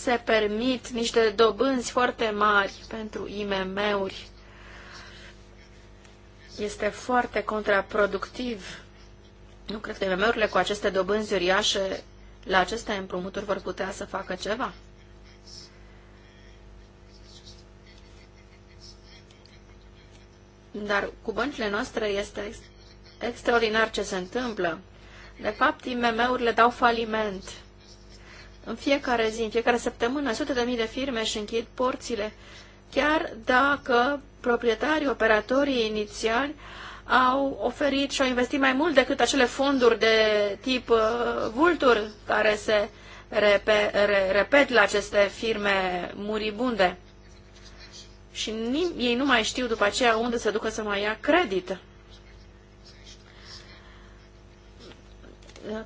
se permit niște dobânzi foarte mari pentru IMM-uri. Este foarte contraproductiv. Nu cred că IMM-urile cu aceste dobânzi uriașe la aceste împrumuturi vor putea să facă ceva. Dar cu băncile noastre este extraordinar ce se întâmplă. De fapt, IMM-urile dau faliment în fiecare zi, în fiecare săptămână, sute de mii de firme își închid porțile, chiar dacă proprietarii, operatorii inițiali au oferit și au investit mai mult decât acele fonduri de tip uh, vultur care se repet la aceste firme muribunde. Și ei nu mai știu după aceea unde se ducă să mai ia credit.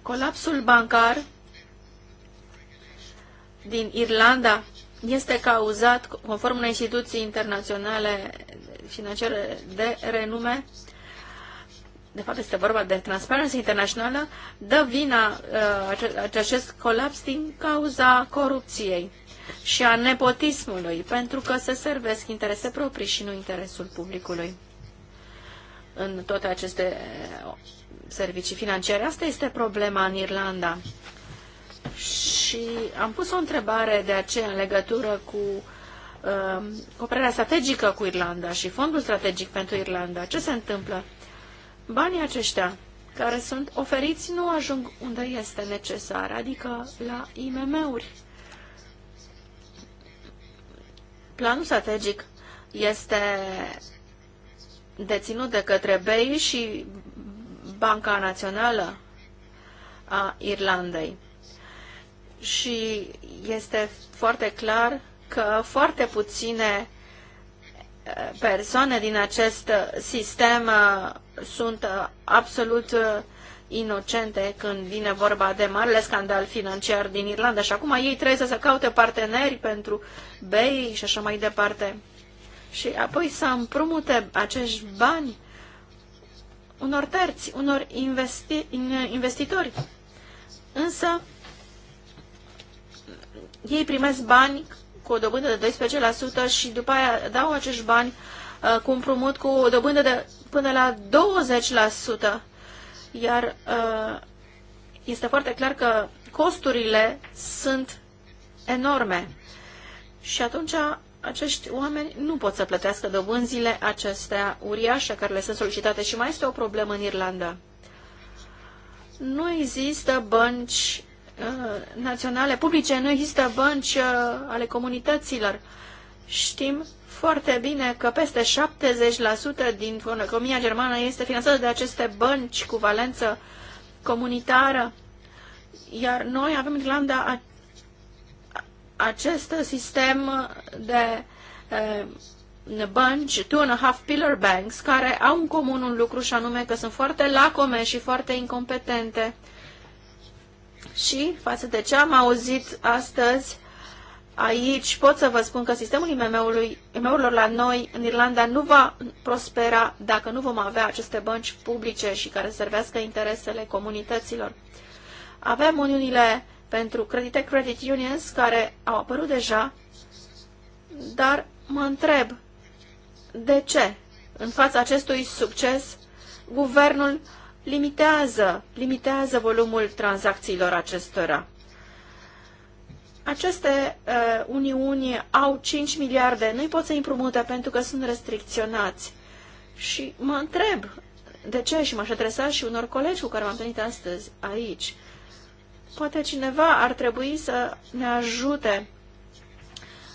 Colapsul bancar din Irlanda este cauzat, conform unei instituții internaționale financiare de renume, de fapt este vorba de Transparency International, dă vina uh, acest colaps din cauza corupției și a nepotismului, pentru că se servesc interese proprii și nu interesul publicului în toate aceste servicii financiare. Asta este problema în Irlanda și am pus o întrebare de aceea în legătură cu um, cooperarea strategică cu Irlanda și fondul strategic pentru Irlanda. Ce se întâmplă? Banii aceștia care sunt oferiți nu ajung unde este necesar, adică la IMM-uri. Planul strategic este deținut de către BEI și Banca Națională a Irlandei și este foarte clar că foarte puține eh, persoane din acest sistem eh, sunt eh, absolut inocente când vine vorba de marele scandal financiar din Irlanda și acum ei trebuie să caute parteneri pentru bei și așa mai departe. Și apoi să împrumute acești bani unor terți, unor investi- investitori. Însă, ei primesc bani cu o dobândă de 12% și după aia dau acești bani cu uh, cu împrumut cu o dobândă de până la 20%. Iar uh, este foarte clar că costurile sunt enorme. Și atunci acești oameni nu pot să plătească dobânzile acestea uriașe care le sunt solicitate și mai este o problemă în Irlanda. Nu există bănci Uh, naționale publice, nu există bănci uh, ale comunităților. Știm foarte bine că peste 70% din economia germană este finanțată de aceste bănci cu valență comunitară, iar noi avem în Irlanda acest sistem de uh, bănci, two and a half pillar banks, care au în comun un lucru și anume că sunt foarte lacome și foarte incompetente și față de ce am auzit astăzi aici, pot să vă spun că sistemul IMM-urilor la noi în Irlanda nu va prospera dacă nu vom avea aceste bănci publice și care servească interesele comunităților. Avem uniunile pentru credite credit unions care au apărut deja, dar mă întreb de ce în fața acestui succes guvernul limitează, limitează volumul tranzacțiilor acestora. Aceste uh, uniuni au 5 miliarde, nu-i pot să împrumute pentru că sunt restricționați. Și mă întreb de ce și m-aș adresa și unor colegi cu care m-am întâlnit astăzi aici. Poate cineva ar trebui să ne ajute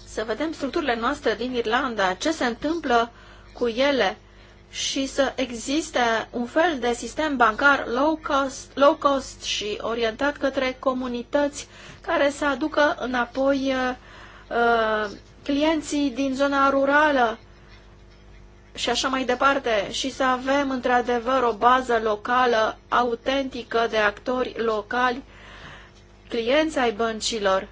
să vedem structurile noastre din Irlanda, ce se întâmplă cu ele, și să existe un fel de sistem bancar low cost, low cost și orientat către comunități care să aducă înapoi uh, uh, clienții din zona rurală și așa mai departe și să avem într-adevăr o bază locală autentică de actori locali, clienți ai băncilor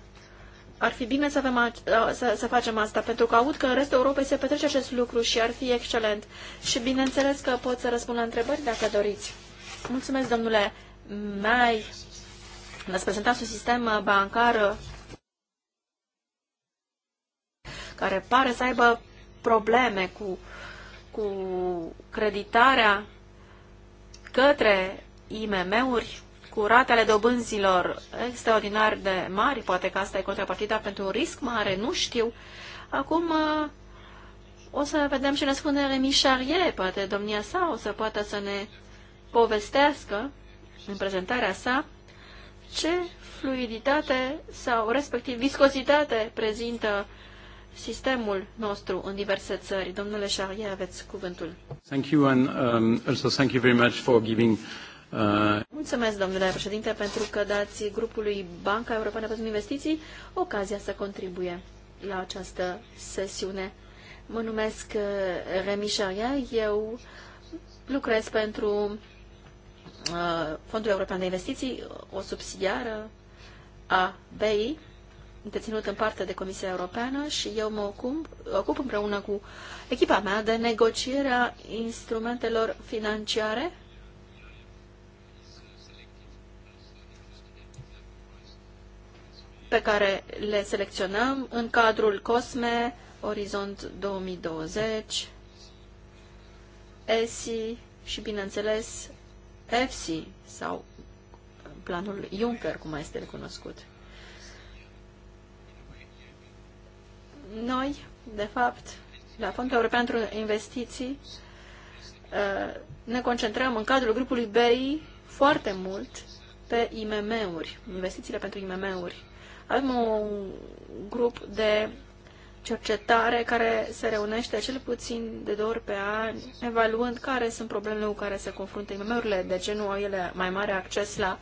ar fi bine să, avem, să, să facem asta, pentru că aud că în restul Europei se petrece acest lucru și ar fi excelent. Și bineînțeles că pot să răspund la întrebări dacă doriți. Mulțumesc, domnule Mai. Ne-ați prezentat un sistem bancar care pare să aibă probleme cu, cu creditarea către IMM-uri cu rate ale dobânzilor extraordinar de mari, poate că asta e contrapartida pentru un risc mare, nu știu. Acum uh, o să vedem ce ne spune Remi Charrier, poate domnia sa o să poată să ne povestească în prezentarea sa ce fluiditate sau respectiv viscozitate prezintă sistemul nostru în diverse țări. Domnule Charrier, aveți cuvântul. Thank you and um, also thank you very much for giving Uh, Mulțumesc, domnule președinte, pentru că dați grupului Banca Europeană pentru Investiții ocazia să contribuie la această sesiune. Mă numesc uh, Remi Charia, eu lucrez pentru uh, Fondul European de Investiții, o subsidiară a BEI, deținut în parte de Comisia Europeană și eu mă ocup, ocup împreună cu echipa mea de negocierea instrumentelor financiare pe care le selecționăm în cadrul COSME, Orizont 2020, ESI și, bineînțeles, EFSI sau planul Juncker, cum mai este recunoscut. Noi, de fapt, la Fondul European pentru Investiții, uh, ne concentrăm în cadrul grupului BI foarte mult pe IMM-uri, investițiile pentru IMM-uri. Avem un grup de cercetare care se reunește cel puțin de două ori pe an, evaluând care sunt problemele cu care se confruntă IMM-urile, de ce nu au ele mai mare acces la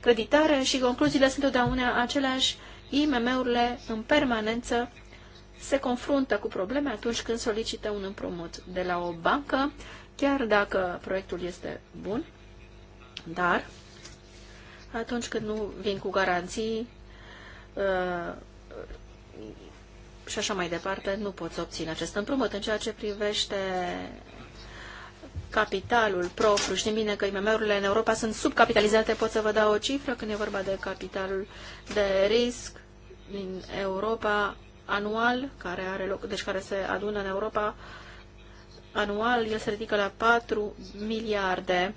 creditare și concluziile sunt întotdeauna aceleași. IMM-urile în permanență se confruntă cu probleme atunci când solicită un împrumut de la o bancă, chiar dacă proiectul este bun, dar atunci când nu vin cu garanții, Uh, și așa mai departe, nu poți obține acest împrumut. În ceea ce privește capitalul propriu, știm bine că IMM-urile în Europa sunt subcapitalizate, pot să vă dau o cifră când e vorba de capitalul de risc din Europa anual, care are loc, deci care se adună în Europa anual, el se ridică la 4 miliarde,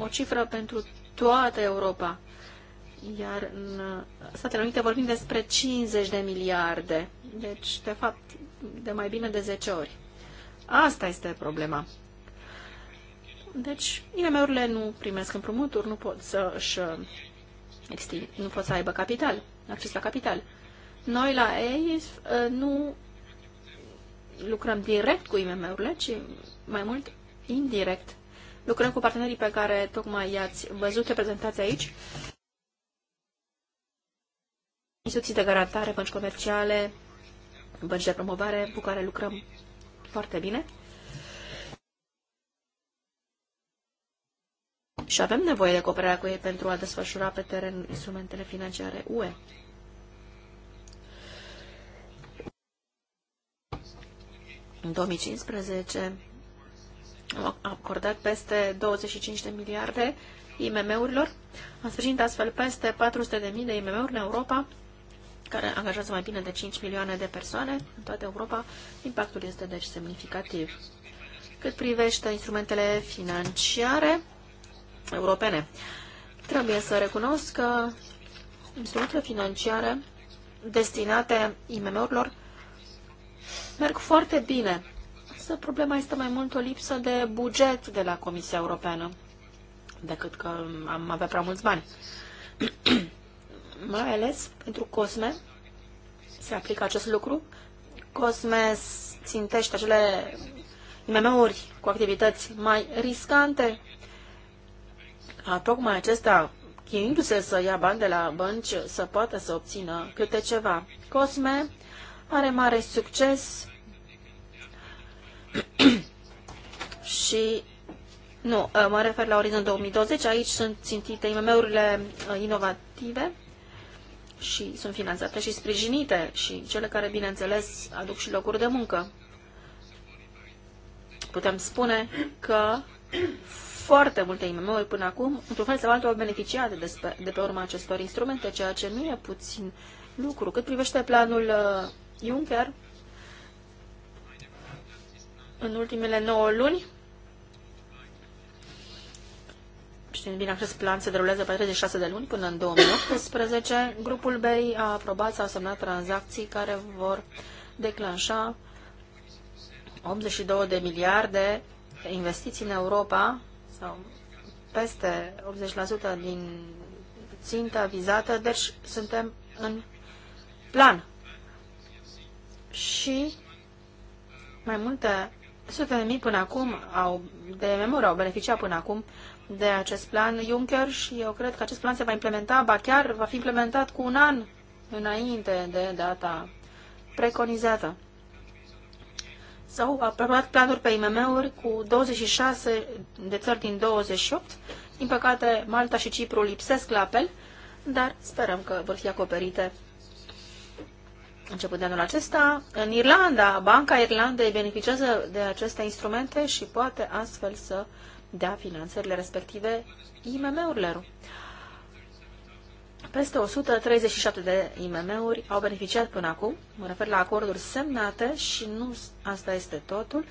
o cifră pentru toată Europa iar în Statele Unite vorbim despre 50 de miliarde, deci, de fapt, de mai bine de 10 ori. Asta este problema. Deci, IMM-urile nu primesc împrumuturi, nu pot să își uh, extind, nu pot să aibă capital, acces la capital. Noi la ei uh, nu lucrăm direct cu IMM-urile, ci mai mult indirect. Lucrăm cu partenerii pe care tocmai i-ați văzut reprezentați aici instituții de garantare, bănci comerciale, bănci de promovare cu care lucrăm foarte bine. Și avem nevoie de cooperarea cu ei pentru a desfășura pe teren instrumentele financiare UE. În 2015 am acordat peste 25 de miliarde IMM-urilor. Am sprijinit astfel peste mii de IMM-uri în Europa care angajează mai bine de 5 milioane de persoane în toată Europa, impactul este deci semnificativ. Cât privește instrumentele financiare europene, trebuie să recunosc că instrumentele financiare destinate IMM-urilor merg foarte bine. Însă problema este mai mult o lipsă de buget de la Comisia Europeană decât că am avea prea mulți bani. [clears throat] mai ales pentru COSME, se aplică acest lucru. COSME țintește acele IMM-uri cu activități mai riscante. A, tocmai acesta, chinindu se să ia bani de la bănci, să poată să obțină câte ceva. COSME are mare succes [clears throat] și nu, mă refer la Orizont 2020, aici sunt țintite IMM-urile uh, inovative și sunt finanțate și sprijinite și cele care, bineînțeles, aduc și locuri de muncă. Putem spune că foarte multe imm până acum, într-un fel sau altul, au beneficiat de, de pe urma acestor instrumente, ceea ce nu e puțin lucru. Cât privește planul uh, Juncker, în ultimele 9 luni știm bine, acest plan se derulează pe 36 de luni până în 2018. Grupul BEI a aprobat sau semnat tranzacții care vor declanșa 82 de miliarde investiții în Europa sau peste 80% din ținta vizată, deci suntem în plan. Și mai multe sute de mii până acum au, de memorie au beneficiat până acum de acest plan Juncker și eu cred că acest plan se va implementa, ba chiar va fi implementat cu un an înainte de data preconizată. S-au aprobat planuri pe IMM-uri cu 26 de țări din 28. Din păcate, Malta și Cipru lipsesc la apel, dar sperăm că vor fi acoperite început de anul acesta. În Irlanda, Banca Irlandei beneficiază de aceste instrumente și poate astfel să uh, dea finanțările respective imm urile Peste 137 de IMM-uri au beneficiat până acum, mă refer la acorduri semnate și nu asta este totul.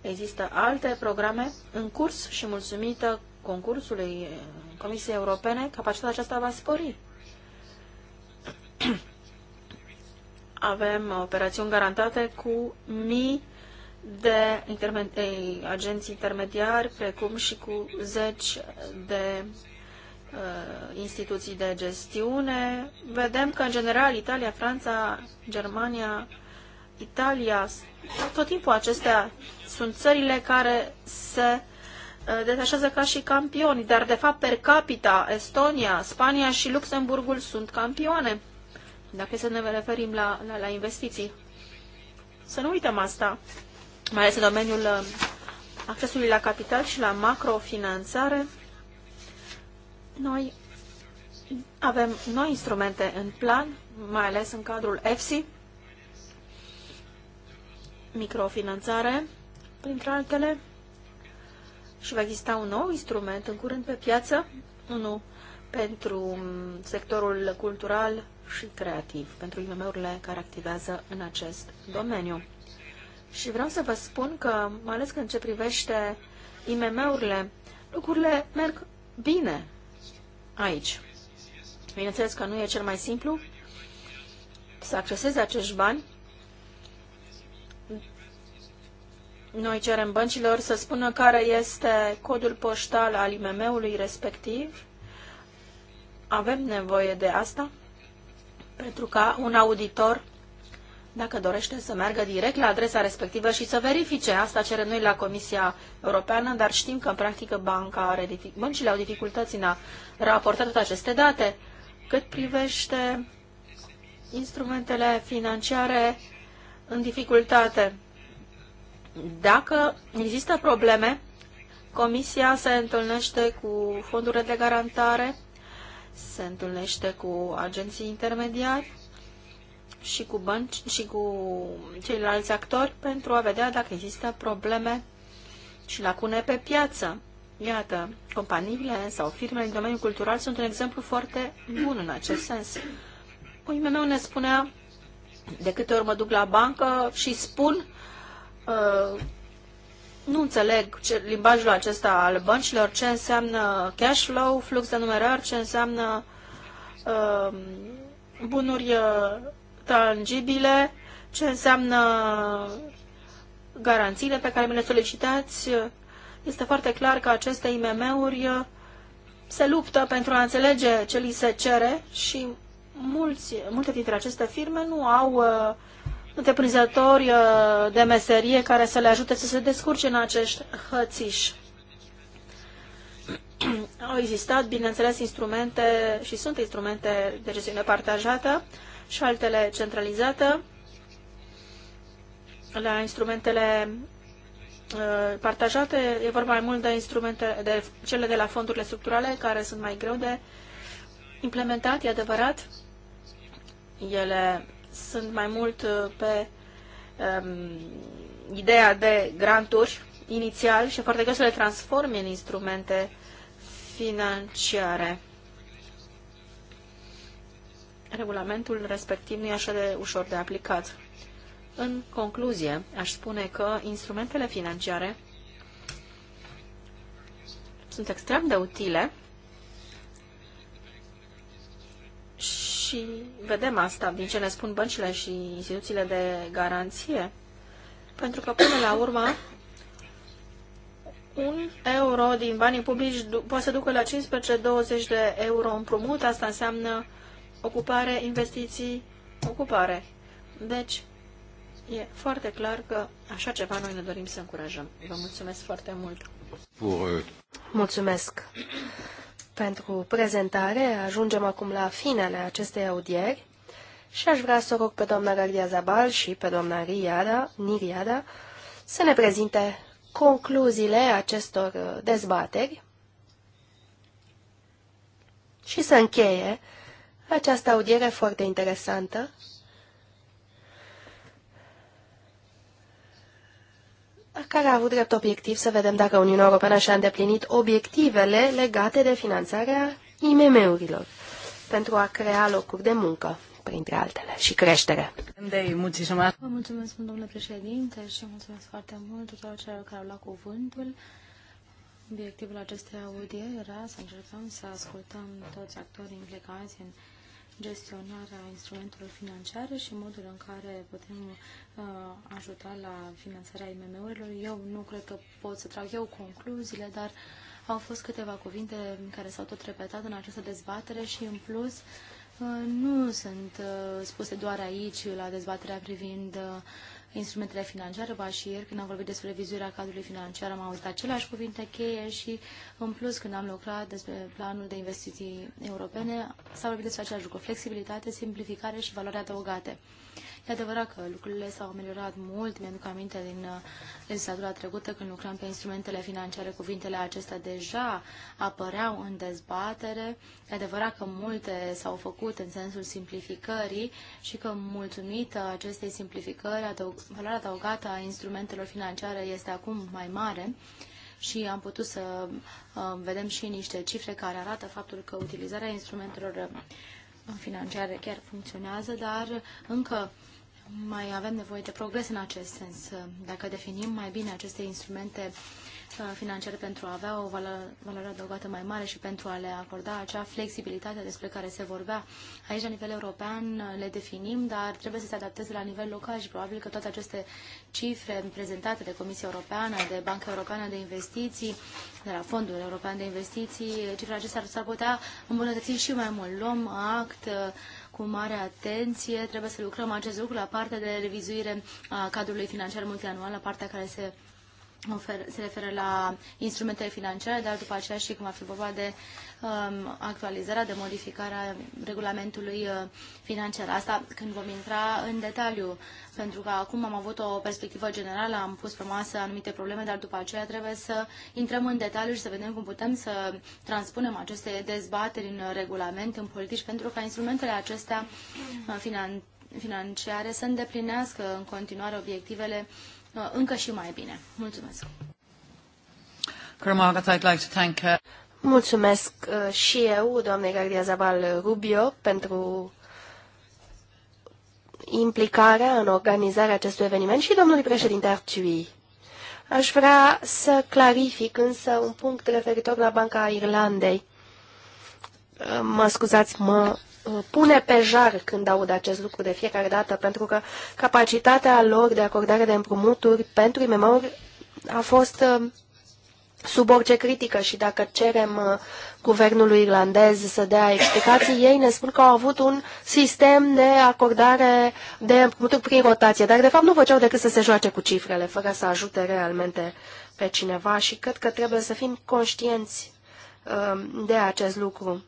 Există alte programe în curs și mulțumită concursului Comisiei Europene, capacitatea aceasta va spori. [clears throat] Avem operațiuni garantate cu mii de agenții agenți intermediari, precum și cu zeci de uh, instituții de gestiune. Vedem că, în general, Italia, Franța, Germania, Italia, tot timpul acestea sunt țările care se uh, detașează ca și campioni, dar de fapt per capita Estonia, Spania și Luxemburgul sunt campioane, dacă să ne referim la, la, la investiții. Să nu uităm asta mai ales în domeniul uh, accesului la capital și la macrofinanțare, noi avem noi instrumente în plan, mai ales în cadrul EFSI, microfinanțare, printre altele, și va exista un nou instrument în curând pe piață, unul pentru um, sectorul cultural și creativ, pentru IMM-urile care activează în acest domeniu. Și vreau să vă spun că, mai ales când ce privește IMM-urile, lucrurile merg bine aici. Bineînțeles că nu e cel mai simplu să acceseze acești bani. Noi cerem băncilor să spună care este codul poștal al IMM-ului respectiv. Avem nevoie de asta pentru ca un auditor dacă dorește să meargă direct la adresa respectivă și să verifice. Asta cerem noi la Comisia Europeană, dar știm că în practică banca are dific- băncile au dificultăți în a raporta toate aceste date. Cât privește instrumentele financiare în dificultate, dacă există probleme, Comisia se întâlnește cu fondurile de garantare, se întâlnește cu agenții intermediari, și cu bănci și cu ceilalți actori pentru a vedea dacă există probleme și lacune pe piață. Iată, companiile sau firmele din domeniul cultural sunt un exemplu foarte bun în acest sens. Un meu ne spunea, de câte ori mă duc la bancă și spun, uh, nu înțeleg ce, limbajul acesta al băncilor, ce înseamnă cash flow, flux de numerar, ce înseamnă uh, bunuri uh, tangibile, ce înseamnă garanțiile pe care mi le solicitați. Este foarte clar că aceste IMM-uri se luptă pentru a înțelege ce li se cere și mulți, multe dintre aceste firme nu au uh, întreprinzători uh, de meserie care să le ajute să se descurce în acești hățiși. [clears throat] Au existat, bineînțeles, instrumente și sunt instrumente de gestiune partajată și altele centralizată la instrumentele uh, partajate. E vorba mai mult de instrumente, de cele de la fondurile structurale, care sunt mai greu de implementat, e adevărat. Ele sunt mai mult uh, pe um, ideea de granturi inițial și foarte greu să le transforme în instrumente financiare regulamentul respectiv nu e așa de ușor de aplicat. În concluzie, aș spune că instrumentele financiare sunt extrem de utile și vedem asta din ce ne spun băncile și instituțiile de garanție, pentru că până la urmă un euro din banii publici poate să ducă la 15-20 de euro împrumut, asta înseamnă ocupare, investiții, ocupare. Deci, e foarte clar că așa ceva noi ne dorim să încurajăm. Vă mulțumesc foarte mult! Euh, mulțumesc pentru prezentare. Ajungem acum la finele acestei audieri și aș vrea să rog pe doamna Gardia Zabal și pe doamna Riada, Niriada să ne prezinte concluziile acestor uh, dezbateri și să încheie această audiere foarte interesantă. care a avut drept obiectiv să vedem dacă Uniunea Europeană și-a îndeplinit obiectivele legate de finanțarea IMM-urilor pentru a crea locuri de muncă, printre altele, și creștere. Vă mulțumesc, domnule președinte, și mulțumesc foarte mult tuturor celor care au luat cuvântul. Obiectivul acestei audieri era să încercăm să ascultăm toți actorii implicați în gestionarea instrumentelor financiare și modul în care putem uh, ajuta la finanțarea IMM-urilor. Eu nu cred că pot să trag eu concluziile, dar au fost câteva cuvinte care s-au tot repetat în această dezbatere și, în plus, uh, nu sunt uh, spuse doar aici, la dezbaterea privind uh, instrumentele financiare. Ba și ieri, când am vorbit despre vizuirea cadrului financiar, am auzit aceleași cuvinte cheie și, în plus, când am lucrat despre planul de investiții europene, s-a vorbit despre același lucru, flexibilitate, simplificare și valoare adăugate. E adevărat că lucrurile s-au ameliorat mult. Mi-aduc aminte din uh, legislatura trecută când lucram pe instrumentele financiare, cuvintele acestea deja apăreau în dezbatere. E adevărat că multe s-au făcut în sensul simplificării și că mulțumită acestei simplificări, adăug, valoarea adăugată a instrumentelor financiare este acum mai mare și am putut să uh, vedem și niște cifre care arată faptul că utilizarea instrumentelor uh, financiare chiar funcționează, dar încă mai avem nevoie de progres în acest sens. Dacă definim mai bine aceste instrumente uh, financiare pentru a avea o valoare adăugată mai mare și pentru a le acorda acea flexibilitate despre care se vorbea. Aici, la nivel european, uh, le definim, dar trebuie să se adapteze la nivel local și probabil că toate aceste cifre prezentate de Comisia Europeană, de Banca Europeană de Investiții, de la Fondul European de Investiții, cifrele acestea s-ar putea îmbunătăți și mai mult. Luăm act uh, cu mare atenție. Trebuie să lucrăm acest lucru la partea de revizuire a cadrului financiar multianual, la partea care se se referă la instrumentele financiare, dar după aceea și cum ar fi vorba de um, actualizarea, de modificarea regulamentului uh, financiar. Asta când vom intra în detaliu, pentru că acum am avut o perspectivă generală, am pus pe masă anumite probleme, dar după aceea trebuie să intrăm în detaliu și să vedem cum putem să transpunem aceste dezbateri în regulament, în politici, pentru ca instrumentele acestea uh, financiare să îndeplinească în continuare obiectivele uh, Uh, încă și mai bine. Mulțumesc! Uh, Mulțumesc uh, și eu, doamnei Gardia Zabal Rubio, pentru implicarea în organizarea acestui eveniment și domnului președinte Arciui. Aș vrea să clarific însă un punct referitor la Banca Irlandei. Mă scuzați, mă Uh, pune pe jar când aud acest lucru de fiecare dată, pentru că capacitatea lor de acordare de împrumuturi pentru imemori a fost uh, sub orice critică și dacă cerem uh, guvernului irlandez să dea explicații, ei ne spun că au avut un sistem de acordare de împrumuturi prin rotație, dar de fapt nu făceau decât să se joace cu cifrele, fără să ajute realmente pe cineva și cred că trebuie să fim conștienți de acest lucru.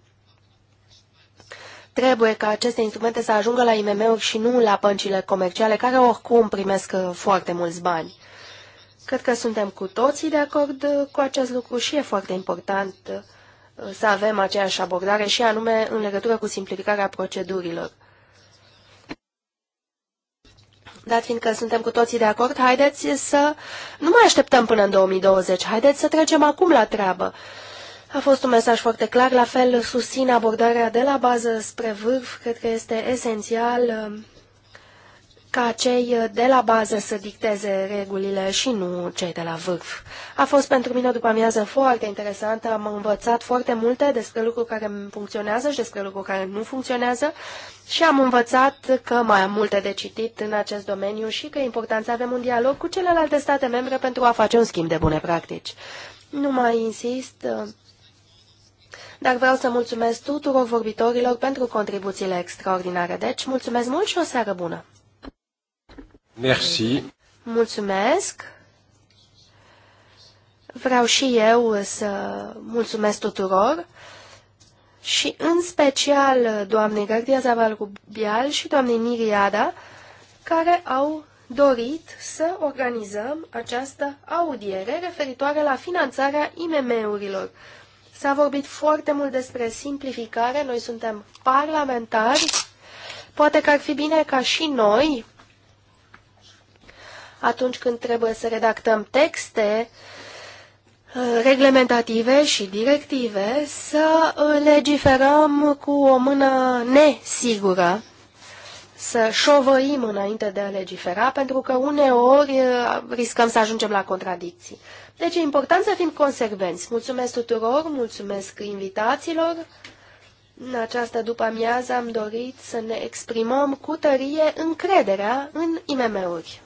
Trebuie ca aceste instrumente să ajungă la IMM-uri și nu la băncile comerciale, care oricum primesc uh, foarte mulți bani. Cred că suntem cu toții de acord uh, cu acest lucru și e foarte important uh, să avem aceeași abordare și anume în legătură cu simplificarea procedurilor. Dar fiindcă suntem cu toții de acord, haideți să nu mai așteptăm până în 2020, haideți să trecem acum la treabă. A fost un mesaj foarte clar, la fel susțin abordarea de la bază spre vârf, cred că este esențial um, ca cei de la bază să dicteze regulile și nu cei de la vârf. A fost pentru mine o după amiază foarte interesantă, am învățat foarte multe despre lucruri care funcționează și despre lucruri care nu funcționează și am învățat că mai am multe de citit în acest domeniu și că e important să avem un dialog cu celelalte state membre pentru a face un schimb de bune practici. Nu mai insist, uh, dar vreau să mulțumesc tuturor vorbitorilor pentru contribuțiile extraordinare. Deci, mulțumesc mult și o seară bună! Merci! Mulțumesc! Vreau și eu să mulțumesc tuturor și în special doamnei Gardia Zaval Rubial și doamnei Miriada, care au dorit să organizăm această audiere referitoare la finanțarea IMM-urilor. S-a vorbit foarte mult despre simplificare, noi suntem parlamentari, poate că ar fi bine ca și noi, atunci când trebuie să redactăm texte uh, reglementative și directive, să uh, legiferăm cu o mână nesigură, să șovăim înainte de a legifera, pentru că uneori uh, riscăm să ajungem la contradicții. Deci e important să fim consecvenți. Mulțumesc tuturor, mulțumesc invitațiilor. În această după-amiază am dorit să ne exprimăm cu tărie încrederea în IMM-uri.